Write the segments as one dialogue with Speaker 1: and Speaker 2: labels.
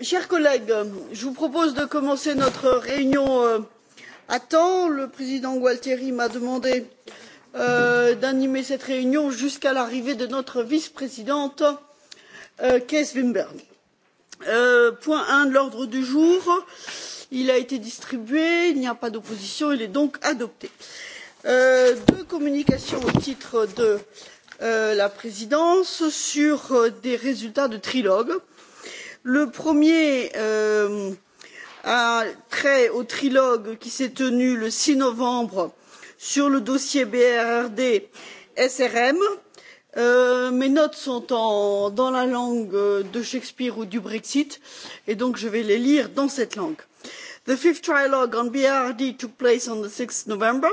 Speaker 1: chers collègues je vous propose de commencer notre réunion à temps. le président gualtieri m'a demandé d'animer cette réunion jusqu'à l'arrivée de notre vice présidente kees wimberg. point un de l'ordre du jour il a été distribué il n'y a pas d'opposition il est donc adopté. deux communications au titre de la présidence sur des résultats de trilogue le premier a trait au trilogue qui s'est tenu le six novembre sur le dossier brrd srm mes notes sont dans la langue de shakespeare ou du brexit et donc je vais les lire dans cette langue. the fifth trilogue on brrd took place on six november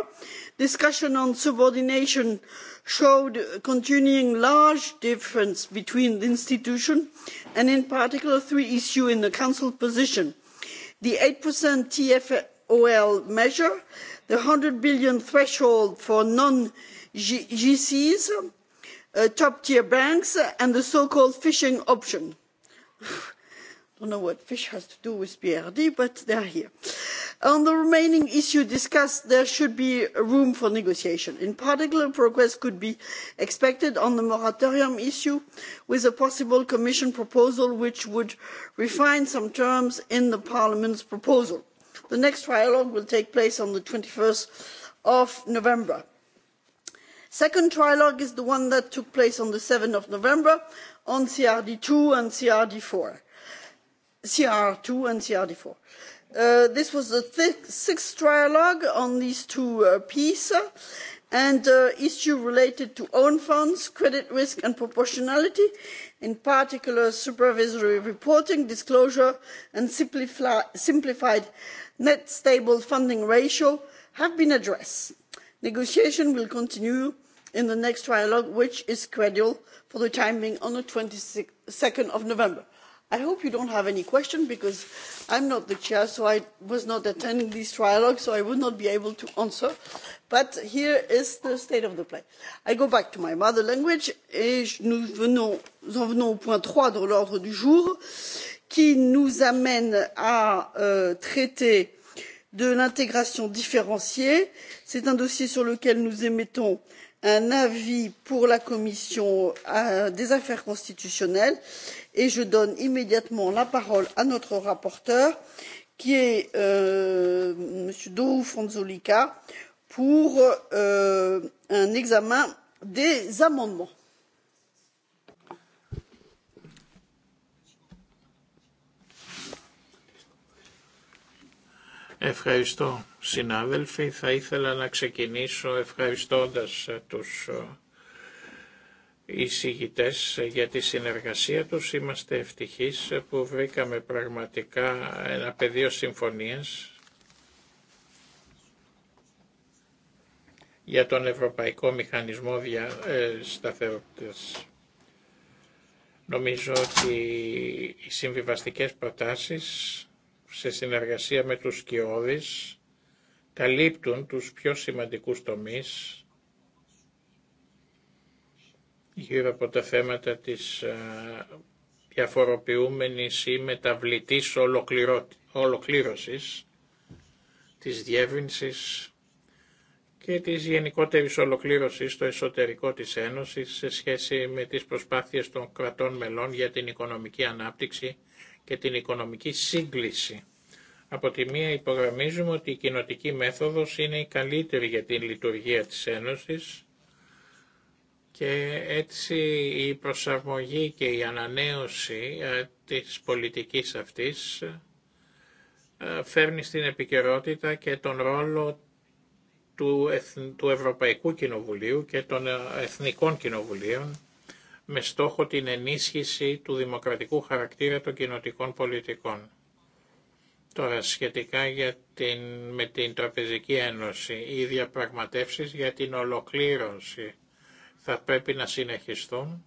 Speaker 1: discussion on subordination showed continuing large difference between the institutions and in particular three issues in the council position the eight tfol measure the one hundred billion threshold for non gcs top tier banks and the so called fishing option. i don't know what fish has to do with BRD, but they are here on the remaining issue discussed there should be room for negotiation. in particular progress could be expected on the moratorium issue with a possible commission proposal which would refine some terms in the parliament's proposal. the next trilogue will take place on twenty one november. the second trilogue is the one that took place on seven november on crd two and crd four. This was the sixth trialogue on these two pieces and issues related to own funds, credit risk and proportionality, in particular supervisory reporting, disclosure and simplified net stable funding ratio have been addressed. Negotiation will continue in the next trialogue, which is scheduled for the timing on the 22nd of November. I hope you don't have any question because I'm not the chair, so I was not attending this trialogues, so I would not be able to answer. But here is the state of the play. I go back to my mother language et nous venons, en venons au point 3 de l'ordre du jour qui nous amène à traiter de l'intégration différenciée. C'est un dossier sur lequel nous émettons un avis pour la commission des affaires constitutionnelles et je donne immédiatement la parole à notre rapporteur qui est m. doru frunzulic pour un examen des amendements.
Speaker 2: Ευχαριστώ συνάδελφοι. Θα ήθελα να ξεκινήσω ευχαριστώντας ε, τους ε, εισηγητές ε, για τη συνεργασία τους. Είμαστε ευτυχείς που βρήκαμε πραγματικά ένα πεδίο συμφωνίας για τον Ευρωπαϊκό Μηχανισμό δια, Σταθερότητας. Νομίζω ότι οι συμβιβαστικές προτάσεις σε συνεργασία με τους σκιώδεις καλύπτουν τους πιο σημαντικούς τομείς γύρω από τα θέματα της ε, διαφοροποιούμενης ή μεταβλητής ολοκλήρωσης, της διεύρυνσης και της γενικότερης ολοκλήρωσης στο εσωτερικό της Ένωσης σε σχέση με τις προσπάθειες των κρατών μελών για την οικονομική ανάπτυξη και την οικονομική σύγκληση. Από τη μία υπογραμμίζουμε ότι η κοινοτική μέθοδος είναι η καλύτερη για την λειτουργία της Ένωσης και έτσι η προσαρμογή και η ανανέωση ε, της πολιτικής αυτής ε, φέρνει στην επικαιρότητα και τον ρόλο του Ευρωπαϊκού Κοινοβουλίου και των ε, Εθνικών Κοινοβουλίων με στόχο την ενίσχυση του δημοκρατικού χαρακτήρα των κοινοτικών πολιτικών. Τώρα σχετικά για την, με την Τραπεζική Ένωση, οι διαπραγματεύσεις για την ολοκλήρωση θα πρέπει να συνεχιστούν.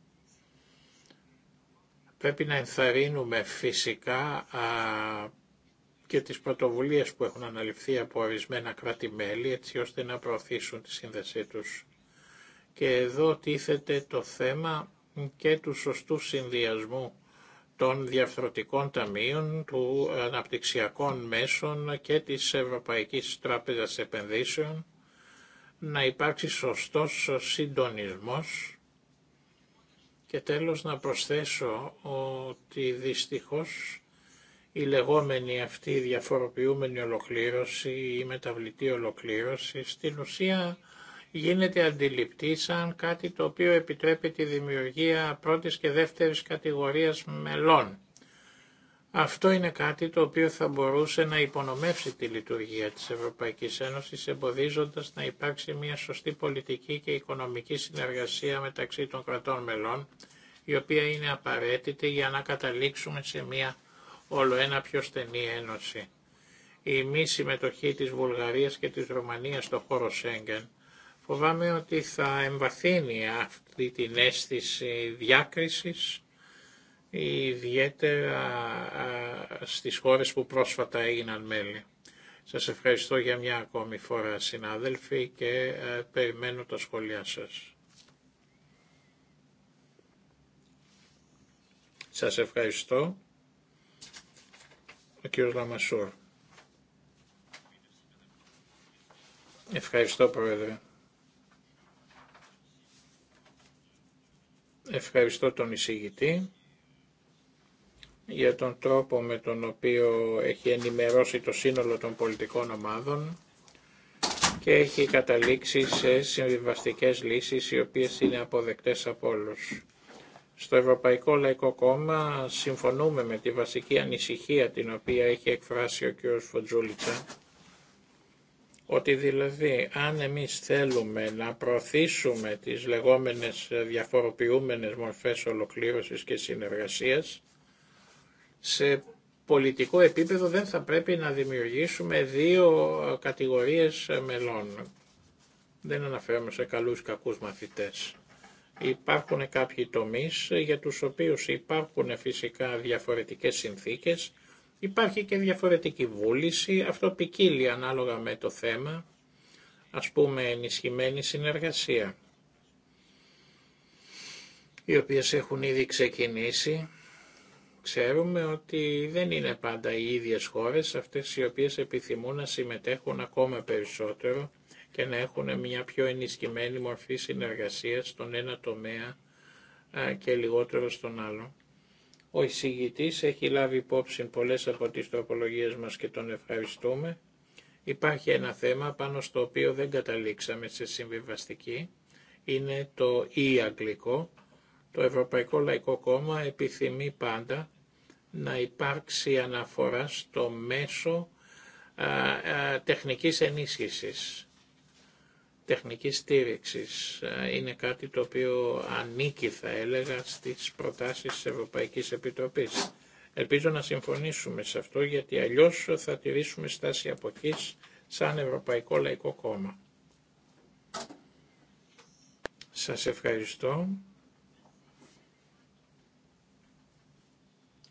Speaker 2: Πρέπει να ενθαρρύνουμε φυσικά α, και τις πρωτοβουλίες που έχουν αναλυφθεί από ορισμένα κράτη-μέλη έτσι ώστε να προωθήσουν τη σύνδεσή τους. Και εδώ τίθεται το θέμα και του σωστού συνδυασμού των διαφθρωτικών ταμείων, του αναπτυξιακών μέσων και της Ευρωπαϊκής Τράπεζας Επενδύσεων, να υπάρξει σωστός συντονισμός και τέλος να προσθέσω ότι δυστυχώς η λεγόμενη αυτή διαφοροποιούμενη ολοκλήρωση ή μεταβλητή ολοκλήρωση στην ουσία γίνεται αντιληπτή σαν κάτι το οποίο επιτρέπει τη δημιουργία πρώτης και δεύτερης κατηγορίας μελών. Αυτό είναι κάτι το οποίο θα μπορούσε να υπονομεύσει τη λειτουργία της Ευρωπαϊκής Ένωσης, εμποδίζοντας να υπάρξει μια σωστή πολιτική και οικονομική συνεργασία μεταξύ των κρατών μελών, η οποία είναι απαραίτητη για να καταλήξουμε σε μια όλο ένα πιο στενή ένωση. Η μη συμμετοχή της Βουλγαρίας και της Ρωμανίας στο χώρο Σέγγεν Φοβάμαι ότι θα εμβαθύνει αυτή την αίσθηση διάκρισης ιδιαίτερα στις χώρες που πρόσφατα έγιναν μέλη. Σας ευχαριστώ για μια ακόμη φορά συνάδελφοι και περιμένω τα σχόλιά σας. Σας ευχαριστώ. Ο κύριος Λαμασούρ. Ευχαριστώ Πρόεδρε. Ευχαριστώ τον εισηγητή για τον τρόπο με τον οποίο έχει ενημερώσει το σύνολο των πολιτικών ομάδων και έχει καταλήξει σε συμβιβαστικές λύσεις οι οποίες είναι αποδεκτές από όλους. Στο Ευρωπαϊκό Λαϊκό Κόμμα συμφωνούμε με τη βασική ανησυχία την οποία έχει εκφράσει ο κ. Φοντζούλητσα ότι δηλαδή αν εμείς θέλουμε να προωθήσουμε τις λεγόμενες διαφοροποιούμενες μορφές ολοκλήρωσης και συνεργασίας, σε πολιτικό επίπεδο δεν θα πρέπει να δημιουργήσουμε δύο κατηγορίες μελών. Δεν αναφέρομαι σε καλούς κακούς μαθητές. Υπάρχουν κάποιοι τομείς για τους οποίους υπάρχουν φυσικά διαφορετικές συνθήκες Υπάρχει και διαφορετική βούληση, αυτό ποικίλει ανάλογα με το θέμα, ας πούμε ενισχυμένη συνεργασία, οι οποίες έχουν ήδη ξεκινήσει. Ξέρουμε ότι δεν είναι πάντα οι ίδιες χώρες αυτές οι οποίες επιθυμούν να συμμετέχουν ακόμα περισσότερο και να έχουν μια πιο ενισχυμένη μορφή συνεργασίας στον ένα τομέα και λιγότερο στον άλλο. Ο εισηγητής έχει λάβει υπόψη πολλές από τις τροπολογίες μας και τον ευχαριστούμε. Υπάρχει ένα θέμα πάνω στο οποίο δεν καταλήξαμε σε συμβιβαστική. Είναι το «ή» αγγλικό. Το Ευρωπαϊκό Λαϊκό Κόμμα επιθυμεί πάντα να υπάρξει αναφορά στο μέσο α, α, τεχνικής ενίσχυσης τεχνικής στήριξης. Ε, είναι κάτι το οποίο ανήκει, θα έλεγα, στις προτάσεις της Ευρωπαϊκής Επιτροπής. Ελπίζω να συμφωνήσουμε σε αυτό, γιατί αλλιώς θα τηρήσουμε στάση αποχής σαν Ευρωπαϊκό Λαϊκό Κόμμα. Σας ευχαριστώ.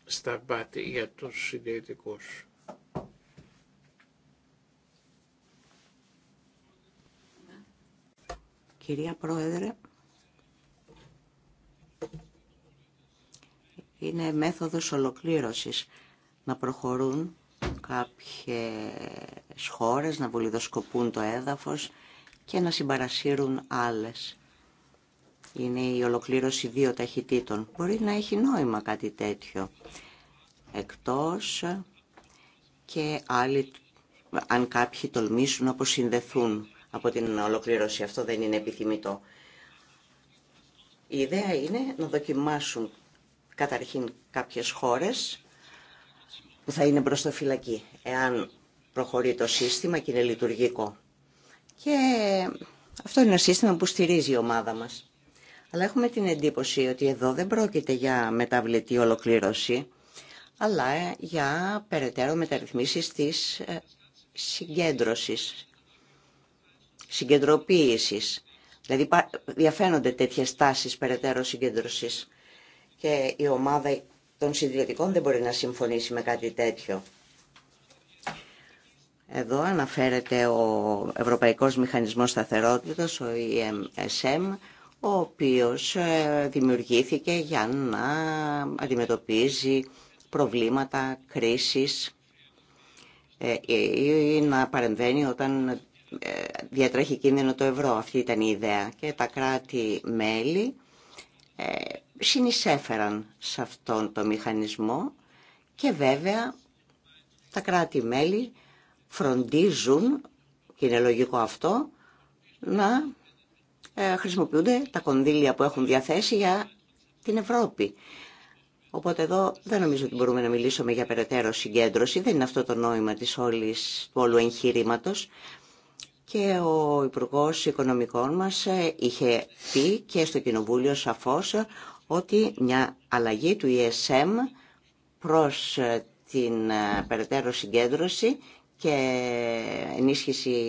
Speaker 2: Σταμπάτη για τους συντηρητικούς.
Speaker 3: Κυρία Πρόεδρε, είναι μέθοδος ολοκλήρωσης να προχωρούν κάποιες χώρες, να βολιδοσκοπούν το έδαφος και να συμπαρασύρουν άλλες. Είναι η ολοκλήρωση δύο ταχυτήτων. Μπορεί να έχει νόημα κάτι τέτοιο. Εκτός και άλλοι, αν κάποιοι τολμήσουν να αποσυνδεθούν από την ολοκλήρωση. Αυτό δεν είναι επιθυμητό. Η ιδέα είναι να δοκιμάσουν καταρχήν κάποιες χώρες που θα είναι φυλακή. εάν προχωρεί το σύστημα και είναι λειτουργικό. Και αυτό είναι ένα σύστημα που στηρίζει η ομάδα μας. Αλλά έχουμε την εντύπωση ότι εδώ δεν πρόκειται για μεταβλητή ολοκλήρωση, αλλά ε, για περαιτέρω μεταρρυθμίσεις της ε, συγκέντρωσης συγκεντρωποίησης. Δηλαδή διαφαίνονται τέτοιες τάσεις περαιτέρω συγκέντρωσης και η ομάδα των συντηρητικών δεν μπορεί να συμφωνήσει με κάτι τέτοιο. Εδώ αναφέρεται ο Ευρωπαϊκός Μηχανισμός Σταθερότητας, ο EMSM, ο οποίος ε, δημιουργήθηκε για να αντιμετωπίζει προβλήματα, κρίσεις ε, ή να παρεμβαίνει όταν διατρέχει κίνδυνο το ευρώ. Αυτή ήταν η ιδέα. Και τα κράτη-μέλη ε, συνεισέφεραν σε αυτόν τον μηχανισμό και βέβαια τα κράτη-μέλη φροντίζουν, και είναι λογικό αυτό, να ε, χρησιμοποιούνται τα κονδύλια που έχουν διαθέσει για την Ευρώπη. Οπότε εδώ δεν νομίζω ότι μπορούμε να μιλήσουμε για περαιτέρω συγκέντρωση, δεν είναι αυτό το νόημα της όλης, του όλου εγχειρήματο και ο υπουργό Οικονομικών μας ε, είχε πει και στο Κοινοβούλιο σαφώς ε, ότι μια αλλαγή του ESM προς ε, την περαιτέρω συγκέντρωση και ενίσχυση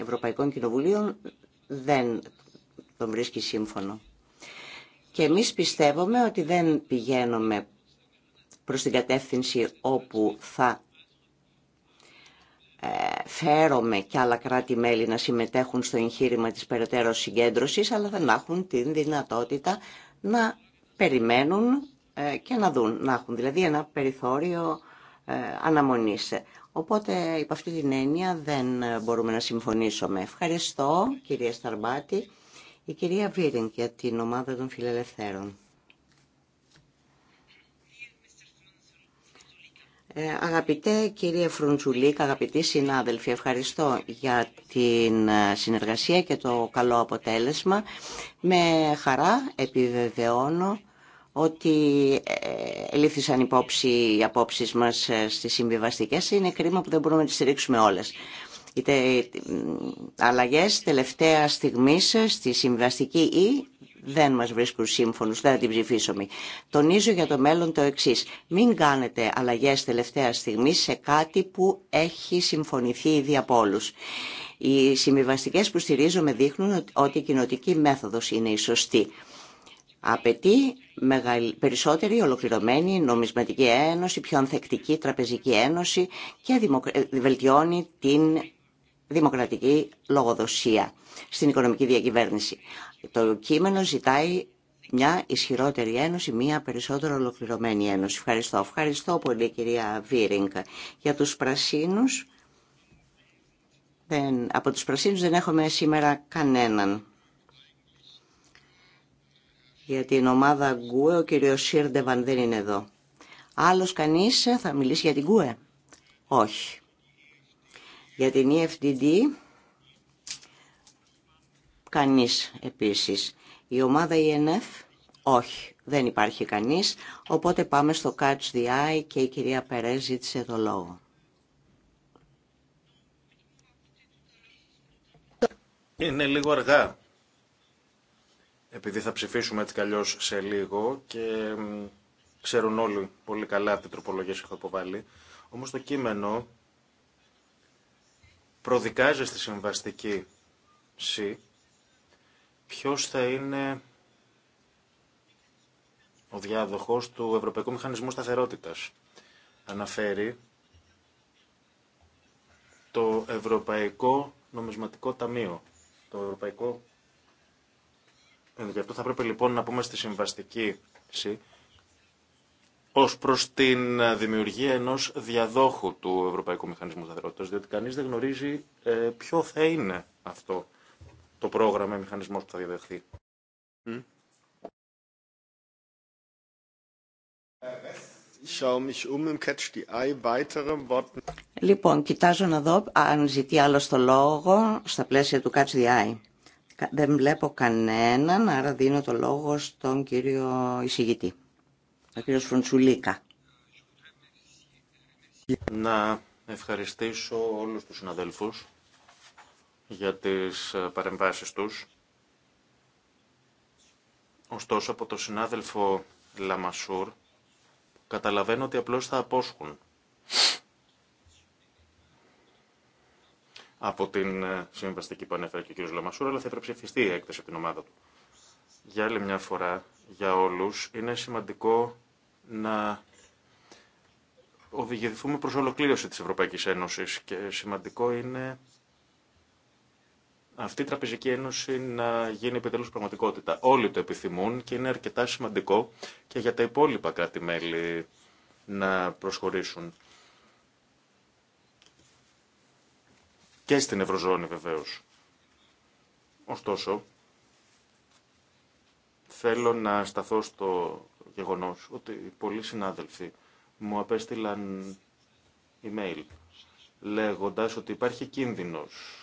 Speaker 3: Ευρωπαϊκών Κοινοβουλίων δεν τον βρίσκει σύμφωνο. Και εμείς πιστεύουμε ότι δεν πηγαίνουμε προς την κατεύθυνση όπου θα ε, φέρομαι και άλλα κράτη-μέλη να συμμετέχουν στο εγχείρημα της περαιτέρω συγκέντρωσης, αλλά δεν έχουν την δυνατότητα να περιμένουν ε, και να δουν, να έχουν δηλαδή ένα περιθώριο ε, αναμονής. Οπότε, υπ' αυτή την έννοια, δεν μπορούμε να συμφωνήσουμε. Ευχαριστώ, κυρία Σταρμπάτη, η κυρία Βίρινγκ για την ομάδα των φιλελευθέρων. Ε, αγαπητέ κύριε Φρουντζουλίκ, αγαπητοί συνάδελφοι, ευχαριστώ για την ε, συνεργασία και το καλό αποτέλεσμα. Με χαρά επιβεβαιώνω ότι ε, λήφθησαν υπόψη οι απόψεις μας στις συμβιβαστικές. Είναι κρίμα που δεν μπορούμε να τις στηρίξουμε όλες. Οι αλλαγές τελευταία στιγμής στη συμβιβαστική ή e, δεν μας βρίσκουν σύμφωνους, δεν θα την ψηφίσουμε. Τονίζω για το μέλλον το εξής. Μην κάνετε αλλαγές τελευταία στιγμή σε κάτι που έχει συμφωνηθεί ήδη από όλους. Οι συμβιβαστικέ που στηρίζομαι δείχνουν ότι η κοινοτική μέθοδος είναι η σωστή. Απαιτεί περισσότερη ολοκληρωμένη νομισματική ένωση, πιο ανθεκτική τραπεζική ένωση και βελτιώνει την δημοκρατική λογοδοσία στην οικονομική διακυβέρνηση. Το κείμενο ζητάει μια ισχυρότερη ένωση, μια περισσότερο ολοκληρωμένη ένωση. Ευχαριστώ. Ευχαριστώ πολύ κυρία Βίρινγκ. Για τους πρασίνους, δεν, από τους πρασίνους δεν έχουμε σήμερα κανέναν. Για την ομάδα Γκουε ο κύριος Σίρντεβαν δεν είναι εδώ. Άλλος κανείς θα μιλήσει για την Γκουε. Όχι. Για την EFDD Κανείς επίσης. Η ομάδα ΙΕΝΕΦ, e όχι, δεν υπάρχει κανείς, οπότε πάμε στο Catch the Eye και η κυρία Περέ ζήτησε το λόγο.
Speaker 4: Είναι λίγο αργά, επειδή θα ψηφίσουμε έτσι καλλιώς σε λίγο και ξέρουν όλοι πολύ καλά τι τροπολογίες έχω υποβάλει. Όμως το κείμενο προδικάζει στη συμβαστική C ποιος θα είναι ο διάδοχος του Ευρωπαϊκού Μηχανισμού Σταθερότητας. Αναφέρει το Ευρωπαϊκό Νομισματικό Ταμείο. Το Ευρωπαϊκό... Γι' αυτό θα πρέπει λοιπόν να πούμε στη συμβαστική ως προς την δημιουργία ενός διαδόχου του Ευρωπαϊκού Μηχανισμού Σταθερότητας, διότι κανείς δεν γνωρίζει ε, ποιο θα είναι αυτό το πρόγραμμα ή που θα διαδεχθεί. Um
Speaker 3: λοιπόν, κοιτάζω να δω αν ζητεί άλλο το λόγο στα πλαίσια του Catch the Eye. Δεν βλέπω κανέναν, άρα δίνω το λόγο στον κύριο εισηγητή, τον κύριο Φρουντσουλίκα.
Speaker 4: Να ευχαριστήσω όλους τους συναδέλφους για τις ε, παρεμβάσεις τους. Ωστόσο, από το συνάδελφο Λαμασούρ, καταλαβαίνω ότι απλώς θα απόσχουν από την ε, συμβαστική που ανέφερε και ο κ. Λαμασούρ, αλλά θα υπερψηφιστεί η έκθεση από την ομάδα του. Για άλλη μια φορά, για όλους, είναι σημαντικό να οδηγηθούμε προς ολοκλήρωση της Ευρωπαϊκής Ένωσης και σημαντικό είναι αυτή η Τραπεζική Ένωση να γίνει επιτέλου πραγματικότητα. Όλοι το επιθυμούν και είναι αρκετά σημαντικό και για τα υπόλοιπα κράτη-μέλη να προσχωρήσουν. Και στην Ευρωζώνη βεβαίως. Ωστόσο, θέλω να σταθώ στο γεγονός ότι πολλοί συνάδελφοι μου απέστειλαν email λέγοντας ότι υπάρχει κίνδυνος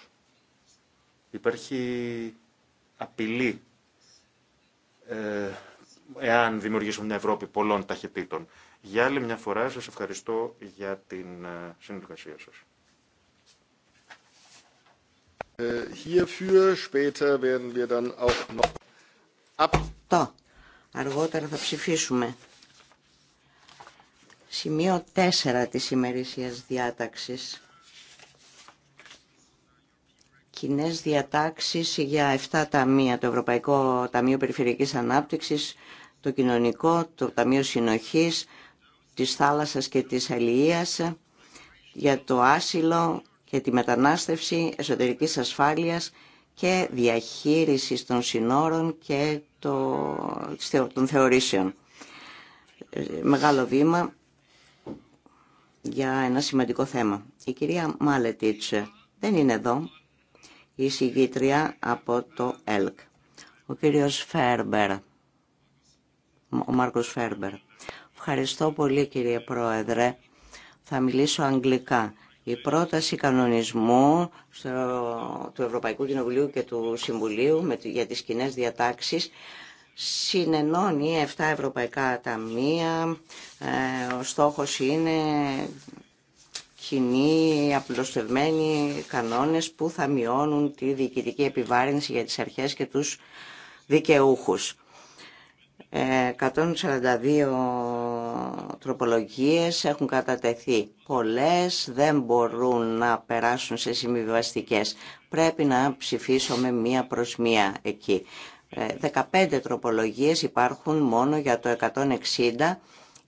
Speaker 4: Υπάρχει απειλή ε, εάν δημιουργήσουμε μια Ευρώπη πολλών ταχυτήτων. Για άλλη μια φορά σας ευχαριστώ για την ε, συνεργασία σας. Ε, hierfür später werden wir dann auch noch...
Speaker 3: Αργότερα θα ψηφίσουμε. Σημείο 4 της ημερήσιας διάταξης κοινέ διατάξει για 7 ταμεία, το Ευρωπαϊκό Ταμείο Περιφερειακή Ανάπτυξη, το Κοινωνικό, το Ταμείο Συνοχής, της θάλασσα και της Αλληλεία, για το άσυλο και τη μετανάστευση εσωτερική ασφάλεια και διαχείριση των συνόρων και των θεωρήσεων. Μεγάλο βήμα για ένα σημαντικό θέμα. Η κυρία Μάλετιτς δεν είναι εδώ η από το ΕΛΚ. Ο κύριος Φέρμπερ, ο Μάρκος Φέρμπερ. Ευχαριστώ πολύ κύριε Πρόεδρε. Θα μιλήσω αγγλικά. Η πρόταση κανονισμού του Ευρωπαϊκού Κοινοβουλίου και του Συμβουλίου με, για τις κοινέ διατάξεις συνενώνει 7 ευρωπαϊκά ταμεία. Ε, ο στόχος είναι κοινοί απλωστευμένοι κανόνες που θα μειώνουν τη διοικητική επιβάρυνση για τις αρχές και τους δικαιούχους. 142 ε, τροπολογίες έχουν κατατεθεί. Πολλές δεν μπορούν να περάσουν σε συμβιβαστικέ. Πρέπει να ψηφίσουμε μία προς μία εκεί. 15 ε, τροπολογίες υπάρχουν μόνο για το 160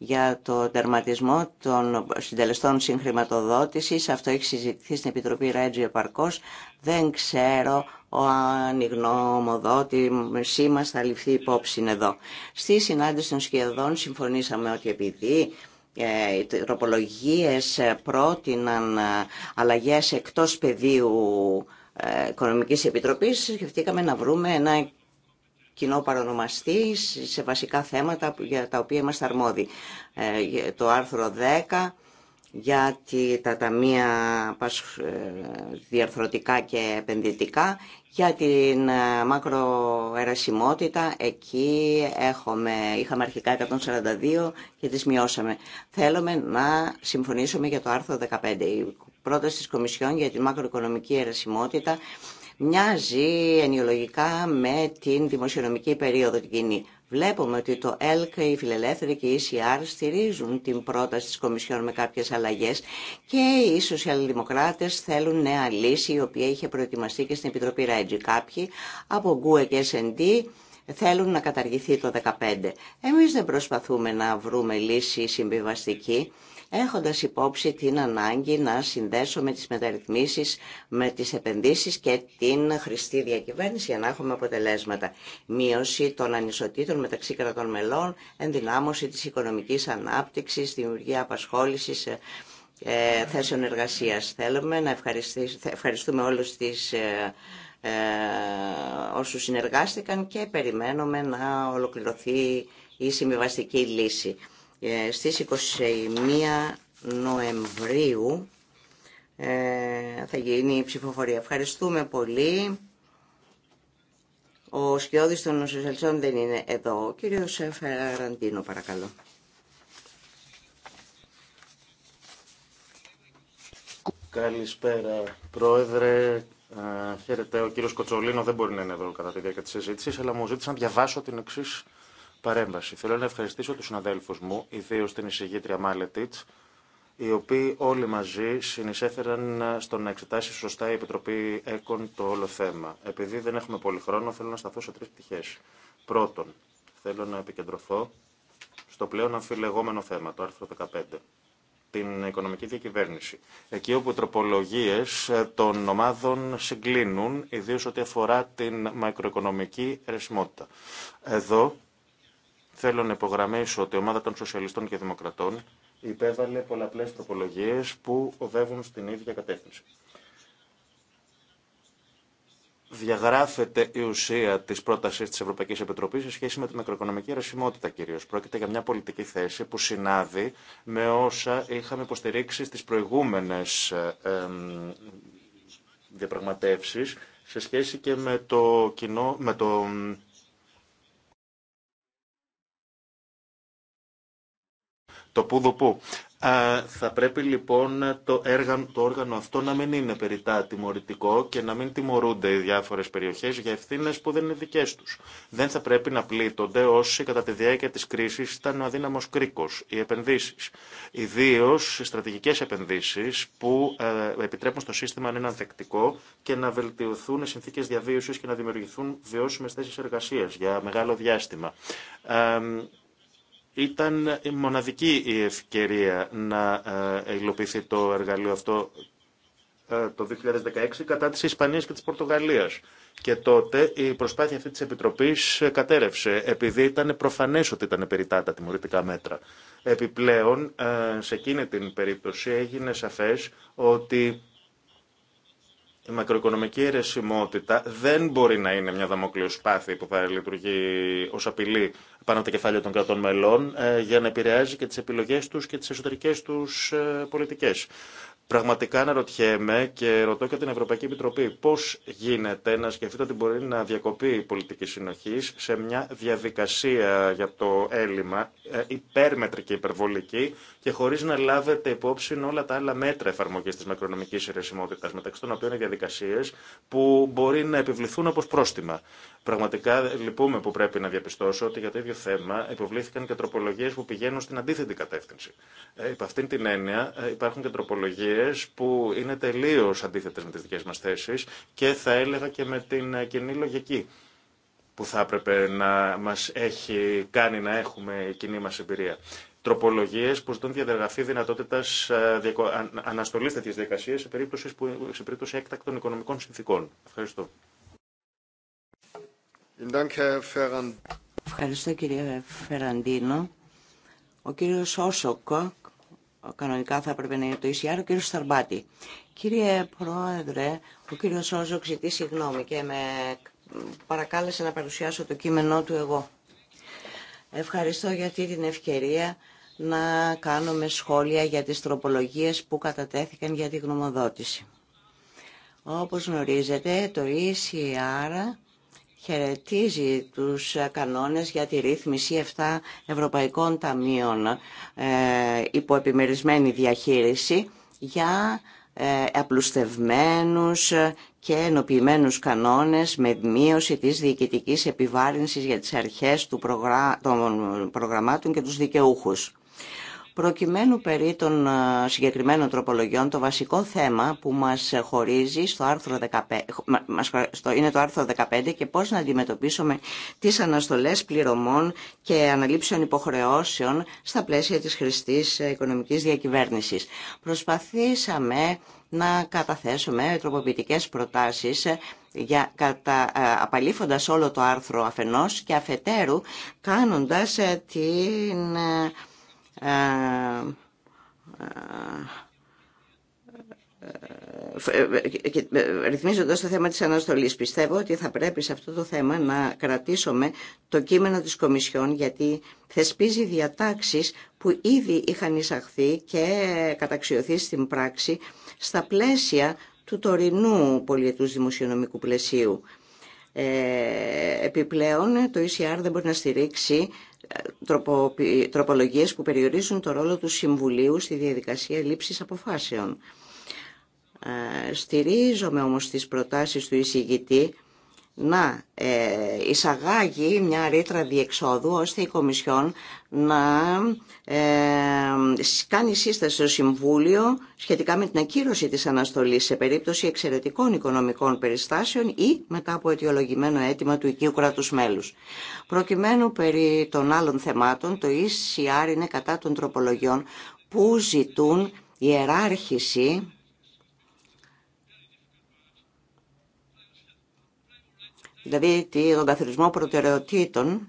Speaker 3: για το τερματισμό των συντελεστών συγχρηματοδότησης. Αυτό έχει συζητηθεί στην Επιτροπή Ρέτζιο Επαρκώς. Δεν ξέρω αν η γνωμοδότησή μας θα ληφθεί υπόψη εδώ. Στη συνάντηση των σχεδόν συμφωνήσαμε ότι επειδή ε, οι τροπολογίες πρότειναν ε, αλλαγές εκτός πεδίου ε, Οικονομικής Επιτροπής σκεφτήκαμε να βρούμε ένα κοινό παρονομαστή σε βασικά θέματα για τα οποία είμαστε αρμόδιοι. Ε, το άρθρο 10 για τα ταμεία ε, διαρθρωτικά και επενδυτικά, για την ε, μακροερασιμότητα, εκεί έχουμε, είχαμε αρχικά 142 και τις μειώσαμε. Θέλουμε να συμφωνήσουμε για το άρθρο 15. Η πρόταση της Κομισιόν για τη μακροοικονομική ερασιμότητα Μοιάζει ενοιολογικά με την δημοσιονομική περίοδο την κοινή. Βλέπουμε ότι το ΕΛΚ, οι Φιλελεύθεροι και οι ΕΣΥΑΡ στηρίζουν την πρόταση της Κομισιόν με κάποιες αλλαγές και οι Σοσιαλδημοκράτες θέλουν νέα λύση η οποία είχε προετοιμαστεί και στην Επιτροπή Ρέτζη. Κάποιοι από Γκουε και SND θέλουν να καταργηθεί το 2015. Εμείς δεν προσπαθούμε να βρούμε λύση συμβιβαστική έχοντας υπόψη την ανάγκη να συνδέσουμε τις μεταρρυθμίσεις με τις επενδύσεις και την χρηστή διακυβέρνηση για να έχουμε αποτελέσματα. Μείωση των ανισοτήτων μεταξύ κρατών μελών, ενδυνάμωση της οικονομικής ανάπτυξης, δημιουργία απασχόλησης, ε, ε θέσεων εργασίας. Θέλουμε να ευχαριστούμε όλους τις, ε, ε, όσους συνεργάστηκαν και περιμένουμε να ολοκληρωθεί η συμβιβαστική λύση. Ε, στις 21 Νοεμβρίου ε, θα γίνει η ψηφοφορία. Ευχαριστούμε πολύ. Ο σκιώδης των Σοσιαλιστών δεν είναι εδώ. Ο κύριος Φεραραντίνο, παρακαλώ.
Speaker 4: Καλησπέρα, Πρόεδρε. Χαίρετε, ο κύριος Κοτσολίνο δεν μπορεί να είναι εδώ κατά τη διάρκεια της συζήτησης, αλλά μου ζήτησε να διαβάσω την εξής παρέμβαση. Θέλω να ευχαριστήσω του συναδέλφου μου, ιδίω την εισηγήτρια Μάλετιτ, οι οποίοι όλοι μαζί συνεισέφεραν στο να εξετάσει σωστά η Επιτροπή ΕΚΟΝ το όλο θέμα. Επειδή δεν έχουμε πολύ χρόνο, θέλω να σταθώ σε τρεις πτυχές. Πρώτον, θέλω να επικεντρωθώ στο πλέον αμφιλεγόμενο θέμα, το άρθρο 15 την οικονομική διακυβέρνηση. Εκεί όπου οι τροπολογίε των ομάδων συγκλίνουν, ιδίω ό,τι αφορά την μακροοικονομική ρεσιμότητα. Εδώ Θέλω να υπογραμμίσω ότι η ομάδα των Σοσιαλιστών και Δημοκρατών υπέβαλε πολλαπλέ τροπολογίε που οδεύουν στην ίδια κατεύθυνση. Διαγράφεται η ουσία τη πρόταση τη Ευρωπαϊκή Επιτροπή σε σχέση με την μακροοικονομική αιρεσιμότητα κυρίω. Πρόκειται για μια πολιτική θέση που συνάδει με όσα είχαμε υποστηρίξει στι προηγούμενε ε, διαπραγματεύσει σε σχέση και με το κοινό, με το το που δω που. Θα πρέπει λοιπόν το, το όργανο αυτό να μην είναι περιτά τιμωρητικό και να μην τιμωρούνται οι διάφορες περιοχές για ευθύνες που δεν είναι δικές τους. Δεν θα πρέπει να πλήττονται όσοι κατά τη διάρκεια της κρίσης ήταν ο αδύναμος κρίκος, οι επενδύσεις. Ιδίω στρατηγικές επενδύσεις που ε, επιτρέπουν στο σύστημα να είναι ανθεκτικό και να βελτιωθούν οι συνθήκες διαβίωσης και να δημιουργηθούν βιώσιμες θέσεις εργασίας για μεγάλο διάστημα. Ήταν η μοναδική η ευκαιρία να ε, υλοποιηθεί το εργαλείο αυτό ε, το 2016 κατά της Ισπανίας και της Πορτογαλίας. Και τότε η προσπάθεια αυτή της Επιτροπής ε, κατέρευσε, επειδή ήταν προφανές ότι ήταν περιτά τα τιμωρητικά μέτρα. Επιπλέον, σε εκείνη την περίπτωση έγινε σαφές ότι η μακροοικονομική αιρεσιμότητα δεν μπορεί να είναι μια δαμοκλειοσπάθη που θα λειτουργεί ω απειλή πάνω από τα κεφάλια των κρατών μελών ε, για να επηρεάζει και τι επιλογέ του και τι εσωτερικέ του ε, πολιτικέ. Πραγματικά αναρωτιέμαι και ρωτώ και την Ευρωπαϊκή Επιτροπή πώ γίνεται να σκεφτείτε ότι μπορεί να διακοπεί η πολιτική συνοχή σε μια διαδικασία για το έλλειμμα ε, υπέρμετρη και υπερβολική και χωρί να λάβετε υπόψη όλα τα άλλα μέτρα εφαρμογή τη μακρονομική αιρεσιμότητα, μεταξύ των οποίων οι διαδικασίε που μπορεί να επιβληθούν όπω πρόστιμα. Πραγματικά λυπούμε που πρέπει να διαπιστώσω ότι για το ίδιο θέμα υποβλήθηκαν και τροπολογίε που πηγαίνουν στην αντίθετη κατεύθυνση. Ε, υπ' αυτήν την έννοια ε, υπάρχουν και τροπολογίε που είναι τελείω αντίθετε με τι δικέ μα θέσει και θα έλεγα και με την ε, κοινή λογική που θα έπρεπε να μα έχει κάνει να έχουμε η κοινή μα εμπειρία. Τροπολογίε που ζητούν διαδεργαφή δυνατότητα ε, αναστολή τέτοιε διακασίε σε περίπτωση, που, σε περίπτωση έκτακτων οικονομικών συνθήκων. Ευχαριστώ.
Speaker 3: Ευχαριστώ κύριε Φεραντίνο. Ο κύριος Όσοκ, κανονικά θα έπρεπε να είναι το ECR, ο κύριος Σταρμπάτη. Κύριε Πρόεδρε, ο κύριος Όσοκ ζητεί συγγνώμη και με παρακάλεσε να παρουσιάσω το κείμενό του εγώ. Ευχαριστώ για αυτή την ευκαιρία να κάνουμε σχόλια για τις τροπολογίες που κατατέθηκαν για τη γνωμοδότηση. Όπως γνωρίζετε, το ECR χαιρετίζει τους κανόνες για τη ρύθμιση 7 Ευρωπαϊκών Ταμείων ε, υπό επιμερισμένη διαχείριση για ε, και ενοποιημένους κανόνες με μείωση της διοικητικής επιβάρυνσης για τις αρχές του προγρά... των προγραμμάτων και τους δικαιούχους. Προκειμένου περί των συγκεκριμένων τροπολογιών, το βασικό θέμα που μας χωρίζει στο άρθρο 15, είναι το άρθρο 15 και πώς να αντιμετωπίσουμε τις αναστολές πληρωμών και αναλήψεων υποχρεώσεων στα πλαίσια της χρηστής οικονομικής διακυβέρνησης. Προσπαθήσαμε να καταθέσουμε τροποποιητικές προτάσεις για, κατα, απαλήφοντας όλο το άρθρο αφενός και αφετέρου κάνοντας ε, την ε, ρυθμίζοντας το θέμα της αναστολής. Πιστεύω ότι θα πρέπει σε αυτό το θέμα να κρατήσουμε το κείμενο της Κομισιόν γιατί θεσπίζει διατάξεις που ήδη είχαν εισαχθεί και καταξιωθεί στην πράξη στα πλαίσια του τωρινού πολιετούς δημοσιονομικού πλαισίου. επιπλέον, το ECR δεν μπορεί να στηρίξει τροπολογίες που περιορίζουν το ρόλο του Συμβουλίου στη διαδικασία λήψης αποφάσεων. Ε, στηρίζομαι όμως τις προτάσεις του εισηγητή να ε, εισαγάγει μια ρήτρα διεξόδου ώστε η Κομισιόν να ε, κάνει σύσταση στο Συμβούλιο σχετικά με την ακύρωση της αναστολής σε περίπτωση εξαιρετικών οικονομικών περιστάσεων ή μετά από αιτιολογημένο αίτημα του οικείου κράτους μέλους. Προκειμένου περί των άλλων θεμάτων, το ECR είναι κατά των τροπολογιών που ζητούν ιεράρχηση δηλαδή τον καθορισμό προτεραιοτήτων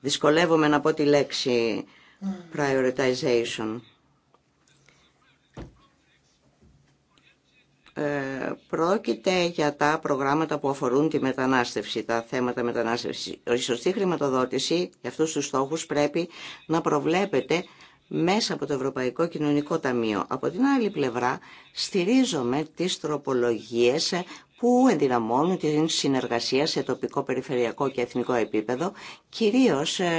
Speaker 3: δυσκολεύομαι να πω τη λέξη mm. prioritization ε, πρόκειται για τα προγράμματα που αφορούν τη μετανάστευση, τα θέματα μετανάστευσης. Η σωστή χρηματοδότηση για αυτούς τους στόχους πρέπει να προβλέπεται μέσα από το Ευρωπαϊκό Κοινωνικό Ταμείο. Από την άλλη πλευρά στηρίζομαι τις τροπολογίες που ενδυναμώνουν την συνεργασία σε τοπικό, περιφερειακό και εθνικό επίπεδο, κυρίως ε,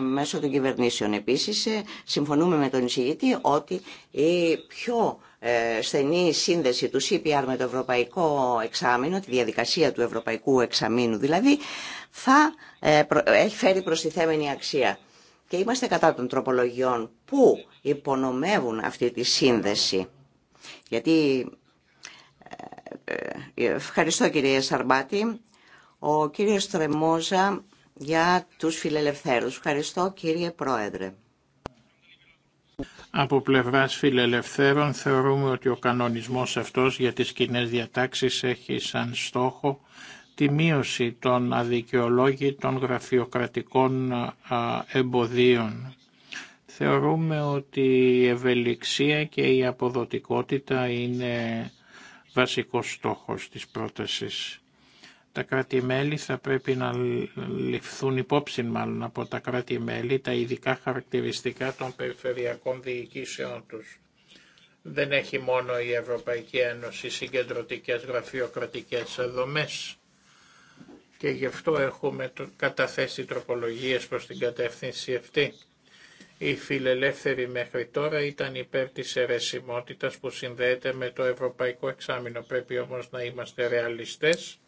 Speaker 3: μέσω των κυβερνήσεων. Επίσης, ε, συμφωνούμε με τον εισηγητή ότι η πιο ε, στενή σύνδεση του CPR με το Ευρωπαϊκό Εξάμεινο, τη διαδικασία του Ευρωπαϊκού Εξαμεινού δηλαδή, θα έχει φέρει προστιθέμενη αξία και είμαστε κατά των τροπολογιών που υπονομεύουν αυτή τη σύνδεση. Γιατί, ε, ε, ευχαριστώ κύριε Σαρμπάτη, ο κύριος Τρεμόζα για τους φιλελευθέρους. Ευχαριστώ κύριε Πρόεδρε.
Speaker 2: Από πλευράς φιλελευθέρων θεωρούμε ότι ο κανονισμός αυτός για τις κοινέ διατάξεις έχει σαν στόχο τη μείωση των αδικαιολόγητων γραφειοκρατικών εμποδίων. Θεωρούμε ότι η ευελιξία και η αποδοτικότητα είναι βασικός στόχος της πρότασης. Τα κράτη-μέλη θα πρέπει να ληφθούν υπόψη μάλλον από τα κράτη-μέλη τα ειδικά χαρακτηριστικά των περιφερειακών διοικήσεων τους. Δεν έχει μόνο η Ευρωπαϊκή Ένωση συγκεντρωτικές γραφειοκρατικές δομές και γι' αυτό έχουμε καταθέσει τροπολογίες προς την κατεύθυνση αυτή. Η φιλελεύθεροι μέχρι τώρα ήταν υπέρ της αιρεσιμότητας που συνδέεται με το Ευρωπαϊκό Εξάμεινο. Πρέπει όμως να είμαστε ρεαλιστές.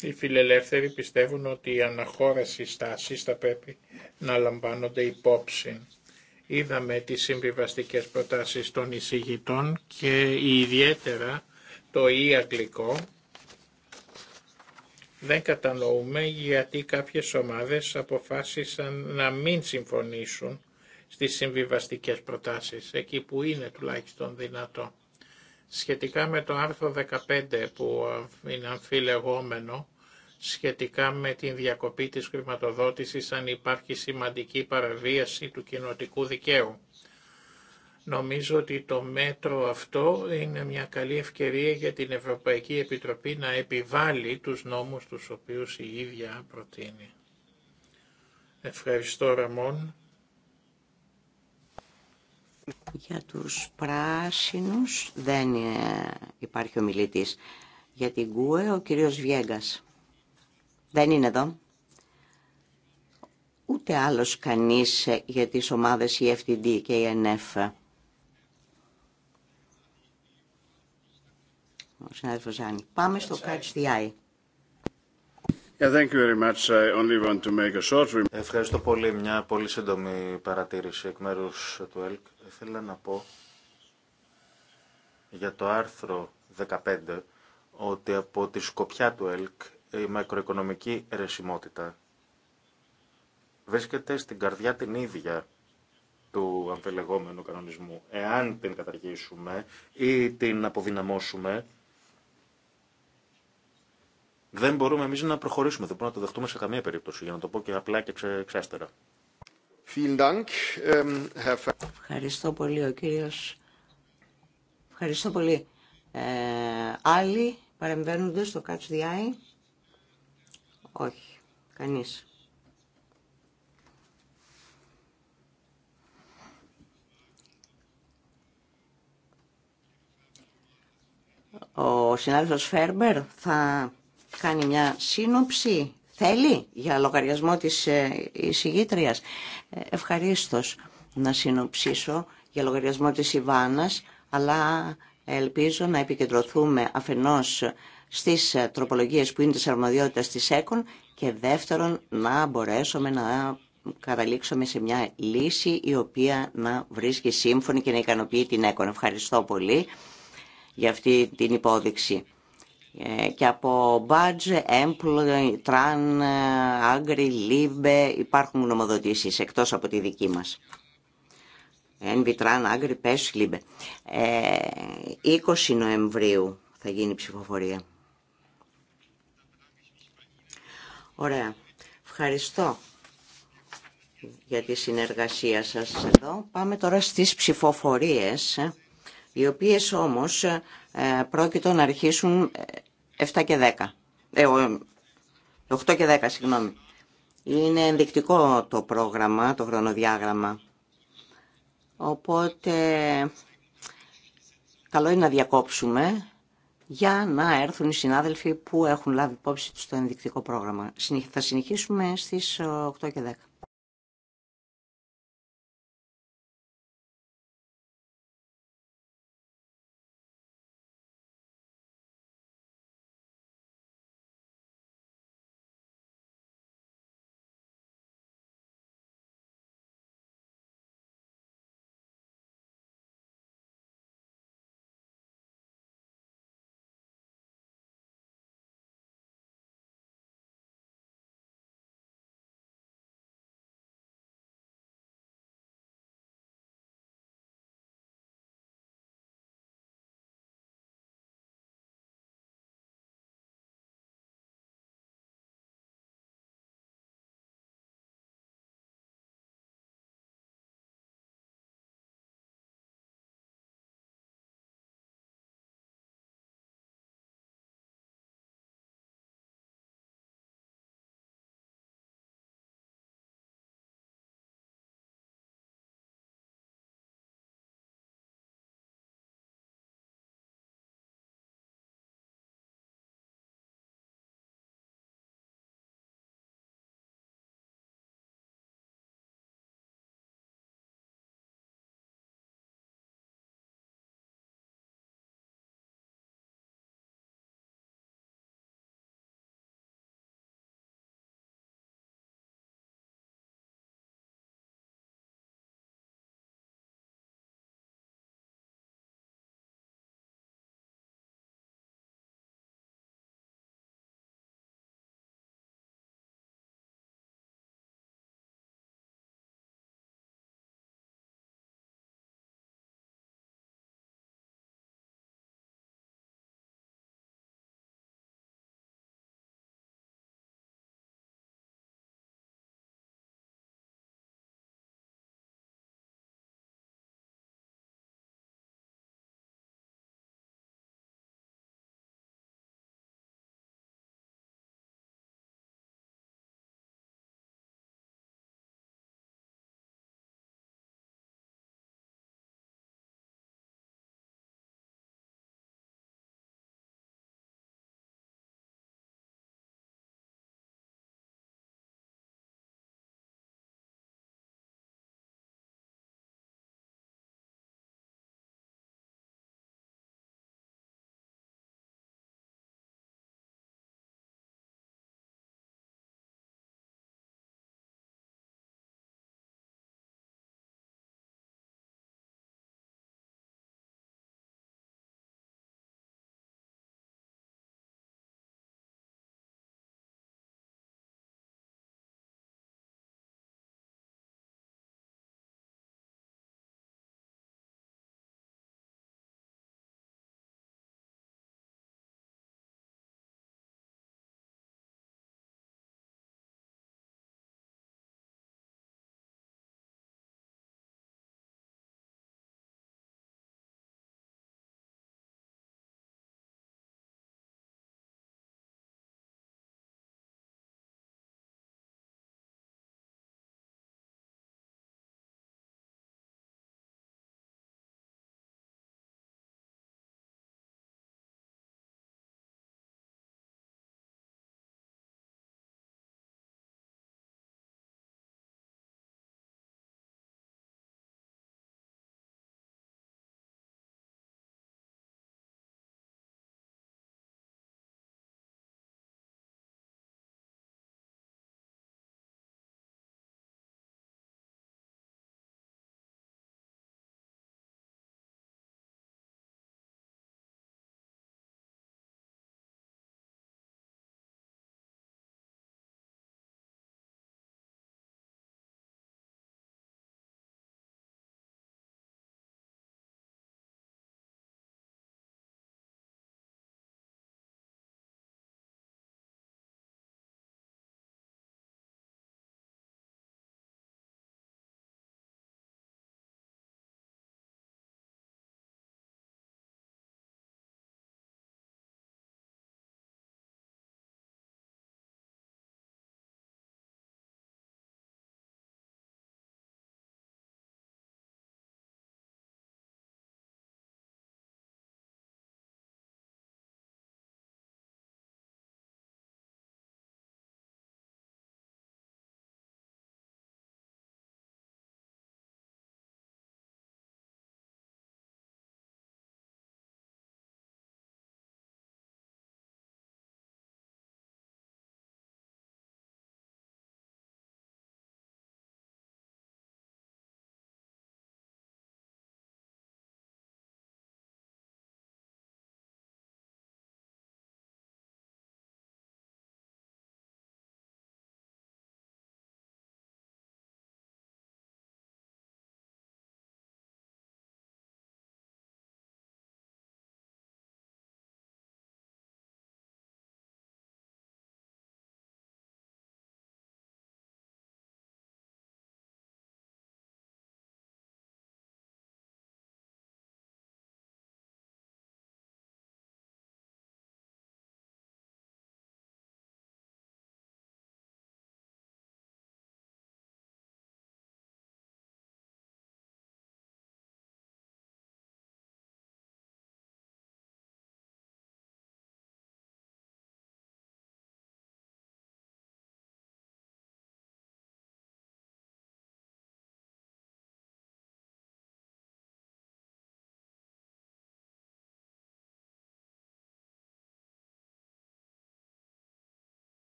Speaker 2: Οι φιλελεύθεροι πιστεύουν ότι οι αναχώρες τα θα πρέπει να λαμβάνονται υπόψη. Είδαμε τις συμβιβαστικές προτάσεις των εισηγητών και ιδιαίτερα το ή αγγλικό δεν κατανοούμε γιατί κάποιες ομάδες αποφάσισαν να μην συμφωνήσουν στις συμβιβαστικές προτάσεις, εκεί που είναι τουλάχιστον δυνατό. Σχετικά με το άρθρο 15 που είναι αμφιλεγόμενο, σχετικά με την διακοπή της χρηματοδότησης αν υπάρχει σημαντική παραβίαση του κοινοτικού δικαίου. Νομίζω ότι το μέτρο αυτό είναι μια καλή ευκαιρία για την Ευρωπαϊκή Επιτροπή να επιβάλλει τους νόμους τους οποίους η ίδια προτείνει. Ευχαριστώ Ραμόν.
Speaker 3: Για τους πράσινους δεν ε, υπάρχει ομιλητής. Για την ΚΟΕ ο κύριος Βιέγκας. Δεν είναι εδώ. Ούτε άλλος κανείς ε, για τις ομάδες EFTD και η συνάδελφος Ζάνη. Πάμε στο Catch
Speaker 4: Ευχαριστώ πολύ. Μια πολύ σύντομη παρατήρηση εκ μέρου του ΕΛΚ. Θέλω να πω για το άρθρο 15 ότι από τη σκοπιά του ΕΛΚ η μακροοικονομική ερεσιμότητα βρίσκεται στην καρδιά την ίδια του αμφιλεγόμενου κανονισμού. Εάν την καταργήσουμε ή την αποδυναμώσουμε, δεν μπορούμε εμεί να προχωρήσουμε. Δεν μπορούμε να το δεχτούμε σε καμία περίπτωση, για να το πω και απλά και ξε, ξέστερα. Ähm,
Speaker 3: Ευχαριστώ πολύ ο κύριος. Ευχαριστώ πολύ. Ε, άλλοι παρεμβαίνονται στο Catch the Eye. Όχι. Κανείς. Ο συνάδελφος Φέρμπερ θα κάνει μια σύνοψη. Θέλει για λογαριασμό της ε, εισηγήτριας. Ε, ευχαριστώ να συνοψίσω για λογαριασμό της Ιβάνας, αλλά ελπίζω να επικεντρωθούμε αφενός στις ε, τροπολογίες που είναι της αρμοδιότητας της ΕΚΟΝ και δεύτερον να μπορέσουμε να καταλήξουμε σε μια λύση η οποία να βρίσκει σύμφωνη και να ικανοποιεί την ΕΚΟΝ. Ευχαριστώ πολύ για αυτή την υπόδειξη. Ε, και από μπάτζε, Έμπλ, Tran, Agri, Λίμπε υπάρχουν γνωμοδοτήσεις εκτός από τη δική μας. Envy, Τραν, Άγκρι, PES, Λίμπε. 20 ε, Νοεμβρίου θα γίνει η ψηφοφορία. Ωραία. Ευχαριστώ για τη συνεργασία σας εδώ. Πάμε τώρα στις ψηφοφορίες οι οποίες όμως ε, πρόκειτο να αρχίσουν 7 ε, και 10. 8 ε, και 10, συγγνώμη. Είναι ενδεικτικό το πρόγραμμα, το χρονοδιάγραμμα. Οπότε, καλό είναι να διακόψουμε για να έρθουν οι συνάδελφοι που έχουν λάβει υπόψη τους το ενδεικτικό πρόγραμμα. Θα συνεχίσουμε στις 8
Speaker 4: και 10.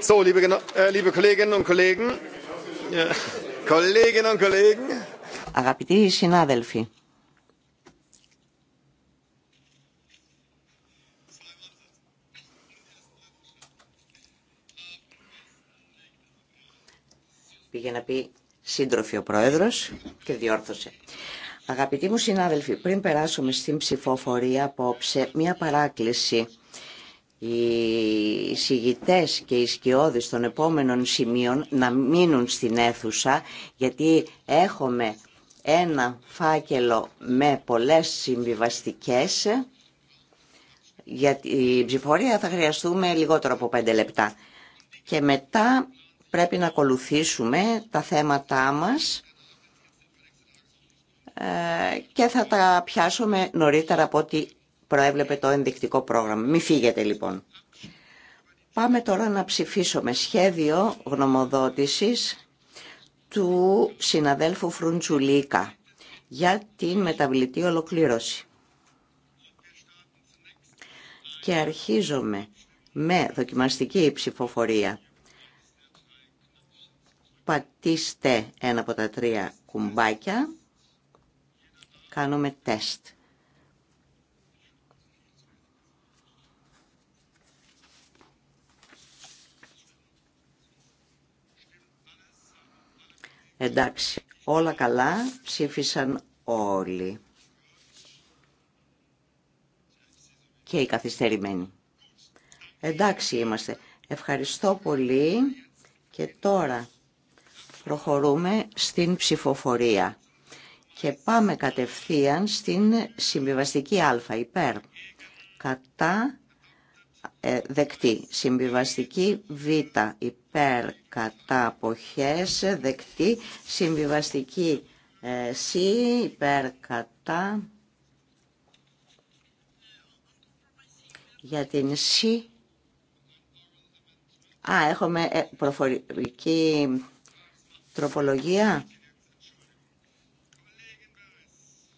Speaker 5: So, liebe,
Speaker 3: Αγαπητοί συνάδελφοι, πήγε να πει σύντροφοι ο Πρόεδρος και διόρθωσε. Αγαπητοί μου συνάδελφοι, πριν περάσουμε στην ψηφοφορία απόψε, μία παράκληση οι συγητές και οι σκιώδεις των επόμενων σημείων να μείνουν στην αίθουσα γιατί έχουμε ένα φάκελο με πολλές συμβιβαστικές γιατί η ψηφορία θα χρειαστούμε λιγότερο από πέντε λεπτά και μετά πρέπει να ακολουθήσουμε τα θέματά μας ε, και θα τα πιάσουμε νωρίτερα από ό,τι προέβλεπε το ενδεικτικό πρόγραμμα. Μην φύγετε λοιπόν. Πάμε τώρα να ψηφίσουμε σχέδιο γνωμοδότησης του συναδέλφου Φρουντσουλίκα για την μεταβλητή ολοκλήρωση. Και αρχίζομαι με δοκιμαστική ψηφοφορία. Πατήστε ένα από τα τρία κουμπάκια. Κάνουμε τεστ. Εντάξει, όλα καλά, ψήφισαν όλοι. Και οι καθυστερημένοι. Εντάξει είμαστε. Ευχαριστώ πολύ και τώρα προχωρούμε στην ψηφοφορία. Και πάμε κατευθείαν στην συμβιβαστική α, υπέρ. Κατά ε, δεκτή. Συμβιβαστική Β υπέρ κατά αποχές δεκτή. Συμβιβαστική ε, Σ υπέρ κατά για την Σ. Α, έχουμε ε, προφορική τροπολογία.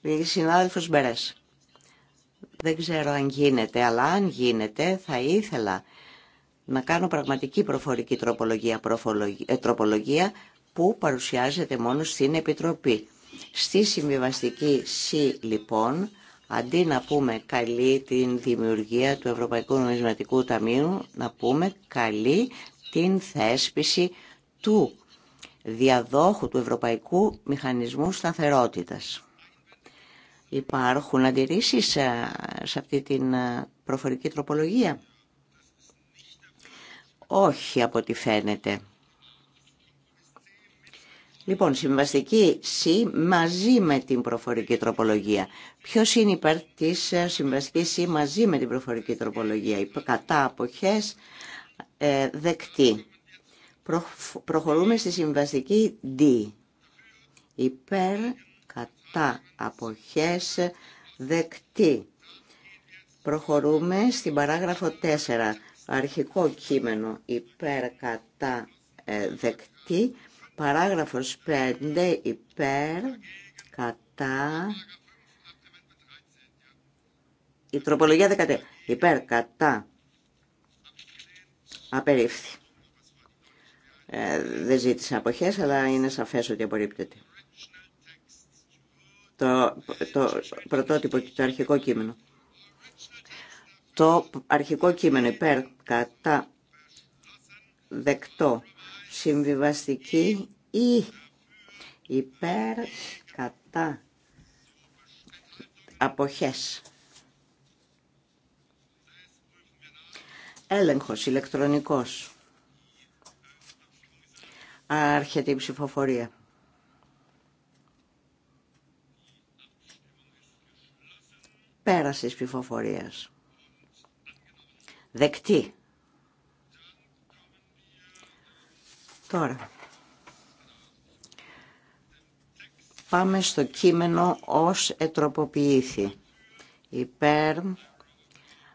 Speaker 3: Συνάδελφο συνάδελφος Μπερές. Δεν ξέρω αν γίνεται, αλλά αν γίνεται θα ήθελα να κάνω πραγματική προφορική τροπολογία, προφολογία, ε, που παρουσιάζεται μόνο στην Επιτροπή. Στη συμβιβαστική ΣΥ λοιπόν, αντί να πούμε καλή την δημιουργία του Ευρωπαϊκού Νομισματικού Ταμείου, να πούμε καλή την θέσπιση του διαδόχου του Ευρωπαϊκού Μηχανισμού Σταθερότητας. Υπάρχουν αντιρρήσεις ε, σε αυτή την ε, προφορική τροπολογία. Όχι από ό,τι φαίνεται. Λοιπόν, συμβαστική ΣΥ μαζί με την προφορική τροπολογία. Ποιος είναι υπέρ της ε, συμβαστικής ΣΥ μαζί με την προφορική τροπολογία. κατά αποχές ε, δεκτή. προχωρούμε στη συμβαστική D. Υπέρ κατά αποχές δεκτή. Προχωρούμε στην παράγραφο 4, αρχικό κείμενο υπέρ κατά ε, δεκτή, παράγραφος 5 υπέρ κατά η τροπολογία 13 υπέρ κατά απερίφθη. Ε, δεν ζήτησε αποχές αλλά είναι σαφές ότι απορρίπτεται το, το πρωτότυπο, το αρχικό κείμενο. Το αρχικό κείμενο υπέρ κατά δεκτό συμβιβαστική ή υπέρ κατά αποχές. Έλεγχος ηλεκτρονικός. Άρχεται η ψηφοφορία. Πέρασης ψηφοφορίας. Δεκτή. Τώρα. Πάμε στο κείμενο ως ετροποποιήθη. Υπέρ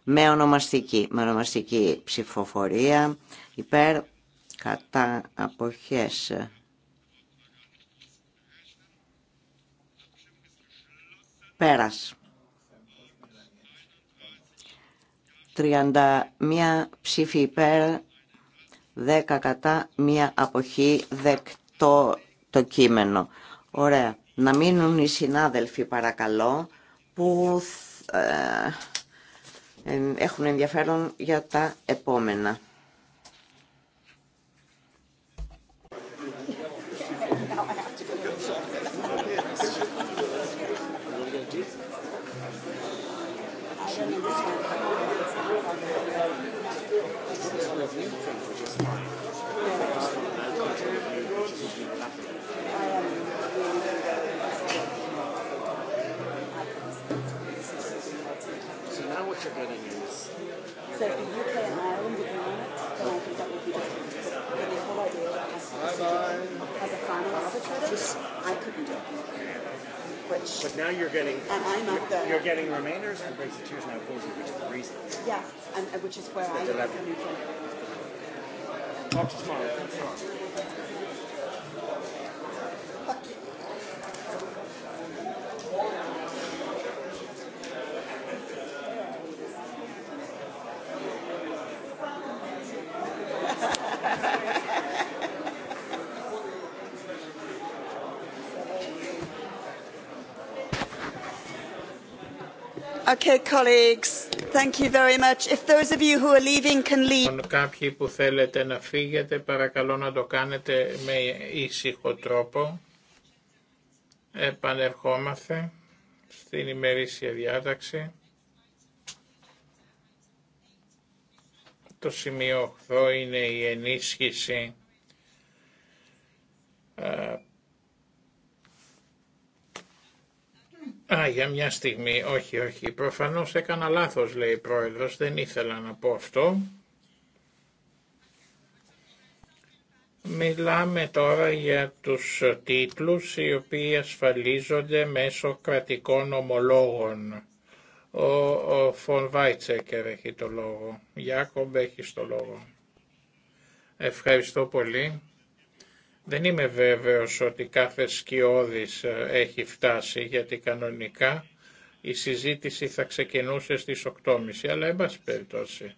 Speaker 3: με ονομαστική, με ονομαστική ψηφοφορία. Υπέρ κατά αποχές. Πέρας. 31 ψήφοι υπέρ, 10 κατά, μία αποχή, δεκτό το κείμενο. Ωραία. Να μείνουν οι συνάδελφοι παρακαλώ που ε, έχουν ενδιαφέρον για τα επόμενα.
Speaker 1: But now you're getting and I'm the, you're getting Remainers and the Tears now you which is the reason. Yeah, and which is where I'm coming from. Talk to tomorrow. Okay,
Speaker 2: Κάποιοι που θέλετε να φύγετε, παρακαλώ να το κάνετε με ήσυχο τρόπο. Επανερχόμαστε στην ημερήσια διάταξη. Το σημείο 8 είναι η ενίσχυση ε, Α, για μια στιγμή. Όχι, όχι. Προφανώς έκανα λάθος, λέει η πρόεδρος. Δεν ήθελα να πω αυτό. Μιλάμε τώρα για τους τίτλους οι οποίοι ασφαλίζονται μέσω κρατικών ομολόγων. Ο, ο Βάιτσεκερ έχει το λόγο. Γιάκομπ έχει το λόγο. Ευχαριστώ πολύ. Δεν είμαι βέβαιος ότι κάθε σκιώδης ε, έχει φτάσει γιατί κανονικά η συζήτηση θα ξεκινούσε στις 8.30 αλλά εν περιπτώσει.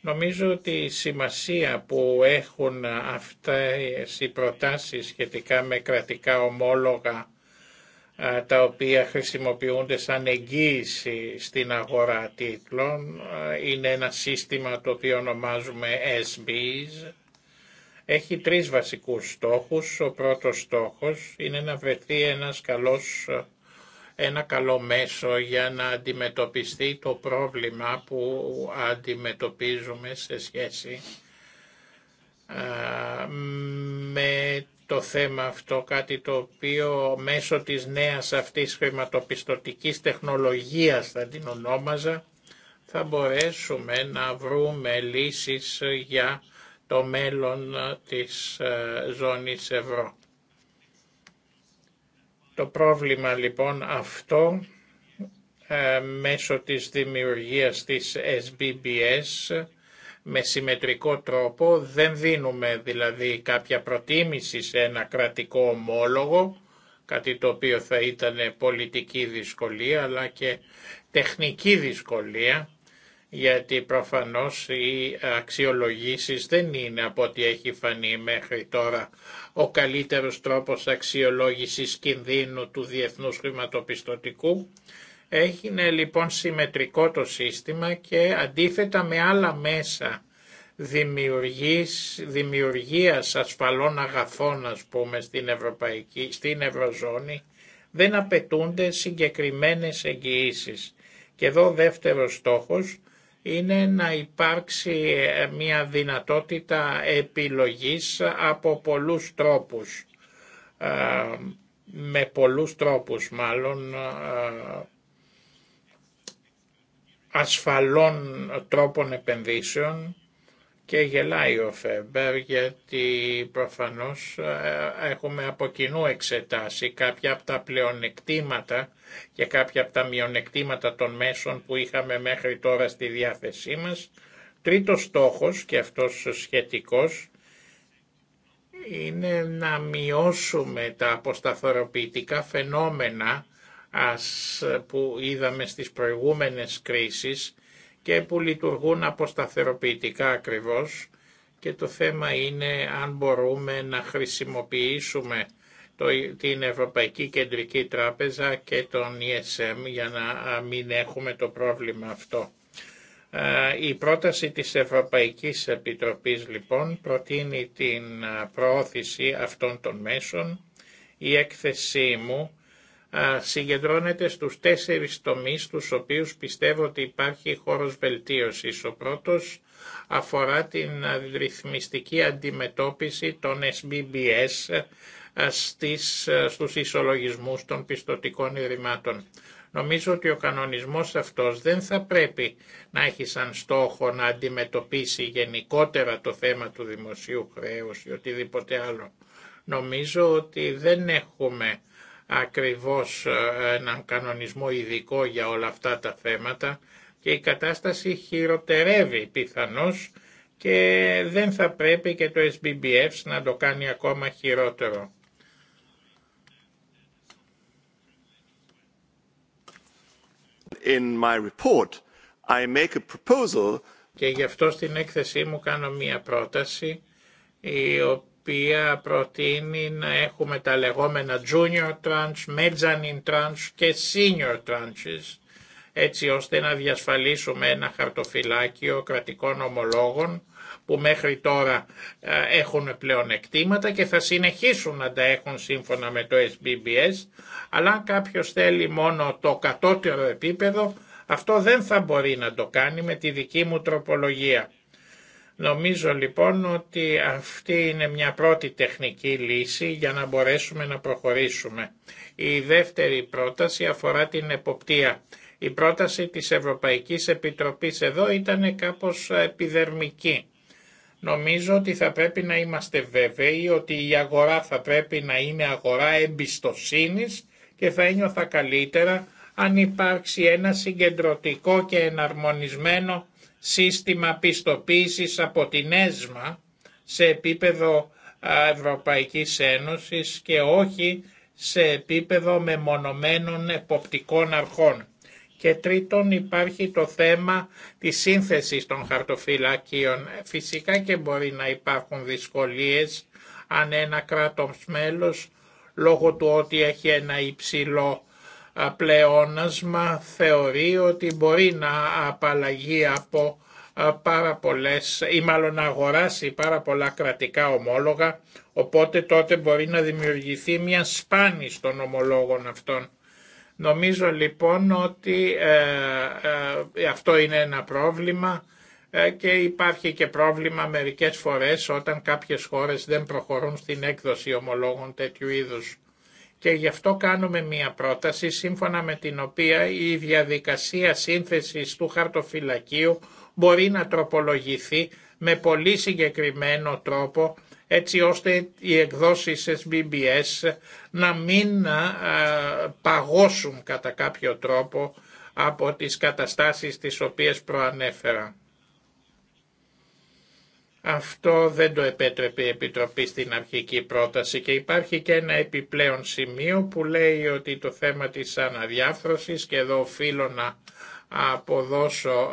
Speaker 2: Νομίζω ότι η σημασία που έχουν αυτές οι προτάσεις σχετικά με κρατικά ομόλογα ε, τα οποία χρησιμοποιούνται σαν εγγύηση στην αγορά τίτλων ε, είναι ένα σύστημα το οποίο ονομάζουμε SBs έχει τρεις βασικούς στόχους. Ο πρώτος στόχος είναι να βρεθεί ένας καλός, ένα καλό μέσο για να αντιμετωπιστεί το πρόβλημα που αντιμετωπίζουμε σε σχέση με το θέμα αυτό, κάτι το οποίο μέσω της νέας αυτής χρηματοπιστωτικής τεχνολογίας θα την ονόμαζα, θα μπορέσουμε να βρούμε λύσεις για το μέλλον ε, της ε, ζώνης ευρώ. Το πρόβλημα λοιπόν αυτό ε, μέσω της δημιουργίας της SBBS με συμμετρικό τρόπο, δεν δίνουμε δηλαδή κάποια προτίμηση σε ένα κρατικό ομόλογο, κάτι το οποίο θα ήταν πολιτική δυσκολία αλλά και τεχνική δυσκολία γιατί προφανώς οι αξιολογήσεις δεν είναι από ό,τι έχει φανεί μέχρι τώρα ο καλύτερος τρόπος αξιολόγησης κινδύνου του διεθνούς χρηματοπιστωτικού. Έγινε λοιπόν συμμετρικό το σύστημα και αντίθετα με άλλα μέσα δημιουργής, δημιουργίας ασφαλών αγαθών ας πούμε στην, Ευρωπαϊκή, στην Ευρωζώνη δεν απαιτούνται συγκεκριμένες εγγυήσεις. Και εδώ δεύτερος στόχος είναι να υπάρξει ε, μια δυνατότητα επιλογής από πολλούς τρόπους, ε, με πολλούς τρόπους μάλλον ε, ασφαλών τρόπων επενδύσεων, και γελάει ο Φέμπερ γιατί προφανώς ε, έχουμε από κοινού εξετάσει κάποια από τα πλεονεκτήματα και κάποια από τα μειονεκτήματα των μέσων που είχαμε μέχρι τώρα στη διάθεσή μας. Τρίτος στόχος και αυτός σχετικός είναι να μειώσουμε τα αποσταθεροποιητικά φαινόμενα που είδαμε στις προηγούμενες κρίσεις και που λειτουργούν αποσταθεροποιητικά ακριβώς και το θέμα είναι αν μπορούμε να χρησιμοποιήσουμε το, την Ευρωπαϊκή Κεντρική Τράπεζα και τον ESM για να μην έχουμε το πρόβλημα αυτό. Η πρόταση της Ευρωπαϊκής Επιτροπής λοιπόν προτείνει την προώθηση αυτών των μέσων. Η έκθεσή μου συγκεντρώνεται στους τέσσερις τομείς τους οποίους πιστεύω ότι υπάρχει χώρος βελτίωσης. Ο πρώτος αφορά την ρυθμιστική αντιμετώπιση των SBBS στις, στους ισολογισμούς των πιστοτικών ιδρυμάτων. Νομίζω ότι ο κανονισμός αυτός δεν θα πρέπει να έχει σαν στόχο να αντιμετωπίσει γενικότερα το θέμα του δημοσίου χρέους ή οτιδήποτε άλλο. Νομίζω ότι δεν έχουμε ακριβώς ε, έναν κανονισμό ειδικό για όλα αυτά τα θέματα και η κατάσταση χειροτερεύει πιθανώς και δεν θα πρέπει και το SBBF να το κάνει ακόμα χειρότερο.
Speaker 5: In my report, I make a proposal...
Speaker 2: Και γι' αυτό στην έκθεσή μου κάνω μία πρόταση οποία προτείνει να έχουμε τα λεγόμενα junior tranche, mezzanine tranche και senior tranches, έτσι ώστε να διασφαλίσουμε ένα χαρτοφυλάκιο κρατικών ομολόγων που μέχρι τώρα ε, έχουν πλέον εκτήματα και θα συνεχίσουν να τα έχουν σύμφωνα με το SBBS, αλλά αν κάποιος θέλει μόνο το κατώτερο επίπεδο, αυτό δεν θα μπορεί να το κάνει με τη δική μου τροπολογία. Νομίζω λοιπόν ότι αυτή είναι μια πρώτη τεχνική λύση για να μπορέσουμε να προχωρήσουμε. Η δεύτερη πρόταση αφορά την εποπτεία. Η πρόταση της Ευρωπαϊκής Επιτροπής εδώ ήταν κάπως επιδερμική. Νομίζω ότι θα πρέπει να είμαστε βέβαιοι ότι η αγορά θα πρέπει να είναι αγορά εμπιστοσύνης και θα ένιωθα καλύτερα αν υπάρξει ένα συγκεντρωτικό και εναρμονισμένο σύστημα πιστοποίησης από την ΕΣΜΑ σε επίπεδο Ευρωπαϊκής Ένωσης και όχι σε επίπεδο μεμονωμένων εποπτικών αρχών. Και τρίτον υπάρχει το θέμα της σύνθεσης των χαρτοφυλακίων. Φυσικά και μπορεί να υπάρχουν δυσκολίες αν ένα κράτος μέλος λόγω του ότι έχει ένα υψηλό πλεόνασμα θεωρεί ότι μπορεί να απαλλαγεί από ε, πάρα πολλές ή μάλλον να αγοράσει πάρα πολλά κρατικά ομόλογα οπότε τότε μπορεί να δημιουργηθεί μια σπάνη των ομολόγων αυτών. Νομίζω λοιπόν ότι ε, ε, αυτό είναι ένα πρόβλημα και υπάρχει και πρόβλημα μερικές φορές όταν κάποιες χώρες δεν προχωρούν στην έκδοση ομολόγων τέτοιου είδους και γι' αυτό κάνουμε μία πρόταση σύμφωνα με την οποία η διαδικασία σύνθεσης του χαρτοφυλακίου μπορεί να τροπολογηθεί με πολύ συγκεκριμένο τρόπο έτσι ώστε οι εκδόσεις SBBS να μην παγώσουν κατά κάποιο τρόπο από τις καταστάσεις τις οποίες προανέφερα. Αυτό δεν το επέτρεπε η Επιτροπή στην αρχική πρόταση και υπάρχει και ένα επιπλέον σημείο που λέει ότι το θέμα της αναδιάφρωσης και εδώ οφείλω να αποδώσω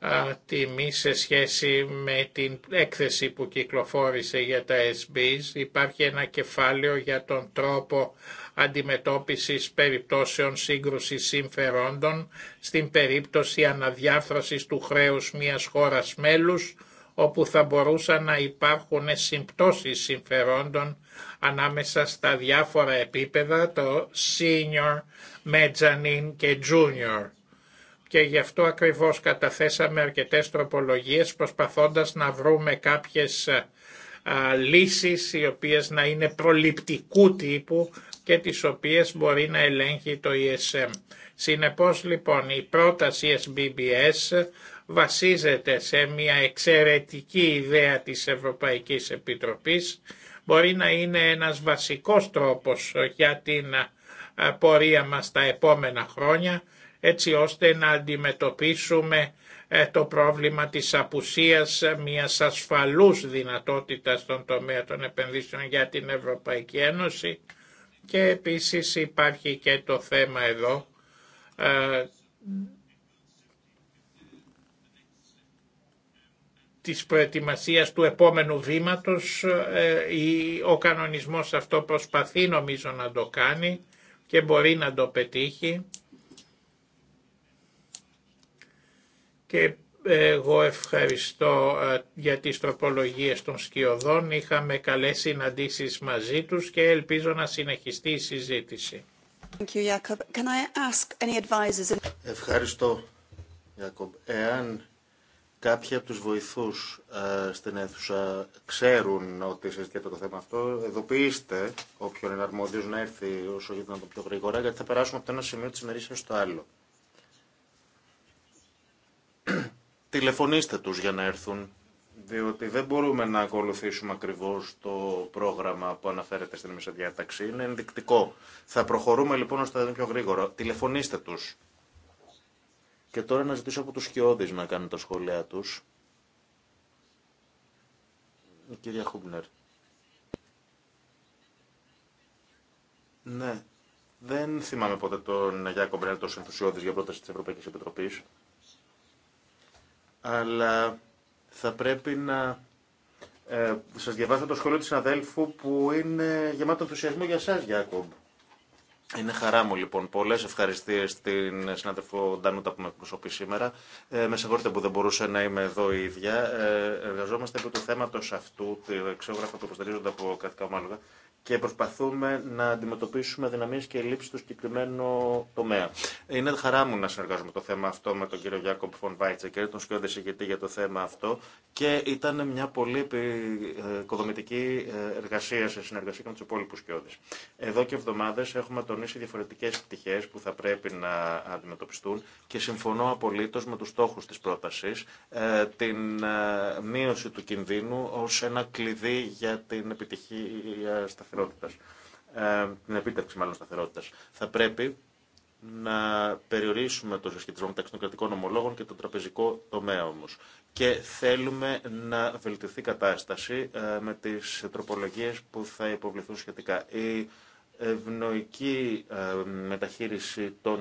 Speaker 2: ε, ε, τιμή σε σχέση με την έκθεση που κυκλοφόρησε για τα SBs. Υπάρχει ένα κεφάλαιο για τον τρόπο αντιμετώπισης περιπτώσεων σύγκρουσης συμφερόντων στην περίπτωση αναδιάφρασης του χρέους μιας χώρας μέλους όπου θα μπορούσαν να υπάρχουν συμπτώσεις συμφερόντων ανάμεσα στα διάφορα επίπεδα, το senior, mezzanine και junior. Και γι' αυτό ακριβώς καταθέσαμε αρκετές τροπολογίες προσπαθώντας να βρούμε κάποιες ε, α, λύσεις οι οποίες να είναι προληπτικού τύπου και τις οποίες μπορεί να ελέγχει το ESM. Συνεπώς λοιπόν η πρόταση SBBS βασίζεται σε μια εξαιρετική ιδέα της Ευρωπαϊκής Επιτροπής, μπορεί να είναι ένας βασικός τρόπος για την πορεία μας τα επόμενα χρόνια, έτσι ώστε να αντιμετωπίσουμε ε, το πρόβλημα της απουσίας μιας ασφαλούς δυνατότητας στον τομέα των επενδύσεων για την Ευρωπαϊκή Ένωση και επίσης υπάρχει και το θέμα εδώ ε, της προετοιμασίας του επόμενου βήματος ε, ο κανονισμός αυτό προσπαθεί νομίζω να το κάνει και μπορεί να το πετύχει και ε, εγώ ευχαριστώ ε, για τις τροπολογίες των σκιωδών είχαμε καλές συναντήσεις μαζί τους και ελπίζω να συνεχιστεί η συζήτηση
Speaker 4: Ευχαριστώ Ιάκωβ. Εάν Κάποιοι από τους βοηθούς ε, στην αίθουσα ξέρουν ότι συζητιέται το θέμα αυτό. Εδοποιήστε όποιον είναι αρμόδιος να έρθει όσο γίνεται το πιο γρήγορα, γιατί θα περάσουμε από το ένα σημείο της ημερήσιας στο άλλο. Τηλεφωνήστε τους για να έρθουν, διότι δεν μπορούμε να ακολουθήσουμε ακριβώς το πρόγραμμα που αναφέρεται στην ημερήσια διάταξη. Είναι ενδεικτικό. Θα προχωρούμε λοιπόν ώστε να είναι πιο γρήγορο. Τηλεφωνήστε τους και τώρα να ζητήσω από τους Χιώδης να κάνουν τα σχόλιά τους. Η κυρία Χούμπνερ. Ναι. Δεν θυμάμαι ποτέ τον Γιάκο Μπρένερ τόσο ενθουσιώδης για πρόταση της Ευρωπαϊκής Επιτροπής. Αλλά θα πρέπει να ε, σας διαβάσω το σχολείο της αδέλφου που είναι γεμάτο ενθουσιασμό για εσά, Γιάκομπ. Είναι χαρά μου λοιπόν πολλέ ευχαριστίε στην συνάδελφο Ντανούτα που με εκπροσωπεί σήμερα. Ε, με συγχωρείτε που δεν μπορούσα να είμαι εδώ η ίδια. Ε, εργαζόμαστε επί του θέματο αυτού, εξώγραφου που υποστηρίζονται από κρατικά ομάλογα, και προσπαθούμε να αντιμετωπίσουμε δυναμίε και ελλείψει στο συγκεκριμένο τομέα. Είναι χαρά μου να συνεργάζομαι το θέμα αυτό με τον κύριο Γιάκομπ Φων και τον σκιώδη συγκεκριτή για το θέμα αυτό και ήταν μια πολύ οικοδομητική ε, εργασία σε συνεργασία με του υπόλοιπου σκιώδη. Εδώ και εβδομάδε έχουμε τονίσει διαφορετικέ πτυχέ που θα πρέπει να αντιμετωπιστούν και συμφωνώ απολύτω με του στόχου τη πρόταση, ε, την ε, μείωση του κινδύνου ω ένα κλειδί για την επιτυχία σταθερή σταθερότητα. Ε, την επίτευξη μάλλον σταθερότητα. Θα πρέπει να περιορίσουμε το συσχετισμό μεταξύ των κρατικών ομολόγων και το τραπεζικό τομέα όμω. Και θέλουμε να βελτιωθεί η κατάσταση ε, με τι τροπολογίε που θα υποβληθούν σχετικά. Η ευνοϊκή ε, μεταχείριση των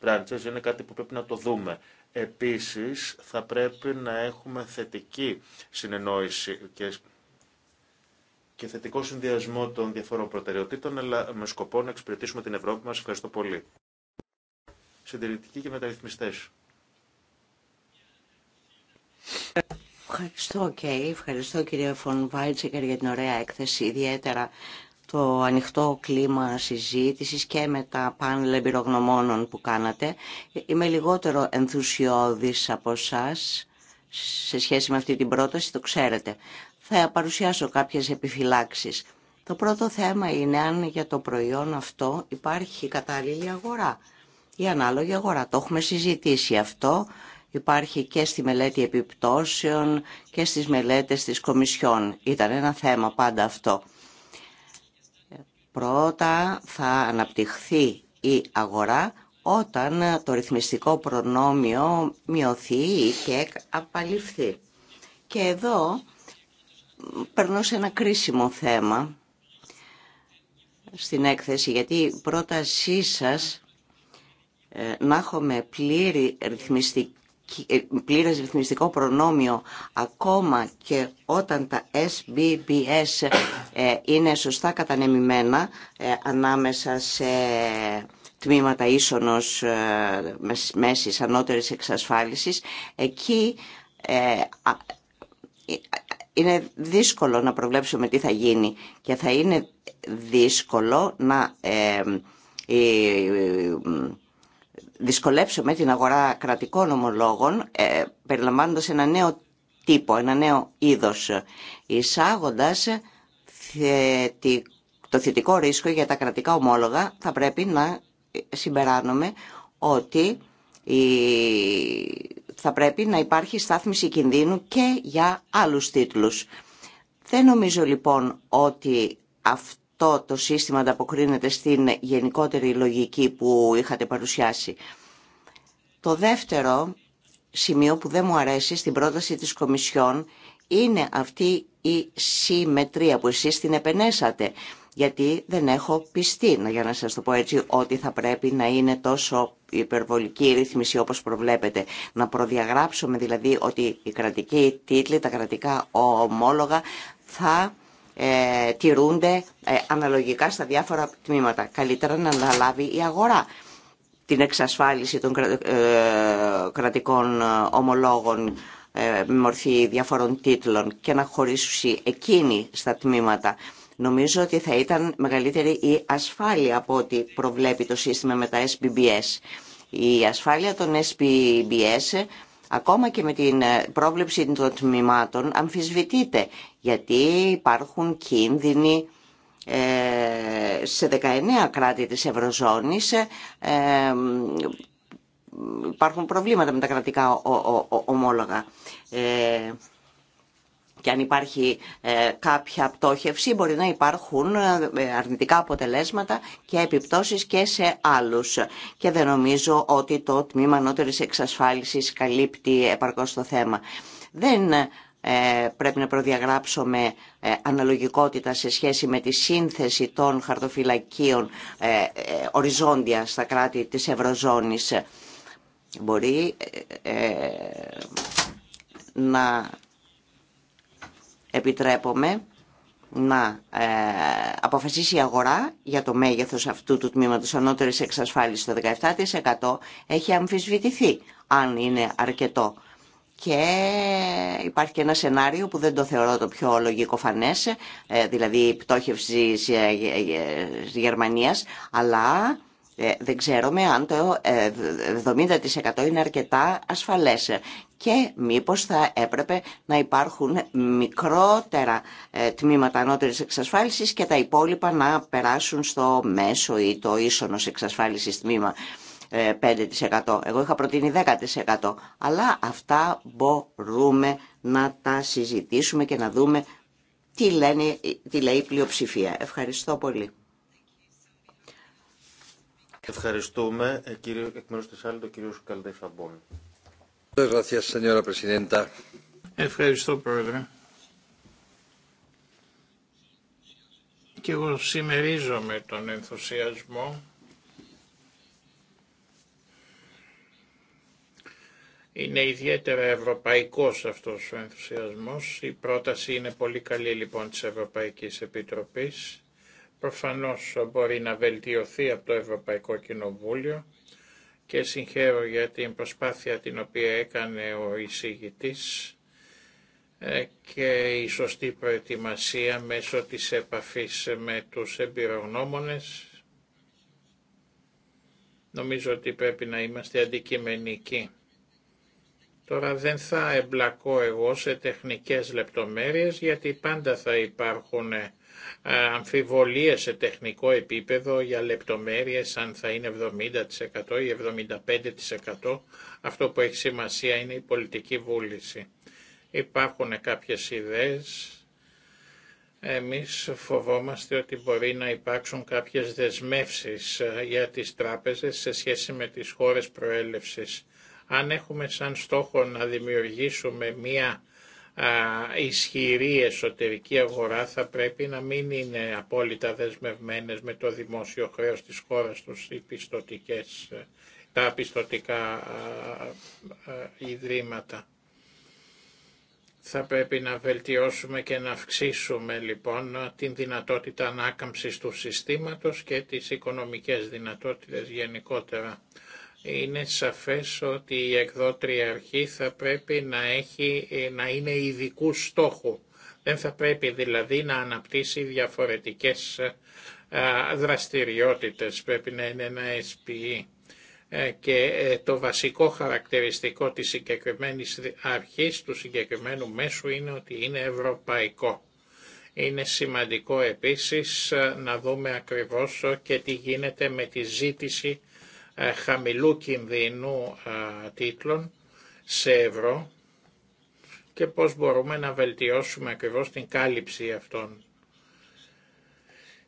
Speaker 4: branches είναι κάτι που πρέπει να το δούμε. Επίσης, θα πρέπει να έχουμε θετική συνεννόηση και και θετικό συνδυασμό των διαφόρων προτεραιοτήτων, αλλά με σκοπό να εξυπηρετήσουμε την Ευρώπη μας. Ευχαριστώ πολύ. Συντηρητικοί και μεταρρυθμιστές.
Speaker 3: Ευχαριστώ και ευχαριστώ κύριε Φων Βάιτσεκερ για την ωραία έκθεση, ιδιαίτερα το ανοιχτό κλίμα συζήτησης και με τα πάνελ εμπειρογνωμόνων που κάνατε. Είμαι λιγότερο ενθουσιώδης από εσά σε σχέση με αυτή την πρόταση, το ξέρετε θα παρουσιάσω κάποιες επιφυλάξεις. Το πρώτο θέμα είναι αν για το προϊόν αυτό υπάρχει κατάλληλη αγορά ή ανάλογη αγορά. Το έχουμε συζητήσει αυτό. Υπάρχει και στη μελέτη επιπτώσεων και στις μελέτες της Κομισιόν. Ήταν ένα θέμα πάντα αυτό. Πρώτα θα αναπτυχθεί η αγορά όταν το ρυθμιστικό προνόμιο μειωθεί και απαλληφθεί. Και εδώ σε ένα κρίσιμο θέμα στην έκθεση, γιατί η πρότασή σας ε, να έχουμε πλήρη ρυθμιστική ε, πλήρες ρυθμιστικό προνόμιο ακόμα και όταν τα SBBS ε, είναι σωστά κατανεμημένα ανάμεσα σε τμήματα ίσονος μέσης ανώτερης εξασφάλισης εκεί είναι δύσκολο να προβλέψουμε τι θα γίνει και θα είναι δύσκολο να ε, ε, ε, δυσκολέψουμε την αγορά κρατικών ομολόγων ε, περιλαμβάνοντας ένα νέο τύπο, ένα νέο είδος, εισάγοντας το θετικό ρίσκο για τα κρατικά ομόλογα θα πρέπει να ε, συμπεράνουμε ότι θα πρέπει να υπάρχει στάθμιση κινδύνου και για άλλους τίτλους. Δεν νομίζω λοιπόν ότι αυτό το σύστημα ανταποκρίνεται στην γενικότερη λογική που είχατε παρουσιάσει. Το δεύτερο σημείο που δεν μου αρέσει στην πρόταση της Κομισιόν είναι αυτή η συμμετρία που εσείς την επενέσατε γιατί δεν έχω πιστεί, για να σας το πω έτσι, ότι θα πρέπει να είναι τόσο υπερβολική η ρύθμιση όπως προβλέπετε. Να προδιαγράψουμε δηλαδή ότι οι κρατικοί τίτλοι, τα κρατικά ομόλογα θα ε, τηρούνται ε, αναλογικά στα διάφορα τμήματα. Καλύτερα να αναλάβει η αγορά την εξασφάλιση των ε, κρατικών ομολόγων ε, με μορφή διαφορών τίτλων και να χωρίσουν εκείνη στα τμήματα Νομίζω ότι θα ήταν μεγαλύτερη η ασφάλεια από ό,τι προβλέπει το σύστημα με τα SBBS. Η ασφάλεια των SBBS, ακόμα και με την ε, πρόβλεψη των τμήματων αμφισβητείται γιατί υπάρχουν κίνδυνοι ε, σε 19 κράτη της Ευρωζώνης ε, υπάρχουν προβλήματα με τα κρατικά ομόλογα και αν υπάρχει ε, κάποια πτώχευση μπορεί να υπάρχουν ε, ε, αρνητικά αποτελέσματα και επιπτώσεις και σε άλλους. Και δεν νομίζω ότι το Τμήμα Ανώτερης Εξασφάλισης καλύπτει επαρκώς το θέμα. Δεν πρέπει να προδιαγράψουμε αναλογικότητα σε σχέση με τη σύνθεση των χαρτοφυλακίων οριζόντια στα κράτη της Ευρωζώνης. Μπορεί να επιτρέπουμε να ε, αποφασίσει η αγορά για το μέγεθος αυτού του τμήματος ανώτερης εξασφάλισης το 17% έχει αμφισβητηθεί αν είναι αρκετό. Και υπάρχει και ένα σενάριο που δεν το θεωρώ το πιο λογικό φανές, ε, δηλαδή η πτώχευση της ε, Γερμανίας, αλλά ε, δεν ξέρουμε αν το 70% ε, είναι αρκετά ασφαλές και μήπως θα έπρεπε να υπάρχουν μικρότερα ε, τμήματα ανώτερης εξασφάλισης και τα υπόλοιπα να περάσουν στο μέσο ή το ίσονος εξασφάλισης τμήμα. 5%. Εγώ είχα προτείνει 10%. Αλλά αυτά μπορούμε να τα συζητήσουμε και να δούμε τι, λένε, τι λέει η πλειοψηφία. Ευχαριστώ πολύ.
Speaker 4: Ευχαριστούμε. Ε, εκ μέρους της άλλης, το κύριο
Speaker 2: Ευχαριστώ, Πρόεδρε. Και εγώ συμμερίζομαι τον ενθουσιασμό Είναι ιδιαίτερα ευρωπαϊκός αυτός ο ενθουσιασμός. Η πρόταση είναι πολύ καλή λοιπόν της Ευρωπαϊκής Επιτροπής. Προφανώς μπορεί να βελτιωθεί από το Ευρωπαϊκό Κοινοβούλιο και συγχαίρω για την προσπάθεια την οποία έκανε ο εισηγητής ε, και η σωστή προετοιμασία μέσω της επαφής με τους εμπειρογνώμονες. Νομίζω ότι πρέπει να είμαστε αντικειμενικοί Τώρα δεν θα εμπλακώ εγώ σε τεχνικές λεπτομέρειες γιατί πάντα θα υπάρχουν ε, αμφιβολίες σε τεχνικό επίπεδο για λεπτομέρειες αν θα είναι 70% ή 75%. Αυτό που έχει σημασία είναι η πολιτική βούληση. Υπάρχουν κάποιες ιδέες. Εμείς φοβόμαστε ότι μπορεί να υπάρξουν κάποιες δεσμεύσεις ε, για τις τράπεζες σε σχέση με τις χώρες προέλευσης αν έχουμε σαν στόχο να δημιουργήσουμε μία ισχυρή εσωτερική αγορά θα πρέπει να μην είναι απόλυτα δεσμευμένες με το δημόσιο χρέος της χώρας τους οι τα πιστοτικά ιδρύματα. Θα πρέπει να βελτιώσουμε και να αυξήσουμε λοιπόν την δυνατότητα ανάκαμψης του συστήματος και τις οικονομικές δυνατότητες γενικότερα είναι σαφές ότι η εκδότρια αρχή θα πρέπει να, έχει, ε, να είναι ειδικού στόχου. Δεν θα πρέπει δηλαδή να αναπτύσσει διαφορετικές ε, δραστηριότητες. Πρέπει να είναι ένα SPE. Ε, και το βασικό χαρακτηριστικό της συγκεκριμένης αρχής, του συγκεκριμένου μέσου, είναι ότι είναι ευρωπαϊκό. Είναι σημαντικό επίσης να δούμε ακριβώς και τι γίνεται με τη ζήτηση ε, χαμηλού κινδύνου τίτλων σε ευρώ και πώς μπορούμε να βελτιώσουμε ακριβώς την κάλυψη αυτών.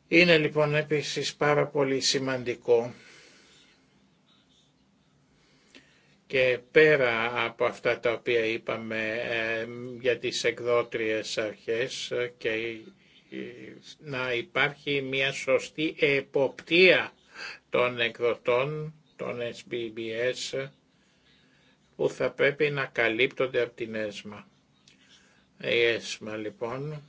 Speaker 2: Είναι λοιπόν επίσης πάρα πολύ σημαντικό και πέρα από αυτά τα οποία είπαμε ε, για τις εκδότριες αρχές ε, και να υπάρχει μια σωστή εποπτεία των εκδοτών, των SBBS, που θα πρέπει να καλύπτονται από την ΕΣΜΑ. ΕΣΜΑ λοιπόν,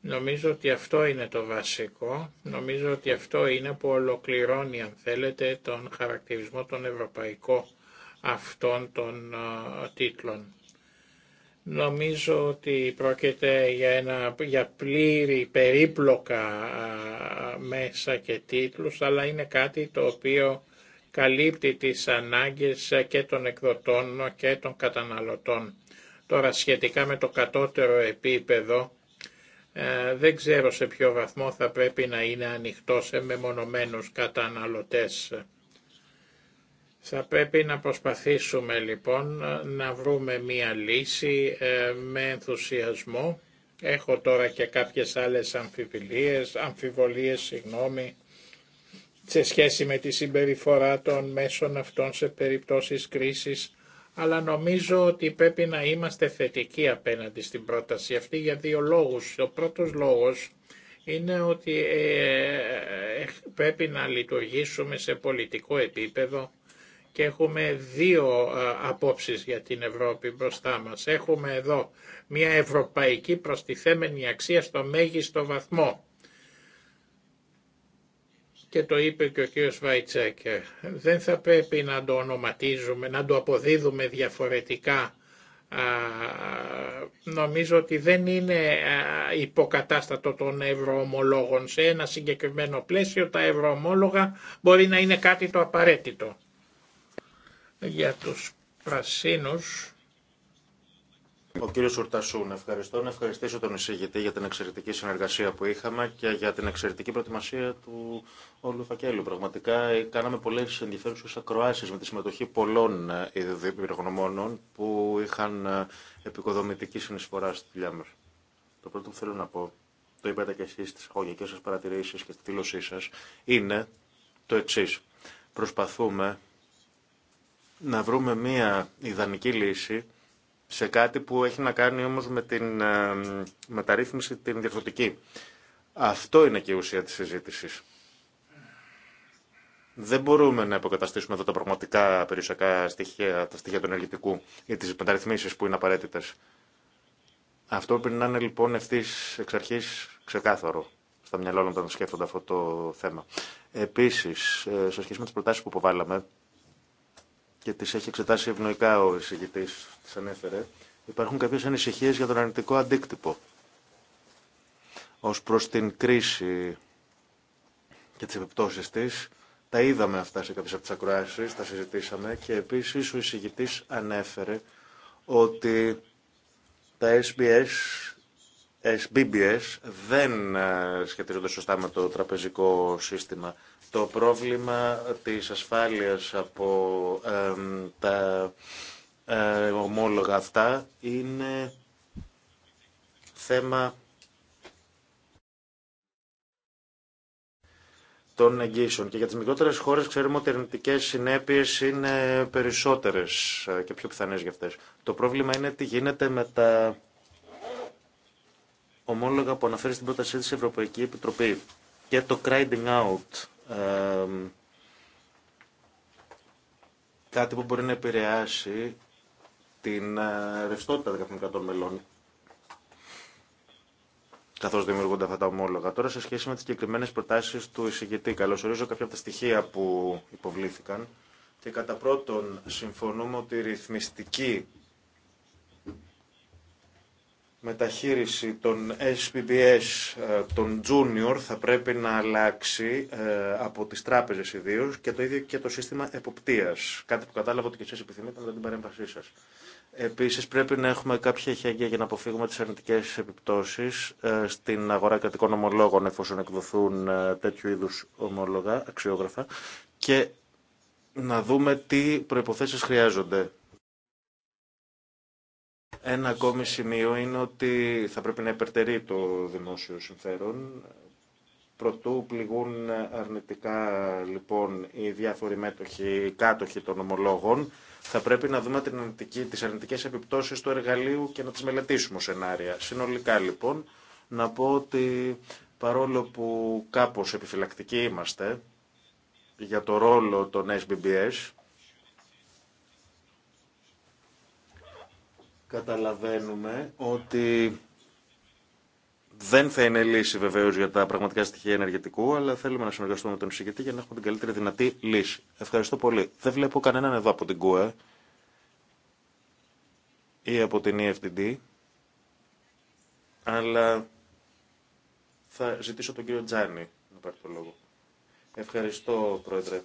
Speaker 2: νομίζω ότι αυτό είναι το βασικό, νομίζω ότι αυτό είναι που ολοκληρώνει αν θέλετε τον χαρακτηρισμό των ευρωπαϊκών αυτών των τίτλων. Νομίζω ότι πρόκειται για, ένα, για πλήρη περίπλοκα μέσα και τίτλους, αλλά είναι κάτι το οποίο καλύπτει τις ανάγκες και των εκδοτών και των καταναλωτών. Τώρα σχετικά με το κατώτερο επίπεδο, ε, δεν ξέρω σε ποιο βαθμό θα πρέπει να είναι ανοιχτό σε μεμονωμένους καταναλωτές. Θα πρέπει να προσπαθήσουμε λοιπόν να βρούμε μία λύση ε, με ενθουσιασμό. Έχω τώρα και κάποιες άλλες αμφιβολίες, αμφιβολίες συγγνώμη, σε σχέση με τη συμπεριφορά των μέσων αυτών σε περιπτώσεις κρίσης, αλλά νομίζω ότι πρέπει να είμαστε θετικοί απέναντι στην πρόταση αυτή για δύο λόγους. Ο πρώτος λόγος είναι ότι ε, ε, ε πρέπει να λειτουργήσουμε σε πολιτικό επίπεδο και έχουμε δύο ε, απόψεις για την Ευρώπη μπροστά μας. Έχουμε εδώ μια ευρωπαϊκή προστιθέμενη αξία στο μέγιστο βαθμό. Και το είπε και ο κύριος Βαϊτσέκερ. Δεν θα πρέπει να το ονοματίζουμε, να το αποδίδουμε διαφορετικά. Νομίζω ότι δεν είναι υποκατάστατο των ευρωομολόγων. Σε ένα συγκεκριμένο πλαίσιο τα ευρωομόλογα μπορεί να είναι κάτι το απαραίτητο. Για τους πρασίνους...
Speaker 4: Ο κύριο Ουρτασούν, ευχαριστώ. Να ευχαριστήσω τον εισηγητή για την εξαιρετική συνεργασία που είχαμε και για την εξαιρετική προετοιμασία του όλου φακέλου. Πραγματικά ε, κάναμε πολλέ ενδιαφέρουσε ακροάσει με τη συμμετοχή πολλών ειδοπυρογνωμόνων που είχαν ε, επικοδομητική συνεισφορά στη δουλειά μα. Το πρώτο που θέλω να πω, το είπατε και εσεί στι αγωγικέ σα παρατηρήσει και στη δήλωσή σα, είναι το εξή. Προσπαθούμε να βρούμε μία ιδανική λύση σε κάτι που έχει να κάνει όμως με την ε, μεταρρύθμιση την διορθωτική. Αυτό είναι και η ουσία της συζήτησης. Δεν μπορούμε να υποκαταστήσουμε εδώ τα πραγματικά περιουσιακά στοιχεία, τα στοιχεία του ενεργητικού ή τις μεταρρυθμίσεις που είναι απαραίτητες. Αυτό πρέπει να είναι λοιπόν ευθύ εξ αρχή ξεκάθαρο στα μυαλά όλων όταν σκέφτονται αυτό το θέμα. Επίση, ε, σε σχέση με τι προτάσει που υποβάλαμε, και τις έχει εξετάσει ευνοϊκά ο εισηγητής, τις ανέφερε, υπάρχουν κάποιες ανησυχίες για τον αρνητικό αντίκτυπο ως προς την κρίση και τις επιπτώσεις της. Τα είδαμε αυτά σε κάποιες από τις ακροάσεις, τα συζητήσαμε και επίσης ο εισηγητής ανέφερε ότι τα SBS, SBBS δεν ε, σχετίζονται σωστά με το τραπεζικό σύστημα το πρόβλημα της ασφάλειας από τα ε, ομόλογα αυτά είναι θέμα των εγγύσεων. Και για τις μικρότερες χώρες ξέρουμε ότι οι ερνητικές συνέπειες είναι περισσότερες ε, και πιο πιθανές για αυτές. Το πρόβλημα είναι τι γίνεται με τα ομόλογα που αναφέρει στην πρότασή της Ευρωπαϊκή Επιτροπή και το crying out κάτι που μπορεί να επηρεάσει την ε, ρευστότητα των δηλαδή, μελών. Καθώ δημιουργούνται αυτά τα ομόλογα. Τώρα, σε σχέση με τι συγκεκριμένε προτάσει του εισηγητή, καλωσορίζω κάποια από τα στοιχεία που υποβλήθηκαν. Και κατά πρώτον, συμφωνούμε ότι η ρυθμιστική μεταχείριση των SPBS, ε, των junior, θα πρέπει να αλλάξει ε, από τις τράπεζες ιδίω και το ίδιο και το σύστημα εποπτείας. Κάτι που κατάλαβα ότι και εσείς επιθυμείτε με την παρέμβασή σας. Επίσης πρέπει να έχουμε κάποια εχέγγυα για να αποφύγουμε τις αρνητικές επιπτώσεις ε, στην αγορά κρατικών ομολόγων εφόσον εκδοθούν τέτοιου είδους ομόλογα, αξιόγραφα και να δούμε τι προϋποθέσεις χρειάζονται ένα ακόμη σημείο είναι ότι θα πρέπει να υπερτερεί το δημόσιο συμφέρον. Προτού πληγούν αρνητικά λοιπόν οι διάφοροι μέτοχοι, οι κάτοχοι των ομολόγων, θα πρέπει να δούμε την αρνητική, τις αρνητικές επιπτώσεις του εργαλείου και να τις μελετήσουμε σενάρια. Συνολικά λοιπόν, να πω ότι παρόλο που κάπως επιφυλακτικοί είμαστε για το ρόλο των SBBS, Καταλαβαίνουμε ότι δεν θα είναι λύση βεβαίω για τα πραγματικά στοιχεία ενεργετικού, αλλά θέλουμε να συνεργαστούμε με τον εισηγητή για να έχουμε την καλύτερη δυνατή λύση. Ευχαριστώ πολύ. Δεν βλέπω κανέναν εδώ από την ΚΟΕ ή από την EFTD, αλλά θα ζητήσω τον κύριο Τζάνι να πάρει το λόγο. Ευχαριστώ, Πρόεδρε.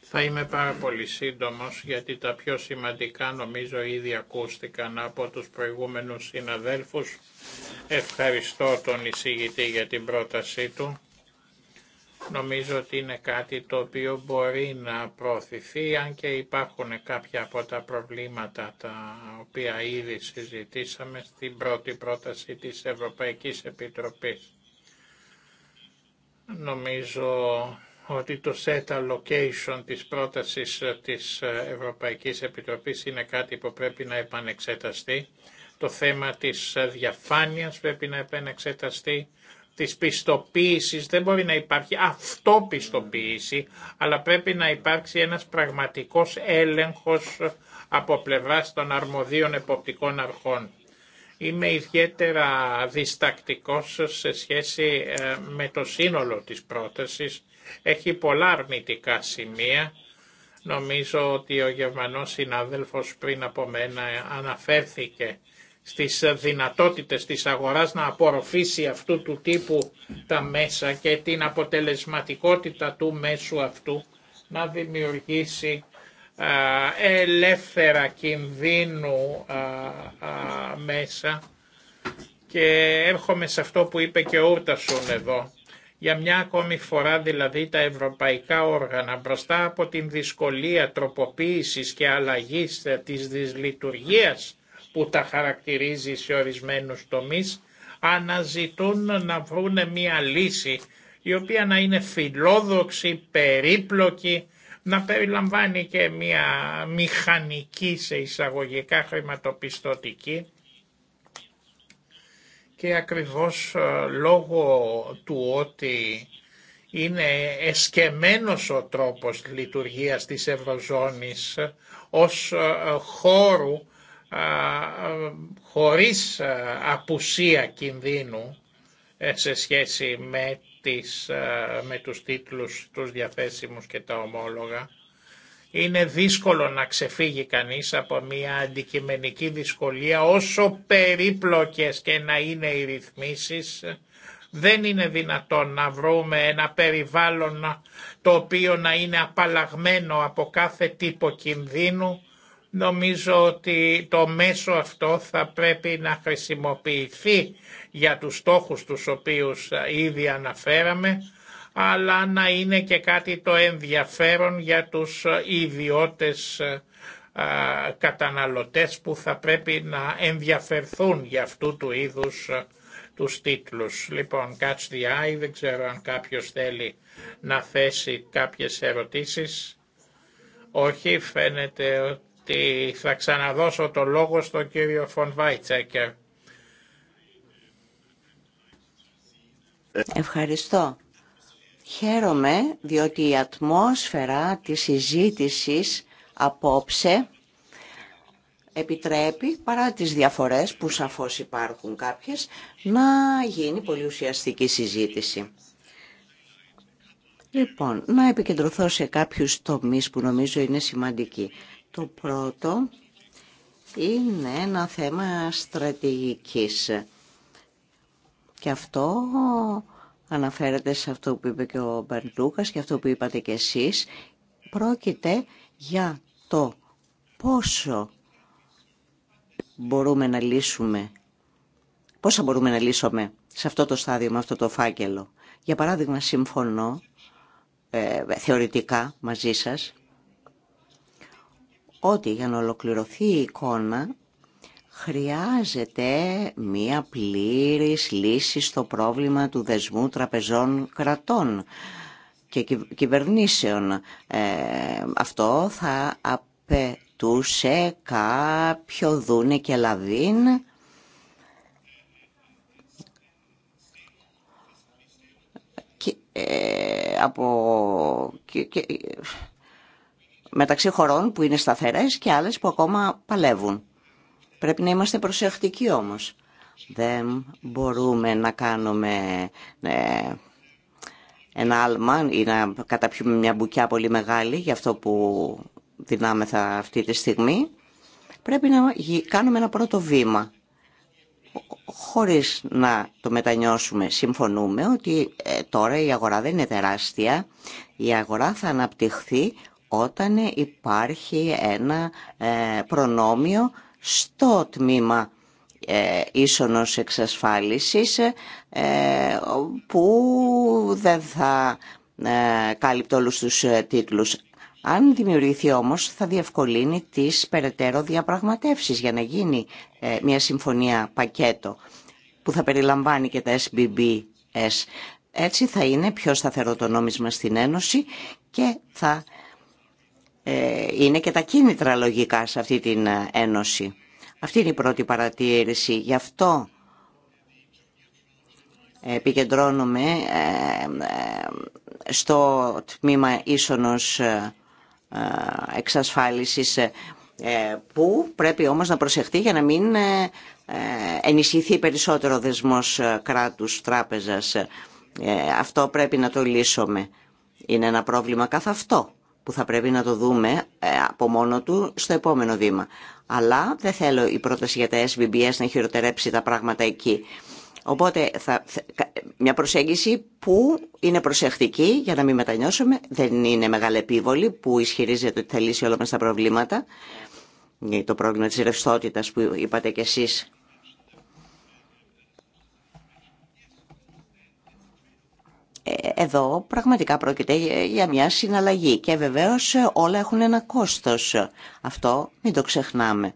Speaker 2: Θα είμαι πάρα πολύ σύντομος γιατί τα πιο σημαντικά νομίζω ήδη ακούστηκαν από τους προηγούμενους συναδέλφους. Ευχαριστώ τον εισηγητή για την πρότασή του. Νομίζω ότι είναι κάτι το οποίο μπορεί να προωθηθεί αν και υπάρχουν κάποια από τα προβλήματα τα οποία ήδη συζητήσαμε στην πρώτη πρόταση της Ευρωπαϊκής Επιτροπής. Νομίζω ότι το set allocation της πρότασης ε, της ε, Ευρωπαϊκής Επιτροπής είναι κάτι που πρέπει να επανεξεταστεί. Το θέμα της ε, διαφάνειας πρέπει να επανεξεταστεί, της πιστοποίησης. Δεν μπορεί να υπάρχει αυτοπιστοποίηση, αλλά πρέπει να υπάρξει ένας πραγματικός έλεγχος από πλευράς των αρμοδίων εποπτικών αρχών. Είμαι ιδιαίτερα διστακτικός σε σχέση με το σύνολο της πρότασης έχει πολλά αρνητικά σημεία. Νομίζω ότι ο Γερμανός συνάδελφος πριν από μένα αναφέρθηκε στις δυνατότητες της αγοράς να απορροφήσει αυτού του τύπου τα μέσα και την αποτελεσματικότητα του μέσου αυτού να δημιουργήσει ελεύθερα κινδύνου μέσα και έρχομαι σε αυτό που είπε και ο Ούρτασον εδώ για μια ακόμη φορά δηλαδή τα ευρωπαϊκά όργανα μπροστά από την δυσκολία τροποποίησης και αλλαγής ε, της δυσλειτουργίας που τα χαρακτηρίζει σε ορισμένους τομείς, αναζητούν να βρουνε μια λύση η οποία να είναι φιλόδοξη, περίπλοκη, να περιλαμβάνει και μια μηχανική σε εισαγωγικά χρηματοπιστωτική και ακριβώς ε, λόγω του ότι είναι εσκεμμένος ο τρόπος λειτουργίας της Ευρωζώνης ως ε, χώρου ε, χωρίς απουσία κινδύνου σε σχέση με, τις, με τους τίτλους τους διαθέσιμους και τα ομόλογα είναι δύσκολο να ξεφύγει κανείς από μια αντικειμενική δυσκολία όσο περίπλοκες και να είναι οι ρυθμίσεις. Δεν είναι δυνατόν να βρούμε ένα περιβάλλον το οποίο να είναι απαλλαγμένο από κάθε τύπο κινδύνου. Νομίζω ότι το μέσο αυτό θα πρέπει να χρησιμοποιηθεί για τους στόχους τους οποίους ήδη αναφέραμε αλλά να είναι και κάτι το ενδιαφέρον για τους ε, ιδιώτες ε, καταναλωτές που θα πρέπει να ενδιαφερθούν για αυτού του είδους ε, τους τίτλους. Λοιπόν, catch the eye, δεν ξέρω αν κάποιος θέλει να θέσει κάποιες ερωτήσεις. Όχι, φαίνεται ότι θα ξαναδώσω το λόγο στον κύριο Φον Βάιτσέκερ.
Speaker 3: Ευχαριστώ. Χαίρομαι διότι η ατμόσφαιρα της συζήτησης απόψε επιτρέπει, παρά τις διαφορές που σαφώς υπάρχουν κάποιες, να γίνει πολύ ουσιαστική συζήτηση. Λοιπόν, να επικεντρωθώ σε κάποιους τομείς που νομίζω είναι σημαντικοί. Το πρώτο είναι ένα θέμα στρατηγικής. Και αυτό αναφέρεται σε αυτό που είπε και ο Μπερντούκας και αυτό που είπατε και εσείς. Πρόκειται για το πόσο μπορούμε να λύσουμε, πόσα μπορούμε να λύσουμε σε αυτό το στάδιο με αυτό το φάκελο. Για παράδειγμα, συμφωνώ ε, θεωρητικά μαζί σας ότι για να ολοκληρωθεί η εικόνα Χρειάζεται μία πλήρης λύση στο πρόβλημα του δεσμού τραπεζών κρατών και κυβερνήσεων. Ε, αυτό θα απαιτούσε κάποιο δούνε και λαβίν ε, από... μεταξύ χωρών που είναι σταθερές και άλλες που ακόμα παλεύουν. Πρέπει να είμαστε προσεκτικοί όμως. Δεν μπορούμε να κάνουμε ε, ένα άλμα ή να καταπιούμε μια μπουκιά πολύ μεγάλη για αυτό που δυνάμεθα αυτή τη στιγμή. Πρέπει να κάνουμε ένα πρώτο βήμα χωρίς να το μετανιώσουμε. Συμφωνούμε ότι ε, τώρα η αγορά δεν είναι τεράστια. Η αγορά θα αναπτυχθεί όταν υπάρχει ένα ε, προνόμιο στο τμήμα ε, ίσονος εξασφάλισης ε, που δεν θα ε, κάλυπτε όλους τους ε, τίτλους. Αν δημιουργηθεί όμως θα διευκολύνει τις περαιτέρω διαπραγματεύσεις για να γίνει ε, μια συμφωνία πακέτο που θα περιλαμβάνει και τα SBBS. Έτσι θα είναι πιο σταθερό το νόμισμα στην Ένωση και θα ε, είναι και τα κίνητρα λογικά σε αυτή την ε, ένωση. Αυτή είναι η πρώτη παρατήρηση. Γι' αυτό ε, επικεντρώνουμε στο τμήμα ίσονος εξασφάλισης που πρέπει όμως να προσεχτεί για να μην ενισχυθεί περισσότερο δεσμός κράτους τράπεζας. Αυτό πρέπει να το λύσουμε. Είναι ένα πρόβλημα καθ' αυτό που θα πρέπει να το δούμε ε, από μόνο του στο επόμενο βήμα. Αλλά δεν θέλω η πρόταση για τα SBBS να χειροτερέψει τα πράγματα εκεί. Οπότε θα, μια προσέγγιση που είναι προσεκτική για να μην μετανιώσουμε, δεν είναι μεγάλη επίβολη που ισχυρίζεται ότι θα λύσει όλα μας τα προβλήματα. Το πρόβλημα της ρευστότητα που είπατε κι εσείς εδώ πραγματικά πρόκειται για μια συναλλαγή και βεβαίως όλα έχουν ένα κόστος. Αυτό μην το ξεχνάμε.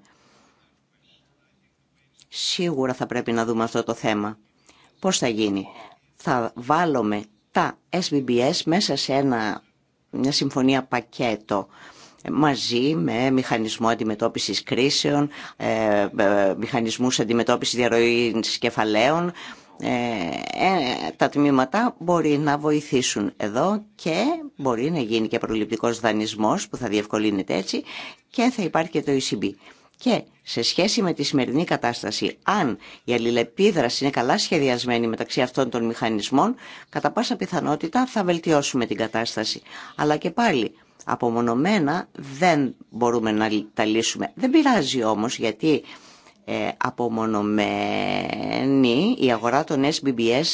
Speaker 3: Σίγουρα θα πρέπει να δούμε αυτό το θέμα. Πώς θα γίνει. Θα βάλουμε τα SBBS μέσα σε ένα, μια συμφωνία πακέτο μαζί με μηχανισμό αντιμετώπισης κρίσεων, ε, μηχανισμούς αντιμετώπισης διαρροής κεφαλαίων, ε, ε, τα τμήματα μπορεί να βοηθήσουν εδώ και μπορεί να γίνει και προληπτικός δανεισμός που θα διευκολύνεται έτσι και θα υπάρχει και το ECB. Και σε σχέση με τη σημερινή κατάσταση, αν η αλληλεπίδραση είναι καλά σχεδιασμένη μεταξύ αυτών των μηχανισμών, κατά πάσα πιθανότητα θα βελτιώσουμε την κατάσταση. Αλλά και πάλι, απομονωμένα δεν μπορούμε να τα λύσουμε. Δεν πειράζει όμως, γιατί ε, απομονωμένη η αγορά των SBBS,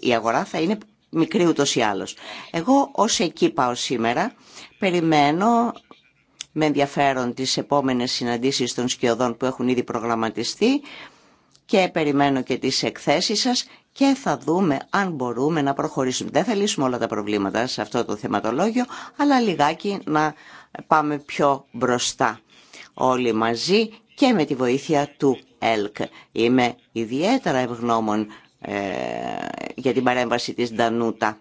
Speaker 3: η αγορά θα είναι μικρή ούτως ή άλλως. Εγώ ως εκεί πάω σήμερα, περιμένω με ενδιαφέρον τις επόμενες συναντήσεις των σκιωδών που έχουν ήδη προγραμματιστεί και περιμένω και τις εκθέσεις σας και θα δούμε αν μπορούμε να προχωρήσουμε. Δεν θα λύσουμε όλα τα προβλήματα σε αυτό το θεματολόγιο, αλλά λιγάκι να πάμε πιο μπροστά όλοι μαζί και με τη βοήθεια του ΕΛΚ. Είμαι ιδιαίτερα ευγνώμων ε, για την παρέμβαση της Ντανούτα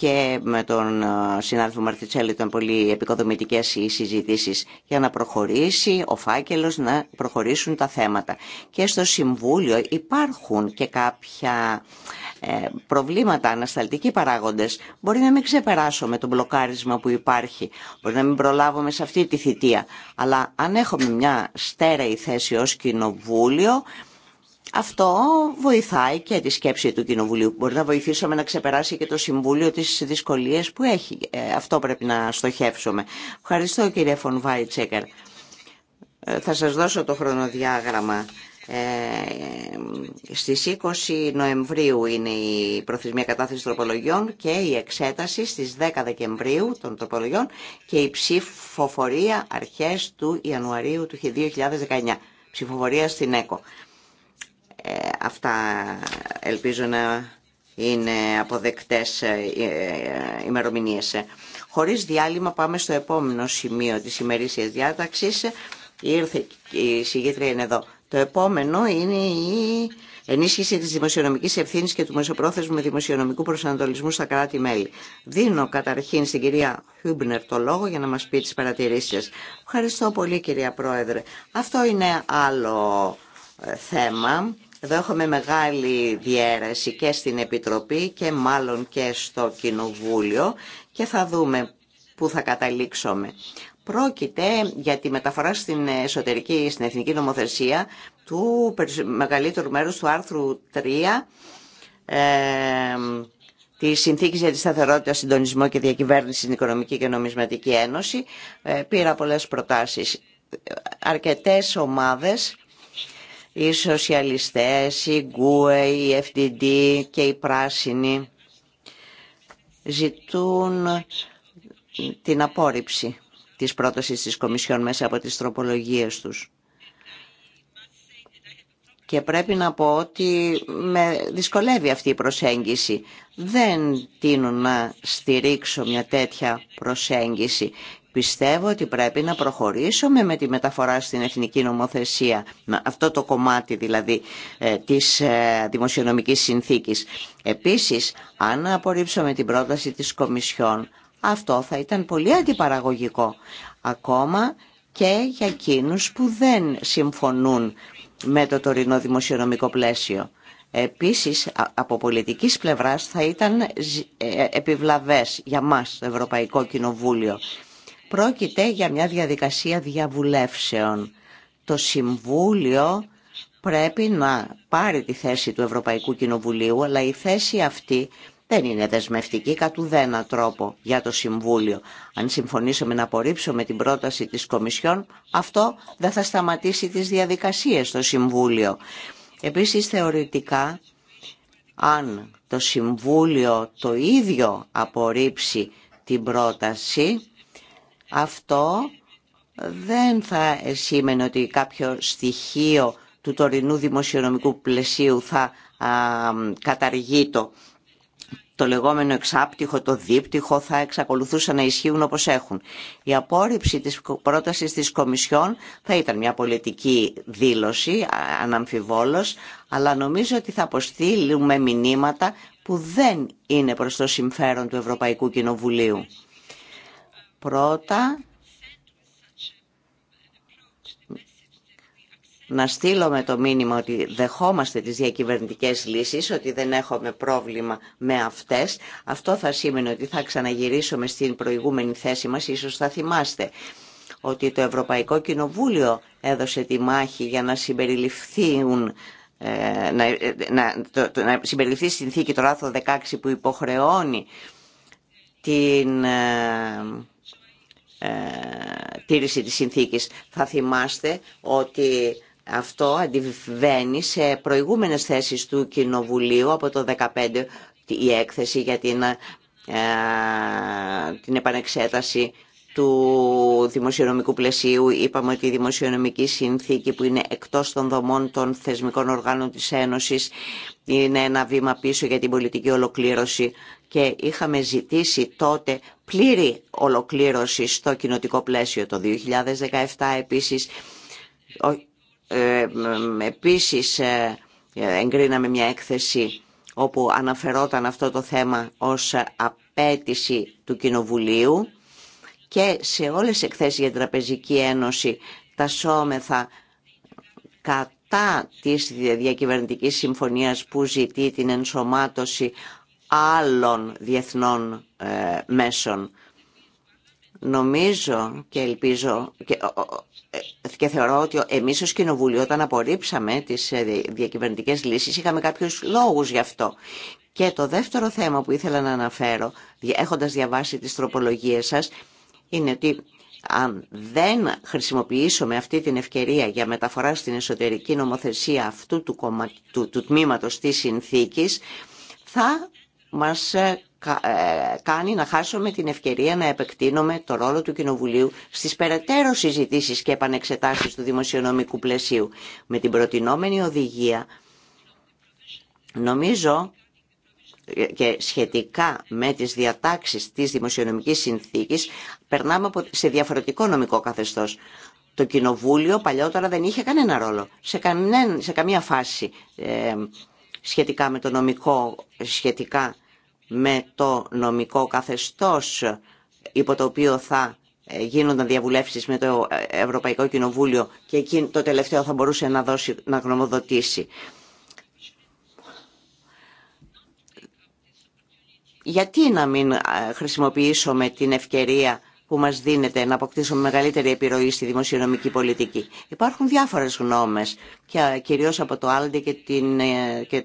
Speaker 3: και με τον ε, συνάδελφο Μαρτιτσέλη ήταν πολύ επικοδομητικές οι συζητήσεις για να προχωρήσει ο φάκελος, να προχωρήσουν τα θέματα. Και στο Συμβούλιο υπάρχουν και κάποια ε, προβλήματα, ανασταλτικοί παράγοντες. Μπορεί να μην ξεπεράσω με τον μπλοκάρισμα που υπάρχει, μπορεί να μην προλάβουμε σε αυτή τη θητεία. Αλλά αν έχουμε μια στέρεη θέση ως Κοινοβούλιο, αυτό βοηθάει και τη σκέψη του Κοινοβουλίου. Μπορεί να βοηθήσουμε να ξεπεράσει και το Συμβούλιο τις δυσκολίε που έχει. Ε, αυτό πρέπει να στοχεύσουμε. Ευχαριστώ κύριε Φων Βάιτσέκερ. Ε, θα σας δώσω το χρονοδιάγραμμα. Ε, στις 20 Νοεμβρίου είναι η προθεσμία κατάθεση τροπολογιών και η εξέταση στις 10 Δεκεμβρίου των τροπολογιών και η ψηφοφορία αρχές του Ιανουαρίου του 2019. Ψηφοφορία στην ΕΚΟ. Ε, αυτά ελπίζω να είναι αποδεκτές ε, ε, ημερομηνίες. Χωρίς διάλειμμα πάμε στο επόμενο σημείο της ημερήσιας διάταξης. Ήρθε η συγγήτρια είναι εδώ. Το επόμενο είναι η ενίσχυση της δημοσιονομικής ευθύνης και του μεσοπρόθεσμου με δημοσιονομικού προσανατολισμού στα κράτη-μέλη. Δίνω καταρχήν στην κυρία Χιούμπνερ το λόγο για να μας πει τις παρατηρήσεις Ευχαριστώ πολύ κυρία Πρόεδρε. Αυτό είναι άλλο θέμα εδώ έχουμε μεγάλη διέρεση και στην Επιτροπή και μάλλον και στο Κοινοβούλιο και θα δούμε πού θα καταλήξουμε. Πρόκειται για τη μεταφορά στην εσωτερική, στην εθνική νομοθεσία του μεγαλύτερου μέρους του άρθρου 3 ε, τη συνθήκη για τη σταθερότητα, συντονισμό και διακυβέρνηση στην Οικονομική και Νομισματική Ένωση. Ε, πήρα πολλές προτάσεις. Ε, αρκετές ομάδες οι σοσιαλιστές, οι γκουε, οι FDD και οι πράσινοι ζητούν την απόρριψη της πρότασης της Κομισιόν μέσα από τις τροπολογίες τους. Και πρέπει να πω ότι με δυσκολεύει αυτή η προσέγγιση. Δεν τίνω να στηρίξω μια τέτοια προσέγγιση Πιστεύω ότι πρέπει να προχωρήσουμε με τη μεταφορά στην εθνική νομοθεσία, αυτό το κομμάτι δηλαδή ε, της ε, δημοσιονομικής συνθήκης. Επίσης, αν απορρίψουμε την πρόταση της Κομισιόν, αυτό θα ήταν πολύ αντιπαραγωγικό, ακόμα και για εκείνους που δεν συμφωνούν με το τωρινό δημοσιονομικό πλαίσιο. Επίσης, από πολιτικής πλευράς θα ήταν ε, επιβλαβές για μας το Ευρωπαϊκό Κοινοβούλιο Πρόκειται για μια διαδικασία διαβουλεύσεων. Το Συμβούλιο πρέπει να πάρει τη θέση του Ευρωπαϊκού Κοινοβουλίου, αλλά η θέση αυτή δεν είναι δεσμευτική κατ' ουδένα τρόπο για το Συμβούλιο. Αν συμφωνήσουμε να απορρίψουμε την πρόταση της Κομισιόν, αυτό δεν θα σταματήσει τις διαδικασίες στο Συμβούλιο. Επίσης, θεωρητικά, αν το Συμβούλιο το ίδιο απορρίψει την πρόταση, αυτό δεν θα σήμαινε ότι κάποιο στοιχείο του τωρινού δημοσιονομικού πλαισίου θα καταργεί το. λεγόμενο εξάπτυχο, το δίπτυχο θα εξακολουθούσαν να ισχύουν όπως έχουν. Η απόρριψη της πρότασης της Κομισιόν θα ήταν μια πολιτική δήλωση, αναμφιβόλως, αλλά νομίζω ότι θα αποστείλουμε μηνύματα που δεν είναι προς το συμφέρον του Ευρωπαϊκού Κοινοβουλίου. Πρώτα, να στείλουμε το μήνυμα ότι δεχόμαστε τις διακυβερνητικές λύσεις, ότι δεν έχουμε πρόβλημα με αυτές. Αυτό θα σήμαινε ότι θα ξαναγυρίσουμε στην προηγούμενη θέση μας, ίσως θα θυμάστε ότι το Ευρωπαϊκό Κοινοβούλιο έδωσε τη μάχη για να συμπεριληφθούν ε, να, να, συμπεριληφθεί στην θήκη το άρθρο 16 που υποχρεώνει την ε, ε, τήρηση της συνθήκης. Θα θυμάστε ότι αυτό αντιβαίνει σε προηγούμενες θέσεις του Κοινοβουλίου από το 2015 η έκθεση για την, ε, την επανεξέταση του δημοσιονομικού πλαισίου. Είπαμε ότι η δημοσιονομική συνθήκη που είναι εκτός των δομών των θεσμικών οργάνων της Ένωσης είναι ένα βήμα πίσω για την πολιτική ολοκλήρωση και είχαμε ζητήσει τότε πλήρη ολοκλήρωση στο κοινοτικό πλαίσιο το 2017 επίσης ε, επίσης ε, εγκρίναμε μια έκθεση όπου αναφερόταν αυτό το θέμα ως απέτηση του Κοινοβουλίου και σε όλες τις εκθέσεις για την Τραπεζική Ένωση τα σώμεθα κατά της διακυβερνητικής συμφωνίας που ζητεί την ενσωμάτωση άλλων διεθνών ε, μέσων. Νομίζω και ελπίζω ε, και, θεωρώ ότι εμείς ως Κοινοβούλιο όταν απορρίψαμε τις ε, διακυβερνητικές λύσεις είχαμε κάποιους λόγους γι' αυτό. Και το δεύτερο θέμα που ήθελα να αναφέρω, έχοντας διαβάσει τις τροπολογίες σας, είναι ότι αν δεν χρησιμοποιήσουμε αυτή την ευκαιρία για μεταφορά στην εσωτερική νομοθεσία αυτού του, του, του τμήματος της συνθήκης, θα μας ε, ε, κάνει να χάσουμε την ευκαιρία να επεκτείνουμε το ρόλο του Κοινοβουλίου στις περαιτέρω συζητήσεις και επανεξετάσεις του δημοσιονομικού πλαισίου. Με την προτινόμενη οδηγία νομίζω ε, και σχετικά με τις διατάξεις της δημοσιονομικής συνθήκης περνάμε σε διαφορετικό νομικό καθεστώς. Το Κοινοβούλιο παλιότερα δεν είχε κανένα ρόλο, σε, καμία φάση σχετικά με το νομικό, σχετικά με το νομικό καθεστώς υπό το οποίο θα ε, γίνονταν διαβουλεύσεις με το ε, Ευρωπαϊκό Κοινοβούλιο και εκείνο το τελευταίο θα μπορούσε να, δώσει, να γνωμοδοτήσει. Γιατί να μην ε, χρησιμοποιήσουμε την ευκαιρία που μας δίνεται να αποκτήσουμε μεγαλύτερη επιρροή στη δημοσιονομική πολιτική. Υπάρχουν διάφορες γνώμες, και κυρίως από το Άλντι και την, ε, και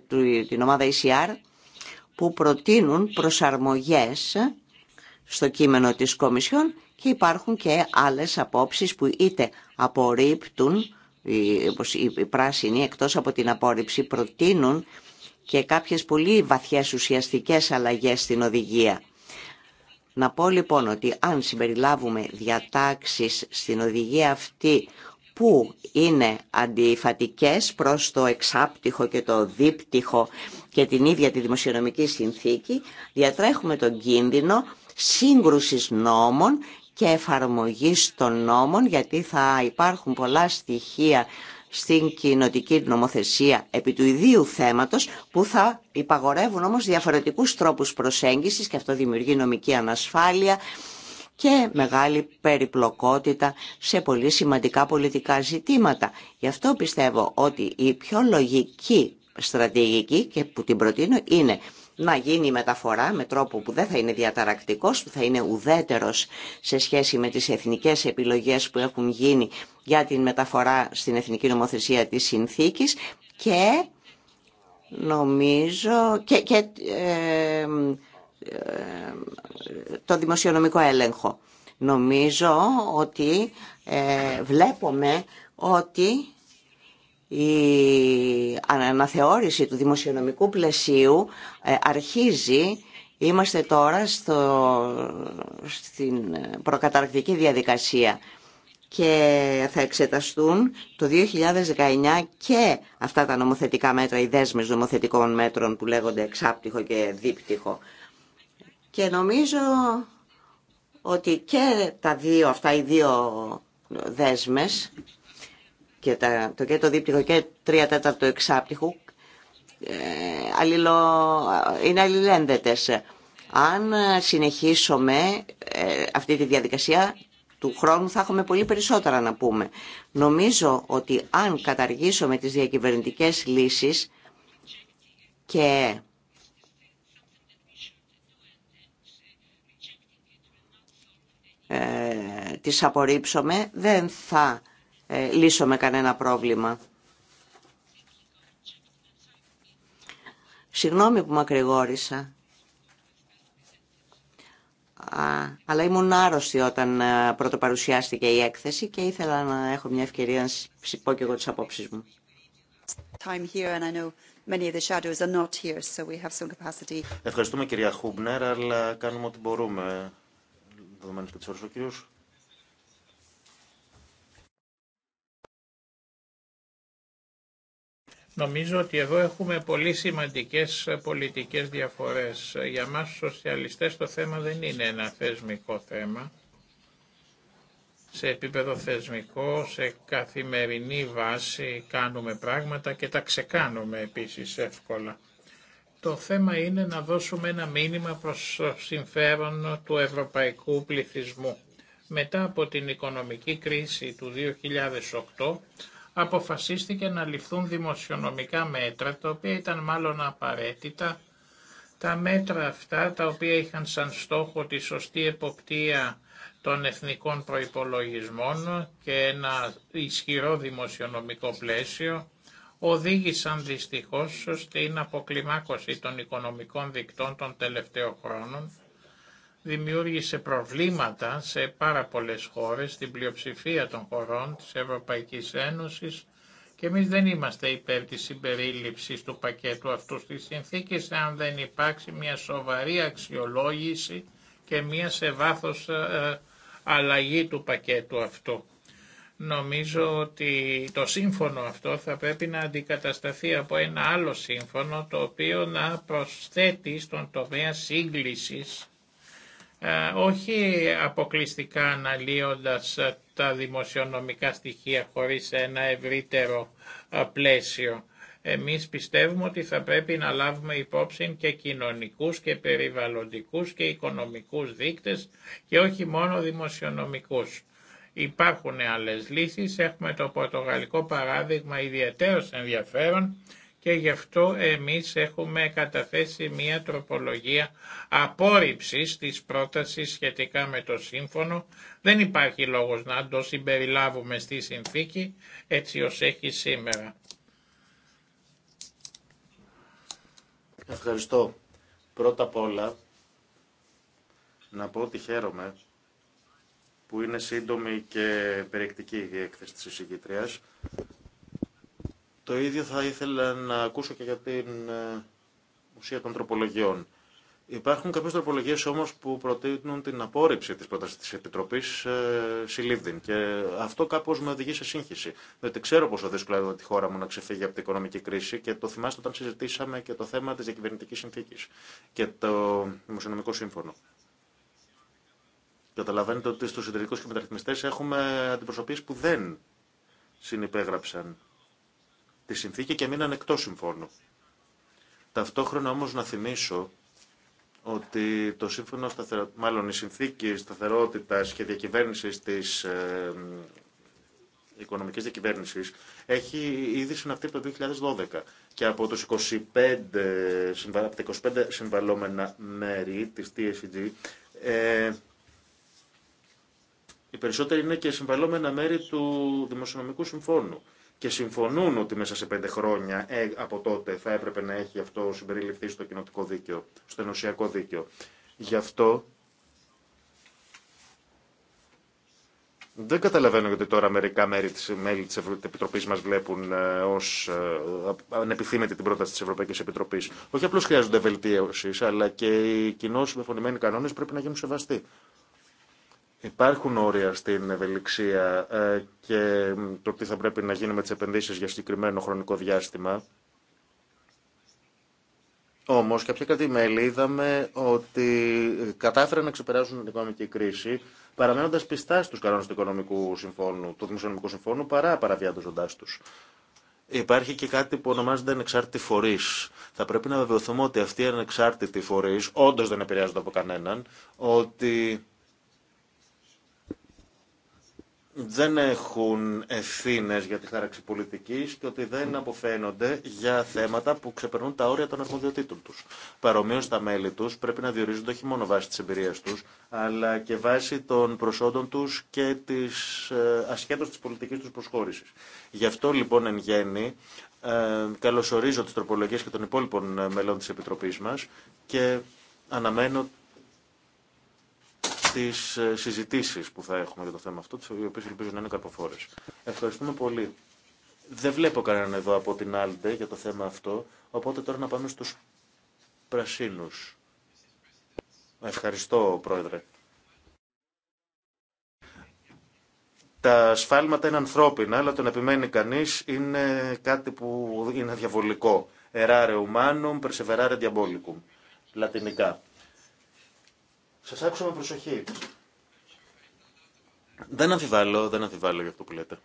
Speaker 3: την ομάδα ECR, που προτείνουν προσαρμογές στο κείμενο της Κομισιόν και υπάρχουν και άλλες απόψεις που είτε απορρίπτουν, οι πράσινοι εκτός από την απόρριψη προτείνουν και κάποιες πολύ βαθιές ουσιαστικές αλλαγές στην οδηγία. Να πω λοιπόν ότι αν συμπεριλάβουμε διατάξεις στην οδηγία αυτή που είναι αντιφατικές προς το εξάπτυχο και το δίπτυχο και την ίδια τη δημοσιονομική συνθήκη, διατρέχουμε τον κίνδυνο σύγκρουσης νόμων και εφαρμογής των νόμων, γιατί θα υπάρχουν πολλά στοιχεία στην κοινοτική νομοθεσία επί του ιδίου θέματος που θα υπαγορεύουν όμως διαφορετικούς τρόπους προσέγγισης και αυτό δημιουργεί νομική ανασφάλεια και μεγάλη περιπλοκότητα σε πολύ σημαντικά πολιτικά ζητήματα. Γι' αυτό πιστεύω ότι η πιο λογική στρατηγική και που την προτείνω είναι να γίνει η μεταφορά με τρόπο που δεν θα είναι διαταρακτικός, που θα είναι ουδέτερος σε σχέση με τις εθνικές επιλογές που έχουν γίνει για την μεταφορά στην Εθνική Νομοθεσία της Συνθήκης και νομίζω και, και ε, ε το δημοσιονομικό έλεγχο. Νομίζω ότι ε, βλέπουμε ότι η αναθεώρηση του δημοσιονομικού πλαισίου ε, αρχίζει. Είμαστε τώρα στο, στην ε, προκαταρκτική διαδικασία και θα εξεταστούν το 2019 και αυτά τα νομοθετικά μέτρα, οι δέσμες νομοθετικών μέτρων που λέγονται εξάπτυχο και δίπτυχο. Και νομίζω ότι και τα δύο, αυτά οι δύο δέσμες και, το, και το δίπτυχο και τρία τέταρτο εξάπτυχου ε, αλληλο, είναι αλληλένδετες. Αν συνεχίσουμε ε, αυτή τη διαδικασία του χρόνου θα έχουμε πολύ περισσότερα να πούμε. Νομίζω ότι αν καταργήσουμε τις διακυβερνητικές λύσεις και ε, τις απορρίψουμε δεν θα ε, Λύσω με κανένα πρόβλημα. Συγγνώμη που μακρηγόρησα. αλλά ήμουν άρρωστη όταν ε, παρουσιάστηκε η έκθεση και ήθελα να έχω μια ευκαιρία να πω και εγώ τις απόψεις
Speaker 4: μου. Ευχαριστούμε κυρία Χούμπνερ, αλλά κάνουμε ό,τι μπορούμε. Δεδομένως
Speaker 2: Νομίζω ότι εδώ έχουμε πολύ σημαντικές πολιτικές διαφορές. Για μας τους σοσιαλιστές το θέμα δεν είναι ένα θεσμικό θέμα. Σε επίπεδο θεσμικό, σε καθημερινή βάση κάνουμε πράγματα και τα ξεκάνουμε επίσης εύκολα. Το θέμα είναι να δώσουμε ένα μήνυμα προς συμφέρον του ευρωπαϊκού πληθυσμού. Μετά από την οικονομική κρίση του 2008, αποφασίστηκε να ληφθούν δημοσιονομικά μέτρα, τα οποία ήταν μάλλον απαραίτητα. Τα μέτρα αυτά, τα οποία είχαν σαν στόχο τη σωστή εποπτεία των εθνικών προϋπολογισμών και ένα ισχυρό δημοσιονομικό πλαίσιο, οδήγησαν δυστυχώς στην αποκλιμάκωση των οικονομικών δικτών των τελευταίων χρόνων, δημιούργησε προβλήματα σε πάρα πολλές χώρες, στην πλειοψηφία των χωρών της Ευρωπαϊκής Ένωσης και εμείς δεν είμαστε υπέρ της συμπερίληψης του πακέτου αυτού στις συνθήκες αν δεν υπάρξει μια σοβαρή αξιολόγηση και μια σε βάθος ε, ε, αλλαγή του πακέτου αυτού. Νομίζω ότι το σύμφωνο αυτό θα πρέπει να αντικατασταθεί από ένα άλλο σύμφωνο το οποίο να προσθέτει στον τομέα σύγκλησης ε, όχι αποκλειστικά αναλύοντας ε, τα δημοσιονομικά στοιχεία χωρίς ένα ευρύτερο ε, πλαίσιο. Εμείς πιστεύουμε ότι θα πρέπει να λάβουμε υπόψη και κοινωνικούς και περιβαλλοντικούς και οικονομικούς δείκτες και όχι μόνο δημοσιονομικούς. Υπάρχουν άλλες λύσεις, έχουμε το πορτογαλικό παράδειγμα ιδιαίτερο ενδιαφέρον και γι' αυτό εμείς έχουμε καταθέσει μία τροπολογία απόρριψης της πρότασης σχετικά με το σύμφωνο. Δεν υπάρχει λόγος να το συμπεριλάβουμε στη συνθήκη έτσι ως έχει σήμερα.
Speaker 4: Ευχαριστώ. Πρώτα απ' όλα να πω ότι χαίρομαι που είναι σύντομη και περιεκτική η έκθεση της εισηγητρίας το ίδιο θα ήθελα να ακούσω και για την ε, ουσία των τροπολογιών. Υπάρχουν κάποιε τροπολογίε όμω που προτείνουν την απόρριψη τη πρόταση τη Επιτροπή ε, Σιλίβδιν. Και αυτό κάπω με οδηγεί σε σύγχυση. Διότι ξέρω πόσο δύσκολο είναι τη χώρα μου να ξεφύγει από την οικονομική κρίση και το θυμάστε όταν συζητήσαμε και το θέμα τη διακυβερνητική συνθήκη και το δημοσιονομικό σύμφωνο. Καταλαβαίνετε ότι στου συντηρητικού και μεταρρυθμιστέ έχουμε αντιπροσωπείε που δεν συνυπέγραψαν τη συνθήκη και μείναν εκτός συμφώνου. Ταυτόχρονα όμως να θυμίσω ότι το σύμφωνο μάλλον η συνθήκη σταθερότητας και διακυβέρνησης της ε, οικονομικής διακυβέρνησης έχει ήδη συναυτεί από το 2012 και από, τους 25, από τα 25 συμβαλόμενα μέρη της TSG ε, οι περισσότεροι είναι και συμβαλόμενα μέρη του Δημοσιονομικού Συμφώνου και συμφωνούν ότι μέσα σε πέντε χρόνια ε, από τότε θα έπρεπε να έχει αυτό συμπεριληφθεί στο κοινοτικό δίκαιο, στο ενωσιακό δίκαιο. Γι' αυτό δεν καταλαβαίνω γιατί τώρα μερικά μέρη της, μέλη της Επιτροπής μας βλέπουν ε, ως ε, ανεπιθύμητη την πρόταση της Ευρωπαϊκής Επιτροπής. Όχι απλώς χρειάζονται βελτίωσεις, αλλά και οι κοινώς συμφωνημένοι κανόνες πρέπει να γίνουν σεβαστοί. Υπάρχουν όρια στην ευελιξία ε, και το τι θα πρέπει να γίνει με τις επενδύσεις για συγκεκριμένο χρονικό διάστημα. Όμως κάποια κρατημέλη είδαμε ότι κατάφεραν να ξεπεράσουν την οικονομική κρίση παραμένοντας πιστά στους κανόνες του οικονομικού συμφώνου, του δημοσιονομικού συμφώνου παρά παραβιάζοντάς τους. Υπάρχει και κάτι που ονομάζεται ανεξάρτητη φορεί. Θα πρέπει να βεβαιωθούμε ότι αυτοί οι ανεξάρτητοι φορεί όντω δεν επηρεάζονται από κανέναν, ότι δεν έχουν ευθύνε για τη χάραξη πολιτική και ότι δεν αποφαίνονται για θέματα που ξεπερνούν τα όρια των αρμοδιοτήτων του. Παρομοίω, τα μέλη του πρέπει να διορίζονται όχι μόνο βάσει τη εμπειρία του, αλλά και βάσει των προσόντων του και τη ε, ασχέτω τη πολιτική του προσχώρηση. Γι' αυτό λοιπόν εν γέννη ε, καλωσορίζω τι τροπολογίε και των υπόλοιπων μελών τη Επιτροπή μα και αναμένω τις ε, συζητήσεις που θα έχουμε για το θέμα αυτό, τις οποίες ελπίζω να είναι καρποφόρες. Ευχαριστούμε πολύ. Δεν βλέπω κανέναν εδώ από την Άλντε για το θέμα αυτό, οπότε τώρα να πάμε στους πρασίνους. Ευχαριστώ, Πρόεδρε. Τα σφάλματα είναι ανθρώπινα, αλλά το να επιμένει κανείς είναι κάτι που είναι διαβολικό. Εράρε humanum, perseverare diabolicum. Λατινικά. Σας άκουσα με προσοχή. Δεν αμφιβάλλω, δεν αμφιβάλλω για αυτό που λέτε.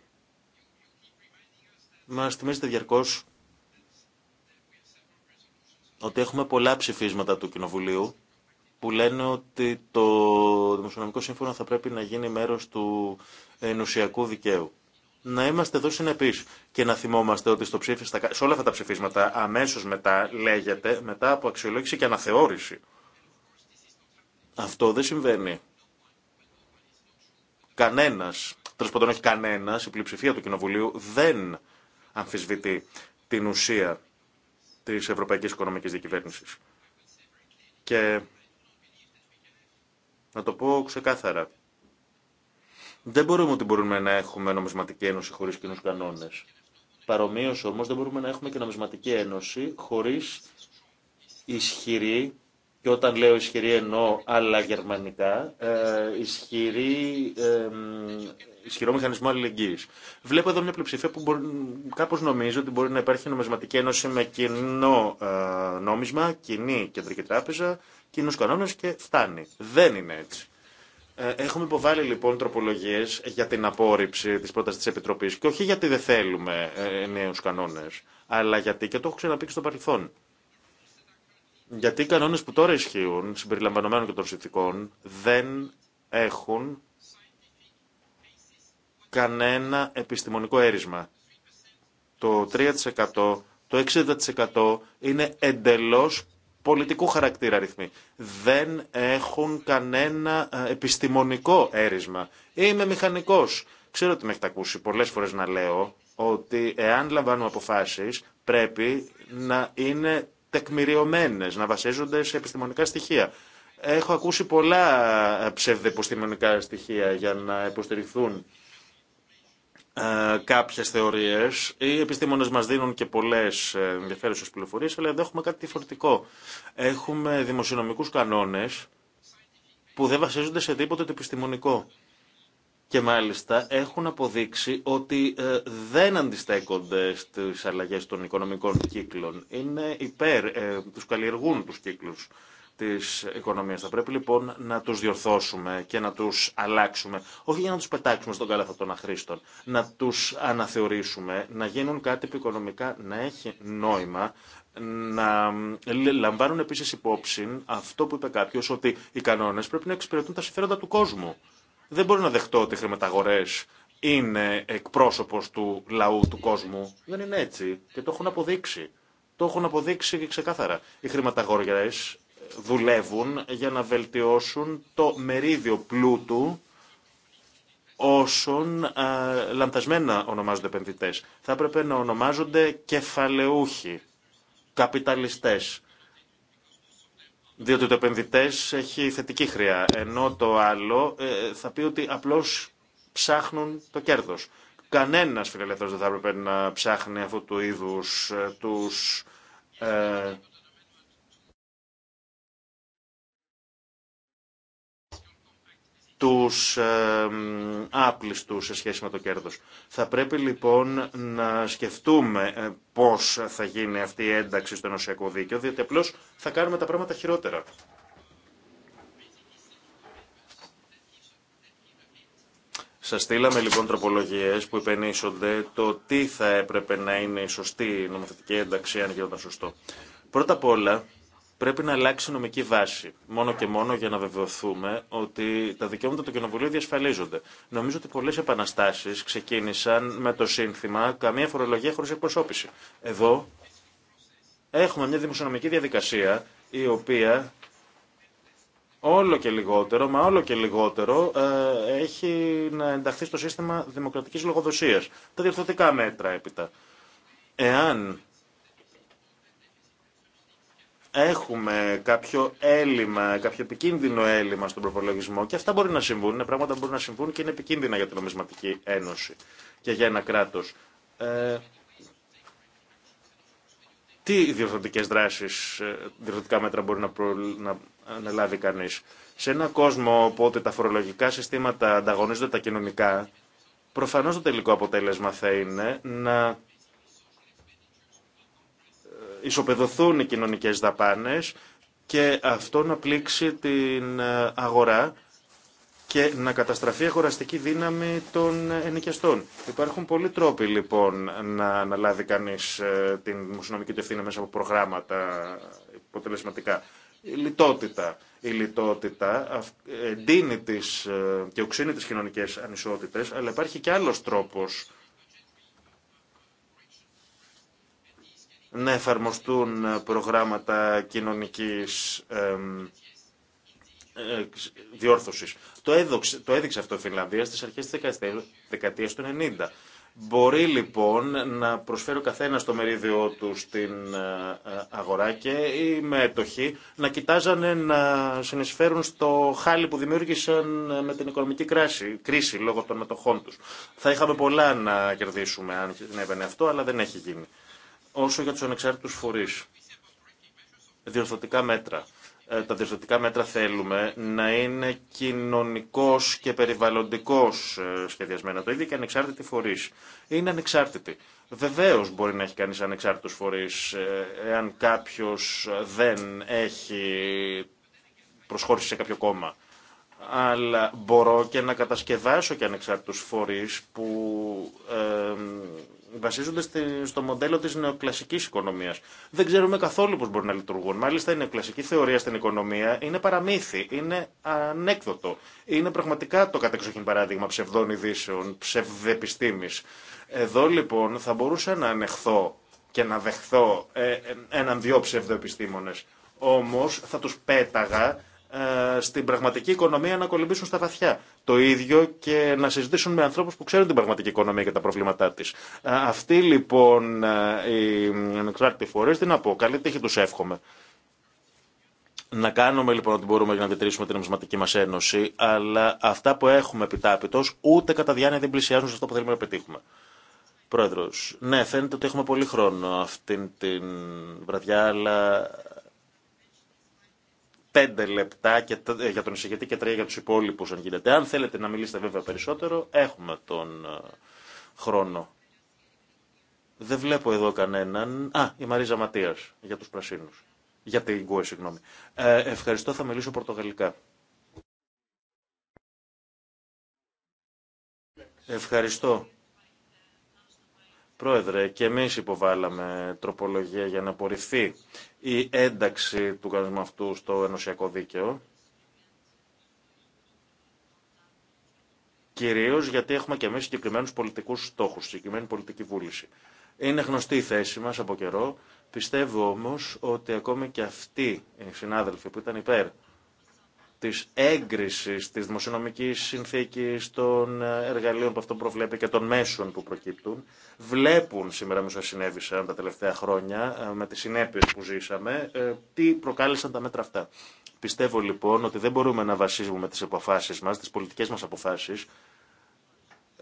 Speaker 4: Μα θυμίζετε διαρκώ ότι έχουμε πολλά ψηφίσματα του Κοινοβουλίου που λένε ότι το Δημοσιονομικό Σύμφωνο θα πρέπει να γίνει μέρος του ενουσιακού δικαίου. Να είμαστε εδώ συνεπείς και να θυμόμαστε ότι στο σε όλα αυτά τα ψηφίσματα αμέσως μετά λέγεται μετά από αξιολόγηση και αναθεώρηση αυτό δεν συμβαίνει. Κανένα, τέλο πάντων όχι κανένα, η πλειοψηφία του Κοινοβουλίου δεν αμφισβητεί την ουσία τη Ευρωπαϊκή Οικονομική Διακυβέρνηση. Και να το πω ξεκάθαρα. Δεν μπορούμε ότι μπορούμε να έχουμε νομισματική ένωση χωρίς κοινού κανόνε. Παρομοίως όμως δεν μπορούμε να έχουμε και νομισματική ένωση χωρί ισχυρή και όταν λέω ισχυρή εννοώ άλλα γερμανικά, ε, ισχυρή, ε, ισχυρό μηχανισμό αλληλεγγύη. Βλέπω εδώ μια πλειοψηφία που μπορεί, κάπως νομίζω ότι μπορεί να υπάρχει νομισματική ένωση με κοινό ε, νόμισμα, κοινή κεντρική τράπεζα, κοινού κανόνες και φτάνει. Δεν είναι έτσι. Ε, έχουμε υποβάλει λοιπόν τροπολογίες για την απόρριψη της πρότασης της Επιτροπή και όχι γιατί δεν θέλουμε ε, νέους κανόνες, αλλά γιατί, και το έχω ξαναπεί και στο παρελθόν, γιατί οι κανόνε που τώρα ισχύουν, συμπεριλαμβανομένων και των συνθηκών, δεν έχουν κανένα επιστημονικό έρισμα. Το 3%, το 60% είναι εντελώς πολιτικού χαρακτήρα αριθμοί. Δεν έχουν κανένα ε, επιστημονικό έρισμα. Είμαι μηχανικός. Ξέρω ότι με έχετε ακούσει πολλές φορές να λέω ότι εάν λαμβάνουμε αποφάσεις πρέπει να είναι τεκμηριωμένες, να βασίζονται σε επιστημονικά στοιχεία. Έχω ακούσει πολλά ε, ψευδεπιστημονικά στοιχεία για να υποστηριχθούν ε, κάποιες θεωρίες. Οι επιστήμονες μας δίνουν και πολλές ε, ενδιαφέρουσες πληροφορίες, αλλά δεν έχουμε κάτι διαφορετικό. Έχουμε δημοσιονομικούς κανόνες που δεν βασίζονται σε τίποτε το επιστημονικό και μάλιστα έχουν αποδείξει ότι ε, δεν αντιστέκονται στις αλλαγές των οικονομικών κύκλων. Είναι υπέρ, ε, τους καλλιεργούν τους κύκλους της οικονομίας. Θα πρέπει λοιπόν να τους διορθώσουμε και να τους αλλάξουμε, όχι για να τους πετάξουμε στον καλάθο των αχρήστων, να τους αναθεωρήσουμε, να γίνουν κάτι που οικονομικά να έχει νόημα, να λαμβάνουν επίσης υπόψη αυτό που είπε κάποιος, ότι οι κανόνες πρέπει να εξυπηρετούν τα συμφέροντα του κόσμου δεν μπορεί να δεχτώ ότι οι χρηματαγορέ είναι εκπρόσωπο του λαού, του κόσμου. Δεν είναι έτσι και το έχουν αποδείξει. Το έχουν αποδείξει ξεκάθαρα. Οι χρηματαγορέ δουλεύουν για να βελτιώσουν το μερίδιο πλούτου όσων α, λανθασμένα ονομάζονται επενδυτέ. Θα έπρεπε να ονομάζονται κεφαλαιούχοι, καπιταλιστές. Διότι το επενδυτέ έχει θετική χρειά, ενώ το άλλο ε, θα πει ότι απλώ ψάχνουν το κέρδο. Κανένα φιλελεύθερο δεν θα έπρεπε να ψάχνει αυτού του είδου ε, του ε, τους ε, άπλιστους σε σχέση με το κέρδος. Θα πρέπει λοιπόν να σκεφτούμε ε, πώς θα γίνει αυτή η ένταξη στο ενωσιακό δίκαιο, διότι απλώς θα κάνουμε τα πράγματα χειρότερα. Σα στείλαμε λοιπόν τροπολογίε που υπενήσονται το τι θα έπρεπε να είναι η σωστή νομοθετική ένταξη, αν γινόταν σωστό. Πρώτα απ' όλα, Πρέπει να αλλάξει νομική βάση. Μόνο και μόνο για να βεβαιωθούμε ότι τα δικαιώματα του Κοινοβουλίου διασφαλίζονται. Νομίζω ότι πολλέ επαναστάσει ξεκίνησαν με το σύνθημα Καμία φορολογία χωρί εκπροσώπηση. Εδώ έχουμε μια δημοσιονομική διαδικασία η οποία όλο και λιγότερο, μα όλο και λιγότερο, ε, έχει να ενταχθεί στο σύστημα δημοκρατικής λογοδοσίας. Τα διορθωτικά μέτρα έπειτα. Εάν έχουμε κάποιο έλλειμμα, κάποιο επικίνδυνο έλλειμμα στον προπολογισμό και αυτά μπορεί να συμβούν, είναι πράγματα που μπορεί να συμβούν και είναι επικίνδυνα για την νομισματική ένωση και για ένα κράτος. Ε, τι διορθωτικές δράσεις, ε, διορθωτικά μέτρα μπορεί να, προ, να, λάβει κανείς. Σε ένα κόσμο όπου τα φορολογικά συστήματα ανταγωνίζονται τα κοινωνικά, προφανώς το τελικό αποτέλεσμα θα είναι να ισοπεδωθούν οι κοινωνικές δαπάνες και αυτό να πλήξει την ε, αγορά και να καταστραφεί η αγοραστική δύναμη των ενοικιαστών. Υπάρχουν πολλοί τρόποι λοιπόν να αναλάβει κανείς ε, την δημοσιονομική του ευθύνη μέσα από προγράμματα υποτελεσματικά. Η λιτότητα. Η λιτότητα εντείνει τις, ε, και οξύνει τις κοινωνικές ανισότητες, αλλά υπάρχει και άλλος τρόπος να εφαρμοστούν ε, προγράμματα κοινωνικής ε, διόρθωσης. Το, έδειξε αυτό η Φινλανδία στις αρχές της ε, δεκαετίας του 90. Μπορεί λοιπόν να προσφέρει ο καθένα το μερίδιο του στην αγορά και οι μετοχοί να κοιτάζανε να συνεισφέρουν στο χάλι που δημιούργησαν με την οικονομική κρίση, λόγω των μετοχών τους. Θα είχαμε πολλά να κερδίσουμε αν έβαινε αυτό, αλλά δεν έχει γίνει όσο για τους ανεξάρτητους φορείς. Διορθωτικά μέτρα. Ε, τα διορθωτικά μέτρα θέλουμε να είναι κοινωνικός και περιβαλλοντικός ε, σχεδιασμένα. Το ίδιο και ανεξάρτητοι φορείς. Είναι ανεξάρτητοι. Βεβαίως μπορεί να έχει κανείς ανεξάρτητους φορείς ε, εάν κάποιος δεν έχει προσχώρηση σε κάποιο κόμμα. Αλλά μπορώ και να κατασκευάσω και ανεξάρτητους φορείς που βασίζονται στο μοντέλο τη νεοκλασικής οικονομία. Δεν ξέρουμε καθόλου πώ μπορεί να λειτουργούν. Μάλιστα, η νεοκλασική θεωρία στην οικονομία είναι παραμύθι, είναι ανέκδοτο. Είναι πραγματικά το κατεξοχήν παράδειγμα ψευδών ειδήσεων, ψευδεπιστήμη. Εδώ λοιπόν θα μπορούσα να ανεχθώ και να δεχθώ ε, ε, έναν δυο ψευδεπιστήμονες, Όμως θα τους πέταγα ε, στην πραγματική οικονομία να κολυμπήσουν στα βαθιά το ίδιο και να συζητήσουν με ανθρώπους που ξέρουν την πραγματική οικονομία και τα προβλήματά της. Ε, αυτή λοιπόν η ε, ανεξάρτητη φορές, τι να πω, καλή τύχη τους εύχομαι. Να κάνουμε λοιπόν ό,τι μπορούμε για να διατηρήσουμε την νομισματική μα ένωση, αλλά αυτά που έχουμε επιτάπητο ούτε κατά διάνοια δεν πλησιάζουν σε αυτό που θέλουμε να πετύχουμε. Πρόεδρο, ναι, φαίνεται ότι έχουμε πολύ χρόνο αυτή την βραδιά, αλλά πέντε λεπτά και, ε, για τον εισηγητή και τρία για τους υπόλοιπους αν γίνεται. Αν θέλετε να μιλήσετε βέβαια περισσότερο, έχουμε τον ε, χρόνο. Δεν βλέπω εδώ κανέναν. Α, η Μαρίζα Ματίας για τους πρασίνους. Για την ΚΟΕ, συγγνώμη. Ε, ευχαριστώ, θα μιλήσω πορτογαλικά. Ευχαριστώ. Πρόεδρε, και εμείς υποβάλαμε τροπολογία για να απορριφθεί η ένταξη του κανονισμού αυτού στο ενωσιακό δίκαιο. Κυρίως γιατί έχουμε και εμείς συγκεκριμένου πολιτικούς στόχους, συγκεκριμένη πολιτική βούληση. Είναι γνωστή η θέση μας από καιρό. Πιστεύω όμως ότι ακόμη και αυτοί οι συνάδελφοι που ήταν υπέρ της έγκρισης της δημοσιονομικής συνθήκης των εργαλείων που αυτό προβλέπει και των μέσων που προκύπτουν βλέπουν σήμερα με όσα συνέβησαν τα τελευταία χρόνια ε, με τις συνέπειες που ζήσαμε ε, τι προκάλεσαν τα μέτρα αυτά. Πιστεύω λοιπόν ότι δεν μπορούμε να βασίζουμε τις αποφάσεις μας, τις πολιτικές μας αποφάσεις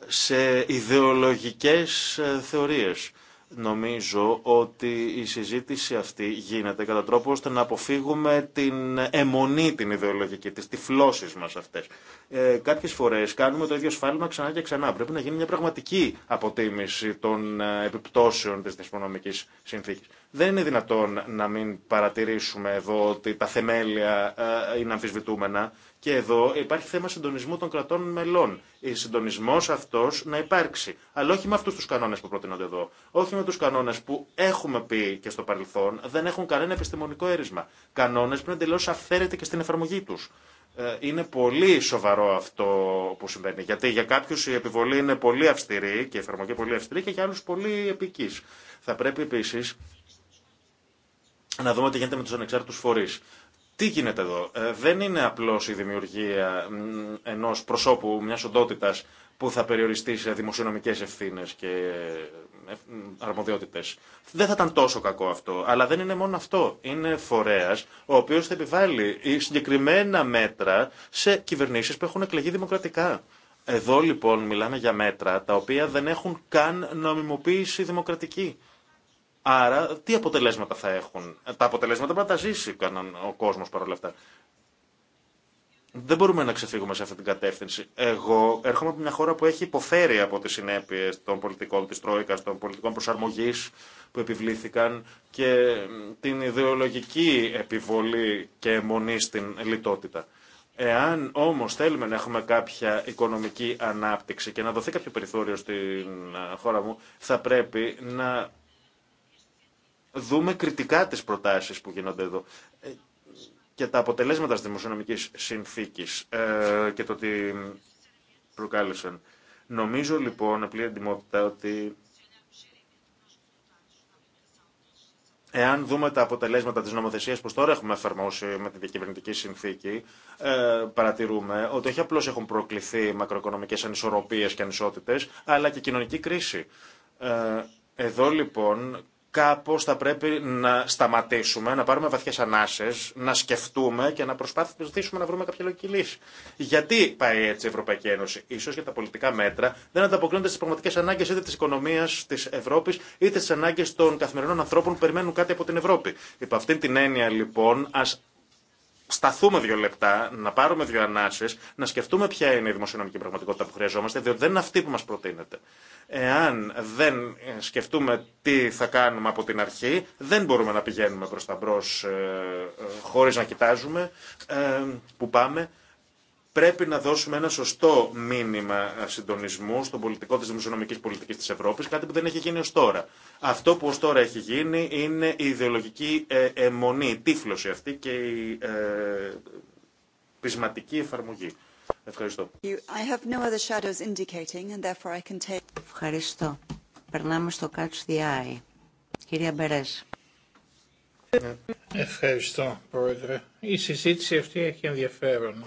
Speaker 4: σε ιδεολογικές ε, θεωρίες Νομίζω ότι η συζήτηση αυτή γίνεται κατά τρόπο ώστε να αποφύγουμε την αιμονή την ιδεολογική, τις τυφλώσεις μας αυτές. Ε, κάποιες φορές κάνουμε το ίδιο σφάλμα ξανά και ξανά. Πρέπει να γίνει μια πραγματική αποτίμηση των ε, επιπτώσεων της δυσμονομικής συνθήκης. Δεν είναι δυνατόν να μην παρατηρήσουμε εδώ ότι τα θεμέλια ε, είναι αμφισβητούμενα. Και εδώ υπάρχει θέμα συντονισμού των κρατών μελών. Ο συντονισμό αυτό να υπάρξει. Αλλά όχι με αυτού του κανόνε που προτείνονται εδώ. Όχι με του κανόνε που έχουμε πει και στο παρελθόν δεν έχουν κανένα επιστημονικό έρισμα. Κανόνε που είναι εντελώ αυθαίρετοι και στην εφαρμογή του. Ε, είναι πολύ σοβαρό αυτό που συμβαίνει. Γιατί για κάποιου η επιβολή είναι πολύ αυστηρή και η εφαρμογή πολύ αυστηρή και για άλλου πολύ επική. Θα πρέπει επίση να δούμε τι γίνεται με του ανεξάρτητου φορεί. Τι γίνεται εδώ. Ε, δεν είναι απλώς η δημιουργία ενός προσώπου, μιας οντότητας που θα περιοριστεί σε δημοσιονομικές ευθύνες και ε, αρμοδιότητες. Δεν θα ήταν τόσο κακό αυτό, αλλά δεν είναι μόνο αυτό. Είναι φορέας ο οποίος θα επιβάλλει συγκεκριμένα μέτρα σε κυβερνήσεις που έχουν εκλεγεί δημοκρατικά. Εδώ λοιπόν μιλάμε για μέτρα τα οποία δεν έχουν καν νομιμοποίηση δημοκρατική. Άρα, τι αποτελέσματα θα έχουν. Ε, τα αποτελέσματα πρέπει να τα ζήσει ο κόσμο παρόλα αυτά. Δεν μπορούμε να ξεφύγουμε σε αυτή την κατεύθυνση. Εγώ έρχομαι από μια χώρα που έχει υποφέρει από τι συνέπειε των πολιτικών τη Τρόικα, των πολιτικών προσαρμογή που επιβλήθηκαν και την ιδεολογική επιβολή και αιμονή στην λιτότητα. Εάν όμω θέλουμε να έχουμε κάποια οικονομική ανάπτυξη και να δοθεί κάποιο περιθώριο στην ε, χώρα μου, θα πρέπει να δούμε κριτικά τις προτάσεις που γίνονται εδώ ε, και τα αποτελέσματα της δημοσιονομικής συνθήκης ε, και το ότι προκάλεσαν. Νομίζω λοιπόν, απλή εντυμότητα, ότι Εάν δούμε τα αποτελέσματα της νομοθεσίας που τώρα έχουμε εφαρμόσει με τη διακυβερνητική συνθήκη, ε, παρατηρούμε ότι όχι απλώς έχουν προκληθεί μακροοικονομικές ανισορροπίες και ανισότητες, αλλά και κοινωνική κρίση. εδώ λοιπόν Κάπω θα πρέπει να σταματήσουμε, να πάρουμε βαθιές ανάσες, να σκεφτούμε και να προσπαθήσουμε να βρούμε κάποια λογική λύση. Γιατί πάει έτσι η Ευρωπαϊκή Ένωση. Ίσως για τα πολιτικά μέτρα δεν ανταποκρίνονται στις πραγματικές ανάγκες είτε της οικονομίας της Ευρώπης είτε στις ανάγκες των καθημερινών ανθρώπων που περιμένουν κάτι από την Ευρώπη. Υπό αυτήν την έννοια λοιπόν α σταθούμε δύο λεπτά, να πάρουμε δύο ανάσει, να σκεφτούμε ποια είναι η δημοσιονομική πραγματικότητα που χρειαζόμαστε, διότι δεν είναι αυτή που μα προτείνεται. Εάν δεν ε, σκεφτούμε τι θα κάνουμε από την αρχή, δεν μπορούμε να πηγαίνουμε προ τα μπρο ε, ε χωρί να κοιτάζουμε ε, που πάμε. Πρέπει να δώσουμε ένα σωστό μήνυμα συντονισμού στον πολιτικό τη δημοσιονομική πολιτική τη Ευρώπη, κάτι που δεν έχει γίνει ω τώρα. Αυτό που ω τώρα έχει γίνει είναι η ιδεολογική ε, αιμονή, η τύφλωση αυτή και η ε, πεισματική εφαρμογή. Ευχαριστώ.
Speaker 3: Ευχαριστώ. Περνάμε στο Catch the Eye.
Speaker 2: Κυρία Μπερές. Ε, ευχαριστώ, Πρόεδρε. Η συζήτηση αυτή έχει ενδιαφέρον.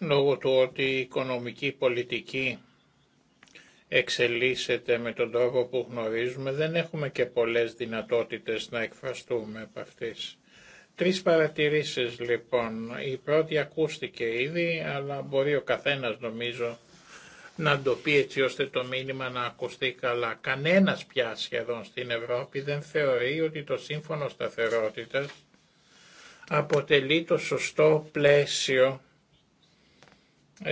Speaker 2: λόγω του ότι η οικονομική πολιτική εξελίσσεται με τον τρόπο που γνωρίζουμε, δεν έχουμε και πολλές δυνατότητες να εκφραστούμε από αυτές. Τρεις παρατηρήσεις λοιπόν. Η πρώτη ακούστηκε ήδη, αλλά μπορεί ο καθένας νομίζω να το πει έτσι ώστε το μήνυμα να ακουστεί καλά. Κανένας πια σχεδόν στην Ευρώπη δεν θεωρεί ότι το σύμφωνο σταθερότητας αποτελεί το σωστό πλαίσιο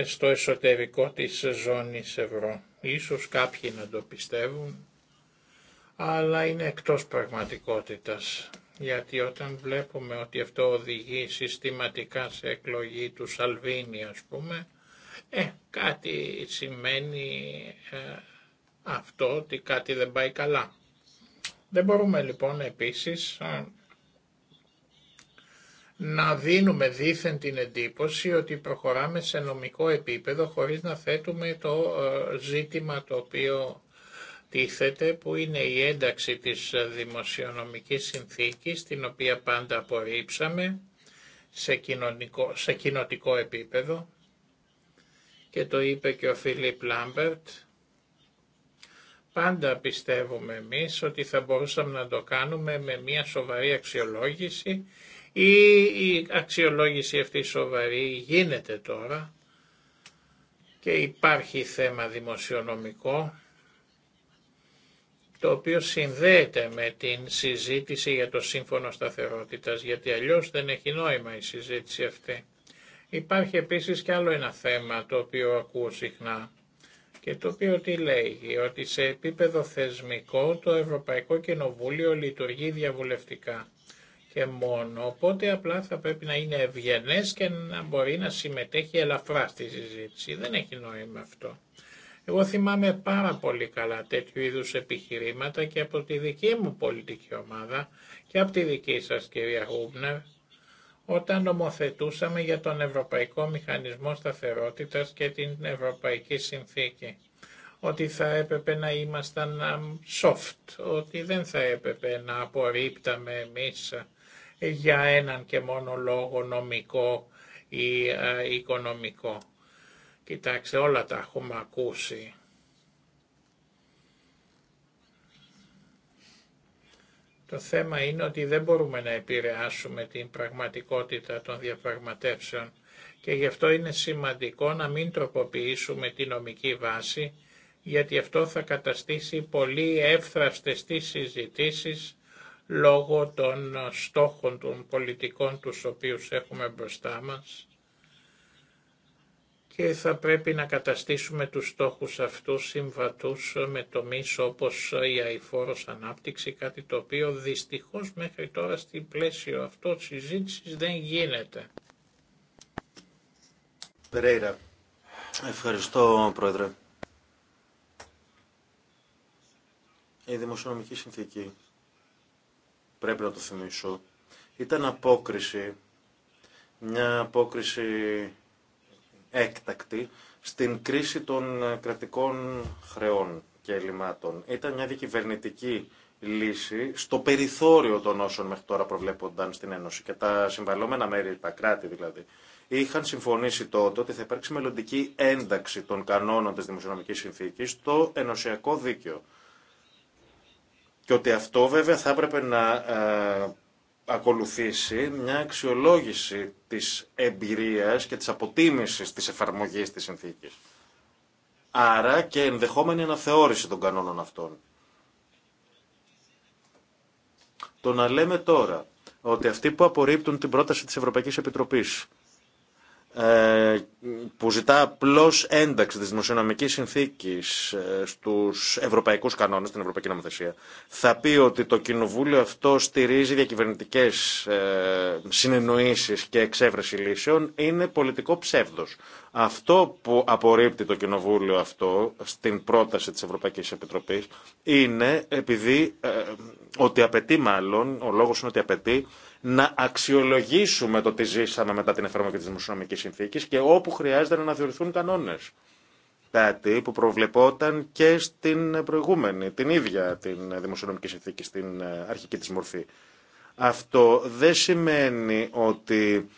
Speaker 2: στο εσωτερικό της ζώνης ευρώ. Ίσως κάποιοι να το πιστεύουν, αλλά είναι εκτός πραγματικότητας. Γιατί όταν βλέπουμε ότι αυτό οδηγεί συστηματικά σε εκλογή του Σαλβίνη, ας πούμε, ε, κάτι σημαίνει ε, αυτό ότι κάτι δεν πάει καλά. Δεν μπορούμε λοιπόν επίσης να δίνουμε δήθεν την εντύπωση ότι προχωράμε σε νομικό επίπεδο χωρίς να θέτουμε το ε, ζήτημα το οποίο τίθεται που είναι η ένταξη της ε, δημοσιονομικής συνθήκης την οποία πάντα απορρίψαμε σε, κοινωνικό, σε κοινοτικό επίπεδο και το είπε και ο Φίλιπ Λάμπερτ πάντα πιστεύουμε εμείς ότι θα μπορούσαμε να το κάνουμε με μια σοβαρή αξιολόγηση η αξιολόγηση αυτή σοβαρή γίνεται τώρα και υπάρχει θέμα δημοσιονομικό το οποίο συνδέεται με την συζήτηση για το Σύμφωνο Σταθερότητας, γιατί αλλιώς δεν έχει νόημα η συζήτηση αυτή. Υπάρχει επίσης και άλλο ένα θέμα το οποίο ακούω συχνά και το οποίο τι λέει, ότι σε επίπεδο θεσμικό το Ευρωπαϊκό Κοινοβούλιο λειτουργεί διαβουλευτικά και μόνο, οπότε απλά θα πρέπει να είναι ευγενέ και να μπορεί να συμμετέχει ελαφρά στη συζήτηση. Δεν έχει νόημα αυτό. Εγώ θυμάμαι πάρα πολύ καλά τέτοιου είδου επιχειρήματα και από τη δική μου πολιτική ομάδα και από τη δική σα κυρία Χούμπνερ, όταν νομοθετούσαμε για τον Ευρωπαϊκό Μηχανισμό σταθερότητα και την Ευρωπαϊκή Συνθήκη. Ότι θα έπρεπε να ήμασταν soft, ότι δεν θα έπρεπε να απορρίπταμε εμείς για έναν και μόνο λόγο νομικό ή ε, οικονομικό. Κοιτάξτε, όλα τα έχουμε ακούσει. Το θέμα είναι ότι δεν μπορούμε να επηρεάσουμε την πραγματικότητα των διαπραγματεύσεων και γι' αυτό είναι σημαντικό να μην τροποποιήσουμε τη νομική βάση γιατί αυτό θα καταστήσει πολύ εύθραστες τις συζητήσεις λόγω των στόχων των πολιτικών τους οποίους έχουμε μπροστά μας και θα πρέπει να καταστήσουμε τους στόχους αυτούς συμβατούς με τομείς όπως η αηφόρος ανάπτυξη, κάτι το οποίο δυστυχώς μέχρι τώρα στην πλαίσιο αυτό συζήτησης δεν γίνεται.
Speaker 4: Περέιρα. Ευχαριστώ, Πρόεδρε. Η δημοσιονομική συνθήκη πρέπει να το θυμίσω, ήταν απόκριση, μια απόκριση έκτακτη στην κρίση των ε, κρατικών χρεών και ελλημάτων. Ήταν μια διακυβερνητική λύση στο περιθώριο των όσων μέχρι τώρα προβλέπονταν στην Ένωση και τα συμβαλόμενα μέρη, τα κράτη δηλαδή, είχαν συμφωνήσει τότε ότι θα υπάρξει μελλοντική ένταξη των κανόνων της δημοσιονομικής συνθήκης στο ενωσιακό δίκαιο. Και ότι αυτό βέβαια θα έπρεπε να ε, ακολουθήσει μια αξιολόγηση της εμπειρίας και της αποτίμησης της εφαρμογής της συνθήκης. Άρα και ενδεχόμενη αναθεώρηση των κανόνων αυτών. Το να λέμε τώρα ότι αυτοί που απορρίπτουν την πρόταση της Ευρωπαϊκής Επιτροπής ε, που ζητά απλώ ένταξη τη δημοσιονομική συνθήκη ε, στου ευρωπαϊκού κανόνε, στην ευρωπαϊκή νομοθεσία, θα πει ότι το κοινοβούλιο αυτό στηρίζει διακυβερνητικέ ε, συνεννοήσεις και εξέβρεση λύσεων, είναι πολιτικό ψεύδο. Αυτό που απορρίπτει το κοινοβούλιο αυτό στην πρόταση τη Ευρωπαϊκή Επιτροπή είναι επειδή, ότι απαιτεί μάλλον, ο λόγο είναι ότι απαιτεί να αξιολογήσουμε το τι ζήσαμε μετά την εφαρμογή τη δημοσιονομική συνθήκη και όπου χρειάζεται να αναθεωρηθούν κανόνες. Κάτι που προβλεπόταν και στην προηγούμενη, την ίδια την δημοσιονομική συνθήκη, στην αρχική της μορφή. Αυτό δεν σημαίνει ότι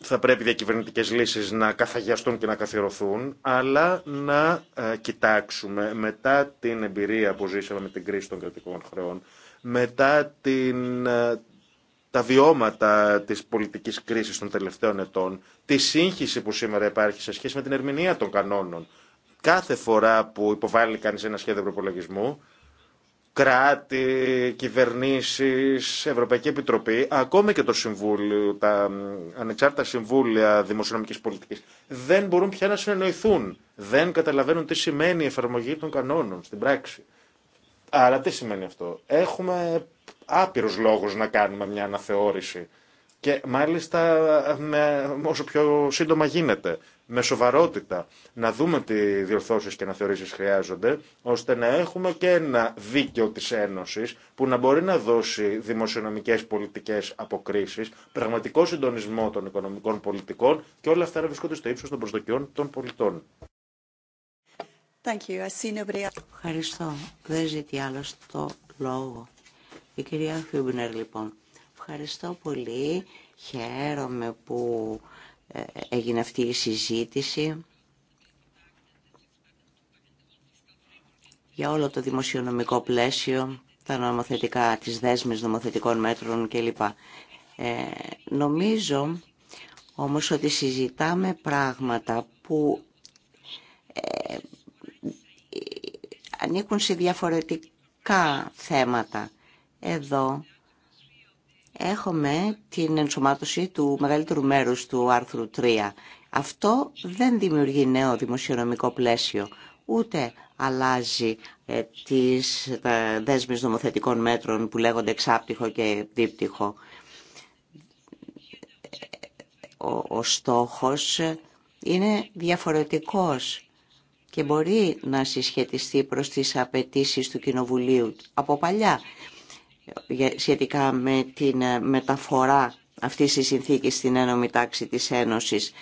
Speaker 4: θα πρέπει διακυβερνητικές λύσεις να καθαγιαστούν και να καθιερωθούν, αλλά να ε, κοιτάξουμε μετά την εμπειρία που ζήσαμε με την κρίση των κρατικών χρεών, μετά την, ε, τα βιώματα της πολιτικής κρίσης των τελευταίων ετών, τη σύγχυση που σήμερα υπάρχει σε σχέση με την ερμηνεία των κανόνων. Κάθε φορά που υποβάλλει κανείς ένα σχέδιο προπολογισμού, κράτη, κυβερνήσεις, Ευρωπαϊκή Επιτροπή, ακόμα και το Συμβούλιο, τα ανεξάρτητα Συμβούλια Δημοσιονομικής Πολιτικής, δεν μπορούν πια να συνεννοηθούν. Δεν καταλαβαίνουν τι σημαίνει η εφαρμογή των κανόνων στην πράξη. Άρα τι σημαίνει αυτό. Έχουμε άπειρους λόγους να κάνουμε μια αναθεώρηση. Και μάλιστα με, όσο πιο σύντομα γίνεται, με σοβαρότητα, να δούμε τι διορθώσεις και αναθεωρήσεις χρειάζονται, ώστε να έχουμε και ένα δίκαιο της Ένωσης που να μπορεί να δώσει δημοσιονομικές πολιτικές αποκρίσεις, πραγματικό συντονισμό των οικονομικών πολιτικών και όλα αυτά να βρισκόνται στο ύψος των
Speaker 1: προσδοκιών των πολιτών. Thank you. I Ευχαριστώ.
Speaker 3: Δεν ζητεί άλλο το λόγο. Η κυρία Χιούμπνερ λοιπόν. Ευχαριστώ πολύ. Χαίρομαι που ε, έγινε αυτή η συζήτηση για όλο το δημοσιονομικό πλαίσιο, τα νομοθετικά, τις δέσμες νομοθετικών μέτρων κλπ. Ε, νομίζω όμως ότι συζητάμε πράγματα που ε, ανήκουν σε διαφορετικά θέματα. Εδώ έχουμε την ενσωμάτωση του μεγαλύτερου μέρους του άρθρου 3. Αυτό δεν δημιουργεί νέο δημοσιονομικό πλαίσιο, ούτε αλλάζει ε, τις τα ε, δέσμες νομοθετικών μέτρων που λέγονται εξάπτυχο και δίπτυχο. Ο, ο στόχος είναι διαφορετικός και μπορεί να συσχετιστεί προς τις απαιτήσεις του Κοινοβουλίου από παλιά σχετικά με την ε, μεταφορά αυτής της συνθήκης στην ένωμη τάξη της Ένωσης.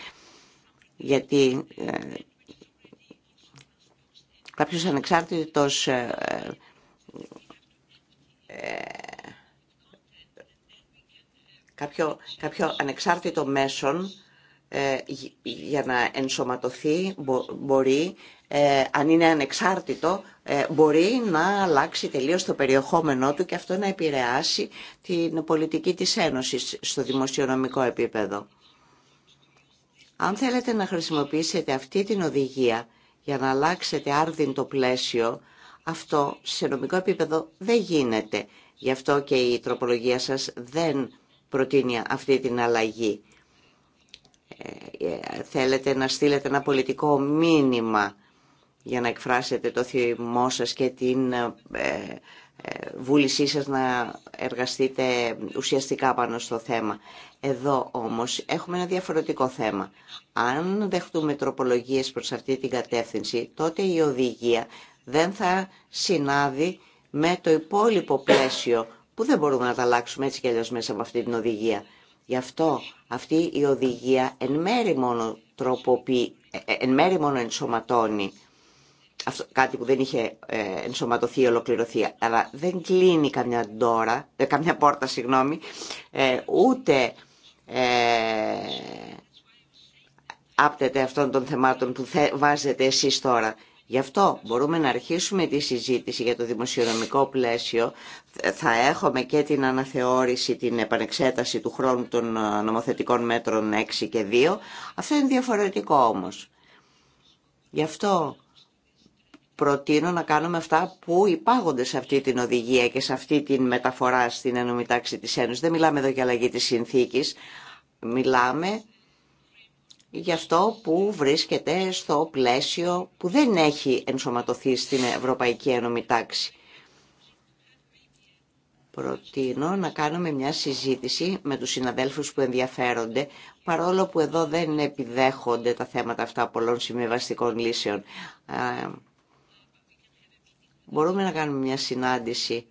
Speaker 3: Γιατί ε, κάποιος ανεξάρτητος ε, κάποιο, κάποιο ανεξάρτητο μέσον ε, για να ενσωματωθεί μπορεί, ε, αν είναι ανεξάρτητο, ε, μπορεί να αλλάξει τελείως το περιεχόμενό του και αυτό να επηρεάσει την πολιτική της Ένωσης στο δημοσιονομικό επίπεδο. Αν θέλετε να χρησιμοποιήσετε αυτή την οδηγία για να αλλάξετε άρδιν το πλαίσιο, αυτό σε νομικό επίπεδο δεν γίνεται. Γι' αυτό και η τροπολογία σας δεν προτείνει αυτή την αλλαγή. Ε, ε, θέλετε να στείλετε ένα πολιτικό μήνυμα για να εκφράσετε το θυμό σας και την ε, βούλησή σας να εργαστείτε ουσιαστικά πάνω στο θέμα. Εδώ όμως έχουμε ένα διαφορετικό θέμα. Αν δεχτούμε τροπολογίες προς αυτή την κατεύθυνση, τότε η οδηγία δεν θα συνάδει με το υπόλοιπο πλαίσιο που δεν μπορούμε να τα αλλάξουμε έτσι κι αλλιώς μέσα από αυτή την οδηγία. Γι' αυτό αυτή η οδηγία εν μέρη μόνο, τροποποιεί, ε, ε, εν μέρη ενσωματώνει κάτι που δεν είχε ε, ενσωματωθεί, ή ολοκληρωθεί, αλλά δεν κλείνει καμιά, ντόρα, καμιά πόρτα, συγγνώμη, ούτε άπτεται αυτών των θεμάτων που θε, βάζετε εσείς τώρα. Γι' αυτό μπορούμε να αρχίσουμε τη συζήτηση για το δημοσιονομικό πλαίσιο. Θα έχουμε και την αναθεώρηση, την επανεξέταση του χρόνου των ε, νομοθετικών μέτρων 6 και 2. Αυτό είναι διαφορετικό όμως. Γι' αυτό προτείνω να κάνουμε αυτά που υπάγονται σε αυτή την οδηγία και σε αυτή την μεταφορά στην ενωμητάξη της Ένωσης. Δεν μιλάμε εδώ για αλλαγή της συνθήκης. Μιλάμε για αυτό που βρίσκεται στο πλαίσιο που δεν έχει ενσωματωθεί στην Ευρωπαϊκή Ένωμη Τάξη. Προτείνω να κάνουμε μια συζήτηση με τους συναδέλφους που ενδιαφέρονται, παρόλο που εδώ δεν επιδέχονται τα θέματα αυτά πολλών συμβιβαστικών λύσεων. Μπορούμε να κάνουμε μια συνάντηση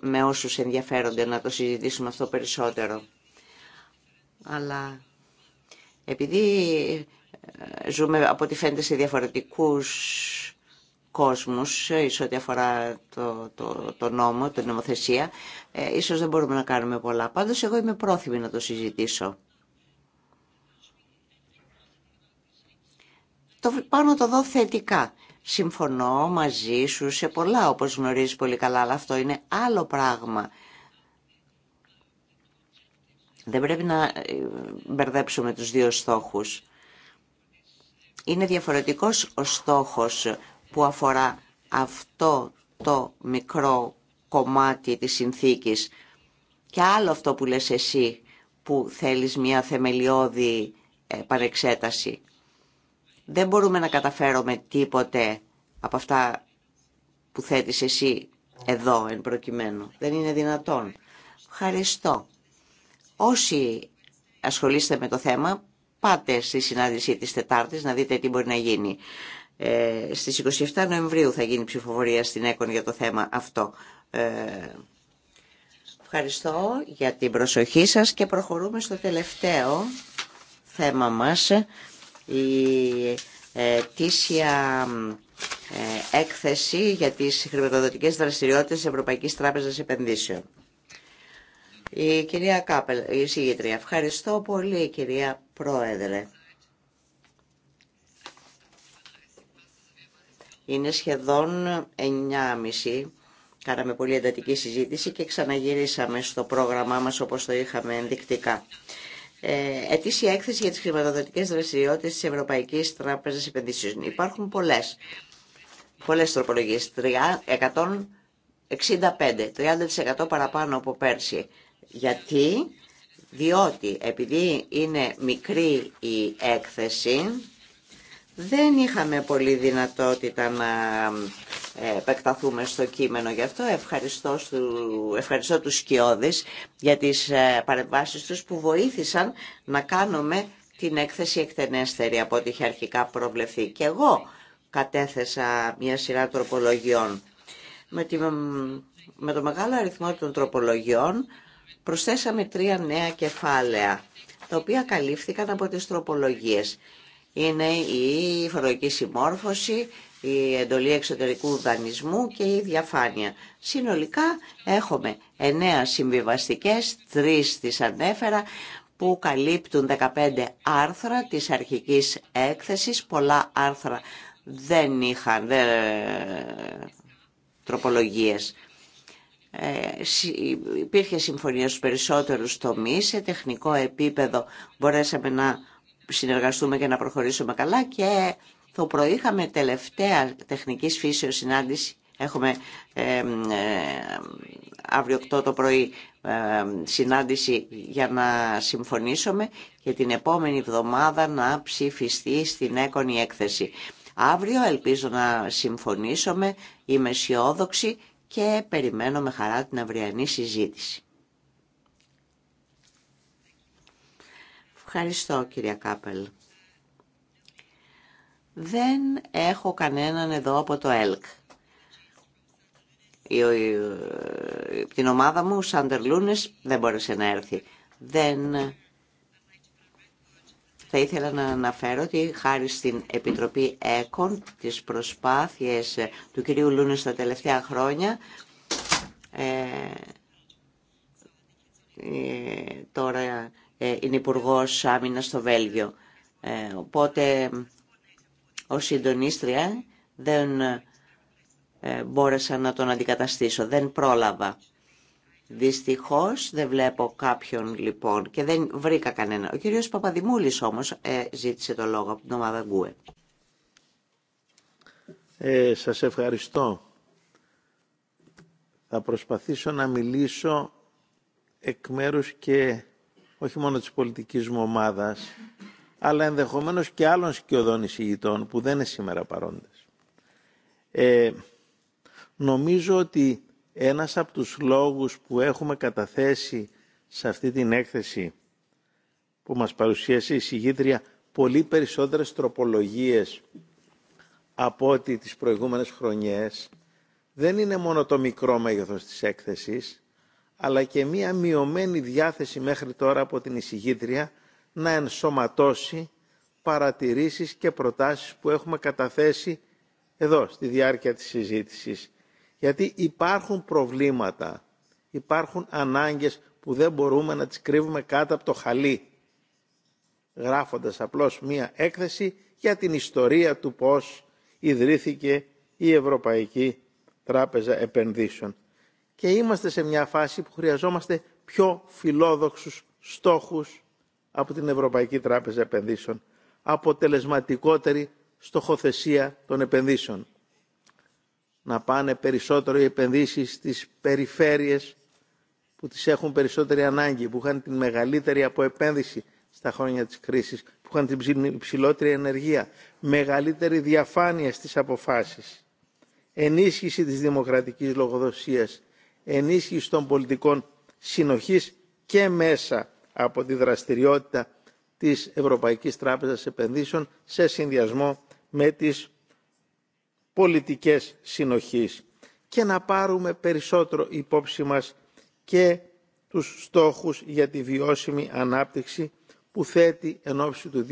Speaker 3: με όσους ενδιαφέρονται να το συζητήσουμε αυτό περισσότερο αλλά επειδή ε, ζούμε από ό,τι φαίνεται σε διαφορετικούς κόσμους σε ό,τι αφορά το, το, το νόμο, την νομοθεσία, ε, ίσως δεν μπορούμε να κάνουμε πολλά. Πάντως εγώ είμαι πρόθυμη να το συζητήσω. Το, πάνω το δω θετικά. Συμφωνώ μαζί σου σε πολλά όπως γνωρίζεις πολύ καλά, αλλά αυτό είναι άλλο πράγμα δεν πρέπει να ε, μπερδέψουμε τους δύο στόχους. Είναι διαφορετικός ο στόχος που αφορά αυτό το μικρό κομμάτι της συνθήκης και άλλο αυτό που λες εσύ που θέλεις μια θεμελιώδη ε, παρεξέταση. Δεν μπορούμε να καταφέρουμε τίποτε από αυτά που θέτεις εσύ εδώ εν προκειμένου. Δεν είναι δυνατόν. Ευχαριστώ. Όσοι ασχολείστε με το θέμα, πάτε στη συνάντησή της Τετάρτης να δείτε τι μπορεί να γίνει. Ε, στις 27 Νοεμβρίου θα γίνει ψηφοφορία στην ΕΚΟΝ για το θέμα αυτό. Ε, ευχαριστώ για την προσοχή σας και προχωρούμε στο τελευταίο θέμα μας. Η ε, τήσια ε, έκθεση για τις χρηματοδοτικές δραστηριότητες της Ευρωπαϊκής Τράπεζας Επενδύσεων. Η κυρία Κάπελ, η συγγήτρια. Ευχαριστώ πολύ κυρία Πρόεδρε. Είναι σχεδόν 9.30. Κάναμε πολύ εντατική συζήτηση και ξαναγυρίσαμε στο πρόγραμμά μας όπως το είχαμε ενδεικτικά. Ε, ετήσια έκθεση για τις χρηματοδοτικές δραστηριότητες της Ευρωπαϊκής Τράπεζας Επενδύσεων. Υπάρχουν πολλές, πολλές τροπολογίες. 165, 30% παραπάνω από πέρσι. Γιατί, διότι επειδή είναι μικρή η έκθεση, δεν είχαμε πολύ δυνατότητα να ε, επεκταθούμε στο κείμενο. Γι' αυτό ευχαριστώ, στου, ευχαριστώ τους σκιώδες για τις ε, παρεμβάσεις τους που βοήθησαν να κάνουμε την έκθεση εκτενέστερη από ό,τι είχε αρχικά προβλεφθεί. Και εγώ κατέθεσα μια σειρά τροπολογιών. Με, τη, με το μεγάλο αριθμό των τροπολογιών Προσθέσαμε τρία νέα κεφάλαια, τα οποία καλύφθηκαν από τις τροπολογίες. Είναι η φορολογική συμμόρφωση, η εντολή εξωτερικού δανεισμού και η διαφάνεια. Συνολικά έχουμε εννέα συμβιβαστικές, τρεις τις ανέφερα, που καλύπτουν 15 άρθρα της αρχικής έκθεσης. Πολλά άρθρα δεν είχαν δε, ε, τροπολογίες. Ε, υπήρχε συμφωνία στους περισσότερους τομείς, σε τεχνικό επίπεδο μπορέσαμε να συνεργαστούμε και να προχωρήσουμε καλά και το πρωί είχαμε τελευταία τεχνικής φύσεως συνάντηση, έχουμε ε, ε αύριο 8 το πρωί ε, συνάντηση για να συμφωνήσουμε και την επόμενη εβδομάδα να ψηφιστεί στην έκονη έκθεση. Αύριο ελπίζω να συμφωνήσουμε, είμαι αισιόδοξη και περιμένω με χαρά την αυριανή συζήτηση. Ευχαριστώ κυρία Κάπελ. Δεν έχω κανέναν εδώ από το ΕΛΚ. Την ομάδα μου, ο Σάντερ Λούνες, δεν μπόρεσε να έρθει. Δεν θα ήθελα να αναφέρω ότι χάρη στην Επιτροπή ΕΚΟΝ, τις προσπάθειες ε, του κυρίου Λούνες στα τελευταία χρόνια, ε, ε, τώρα είναι υπουργό Άμυνα στο Βέλγιο. οπότε ως συντονίστρια δεν μπόρεσα να τον αντικαταστήσω, δεν πρόλαβα. Δυστυχώς δεν βλέπω κάποιον λοιπόν και δεν βρήκα κανένα. Ο κύριος Παπαδημούλης όμως ε, ζήτησε το λόγο από την ομάδα Γκουε.
Speaker 5: Ε, σας ευχαριστώ. Θα προσπαθήσω να μιλήσω εκ μέρους και όχι μόνο της πολιτικής μου ομάδας, αλλά ενδεχομένως και άλλων σκιωδών εισηγητών που δεν είναι σήμερα παρόντες. Ε, νομίζω ότι ένας από τους λόγους που έχουμε καταθέσει σε αυτή την έκθεση που μας παρουσίασε η συγγήτρια πολύ περισσότερες τροπολογίες από ό,τι τις προηγούμενες χρονιές δεν είναι μόνο το μικρό μέγεθος της έκθεσης αλλά και μία μειωμένη διάθεση μέχρι τώρα από την εισηγήτρια να ενσωματώσει παρατηρήσεις και προτάσεις που έχουμε καταθέσει εδώ στη διάρκεια της συζήτησης γιατί υπάρχουν προβλήματα, υπάρχουν ανάγκες που δεν μπορούμε να τις κρύβουμε κάτω από το χαλί, γράφοντας απλώς μία έκθεση για την ιστορία του πώς ιδρύθηκε η Ευρωπαϊκή Τράπεζα Επενδύσεων. Και είμαστε σε μια φάση που χρειαζόμαστε πιο φιλόδοξους στόχους από την Ευρωπαϊκή Τράπεζα Επενδύσεων, αποτελεσματικότερη στοχοθεσία των επενδύσεων να πάνε περισσότερο οι επενδύσεις στις περιφέρειες που τις έχουν περισσότερη ανάγκη, που είχαν την μεγαλύτερη επένδυση στα χρόνια της κρίσης, που είχαν την υψηλότερη ενεργεία, μεγαλύτερη διαφάνεια στις αποφάσεις, ενίσχυση της δημοκρατικής λογοδοσίας, ενίσχυση των πολιτικών συνοχής και μέσα από τη δραστηριότητα της Ευρωπαϊκής Τράπεζας Επενδύσεων σε συνδυασμό με τις πολιτικές συνοχής και να πάρουμε περισσότερο υπόψη μας και τους στόχους για τη βιώσιμη ανάπτυξη που θέτει εν ώψη του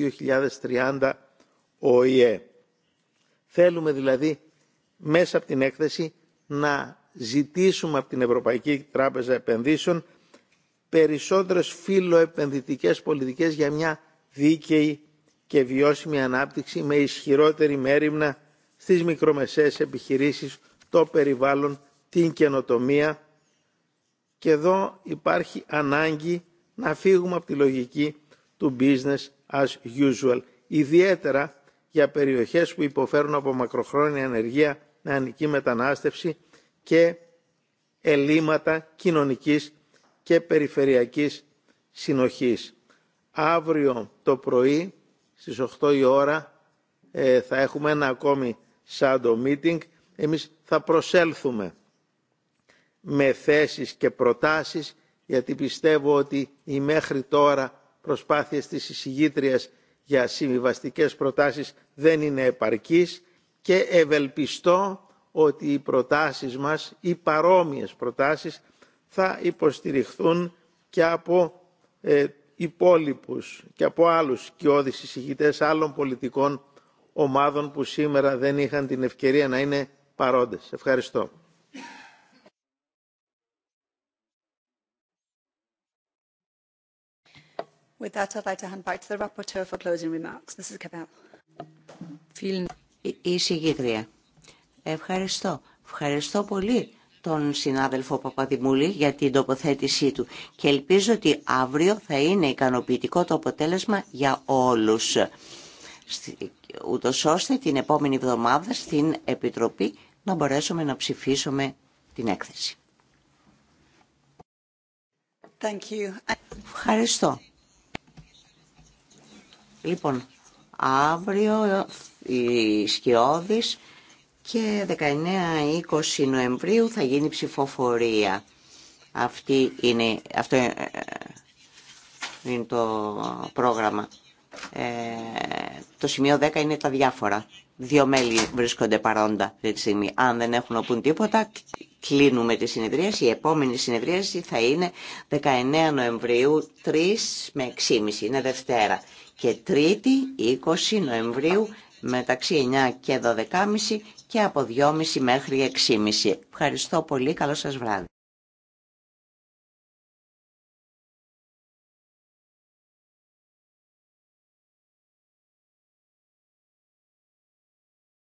Speaker 5: 2030 ο ΟΗΕ. Θέλουμε δηλαδή μέσα από την έκθεση να ζητήσουμε από την Ευρωπαϊκή Τράπεζα Επενδύσεων περισσότερες φιλοεπενδυτικές πολιτικές για μια δίκαιη και βιώσιμη ανάπτυξη με ισχυρότερη μέρημνα στις μικρομεσαίες επιχειρήσεις, το περιβάλλον, την καινοτομία. Και εδώ υπάρχει ανάγκη να φύγουμε από τη λογική του business as usual. Ιδιαίτερα για περιοχές που υποφέρουν από μακροχρόνια ανεργία, νεανική μετανάστευση και ελλείμματα κοινωνικής και περιφερειακής συνοχής. Αύριο το πρωί στις 8 η ώρα ε, θα έχουμε ένα ακόμη shadow meeting, εμείς θα προσέλθουμε με θέσεις και προτάσεις, γιατί πιστεύω ότι οι μέχρι τώρα προσπάθειες της εισηγήτριας για συμβιβαστικές προτάσεις δεν είναι επαρκής και ευελπιστώ ότι οι προτάσεις μας οι παρόμοιες προτάσεις θα υποστηριχθούν και από ε, υπόλοιπους και από άλλους κοιόδης εισηγητές άλλων πολιτικών ομάδων που σήμερα δεν είχαν την ευκαιρία να είναι παρόντες. Ευχαριστώ.
Speaker 1: With that, I'd like to hand back to the rapporteur for closing remarks. Mrs.
Speaker 3: Cabell. Η συγκεκριά. Ευχαριστώ. Ευχαριστώ πολύ τον συνάδελφο Παπαδημούλη για την τοποθέτησή του και ελπίζω ότι αύριο θα είναι ικανοποιητικό το αποτέλεσμα για όλους ούτως ώστε την επόμενη εβδομάδα στην Επιτροπή να μπορέσουμε να ψηφίσουμε την έκθεση. Thank you. Ευχαριστώ. Λοιπόν, αύριο η Σκιώδης και 19-20 Νοεμβρίου θα γίνει ψηφοφορία. Αυτή είναι, αυτό ε, ε, ε, είναι το πρόγραμμα. Ε, το σημείο 10 είναι τα διάφορα. Δύο μέλη βρίσκονται παρόντα αυτή τη στιγμή. Αν δεν έχουν να πούν τίποτα, κλείνουμε τη συνεδρίαση. Η επόμενη συνεδρίαση θα είναι 19 Νοεμβρίου 3 με 6.30. Είναι Δευτέρα. Και Τρίτη 20 Νοεμβρίου μεταξύ 9 και 12.30 και
Speaker 5: από 2.30 μέχρι 6.30. Ευχαριστώ πολύ. Καλό σας βράδυ.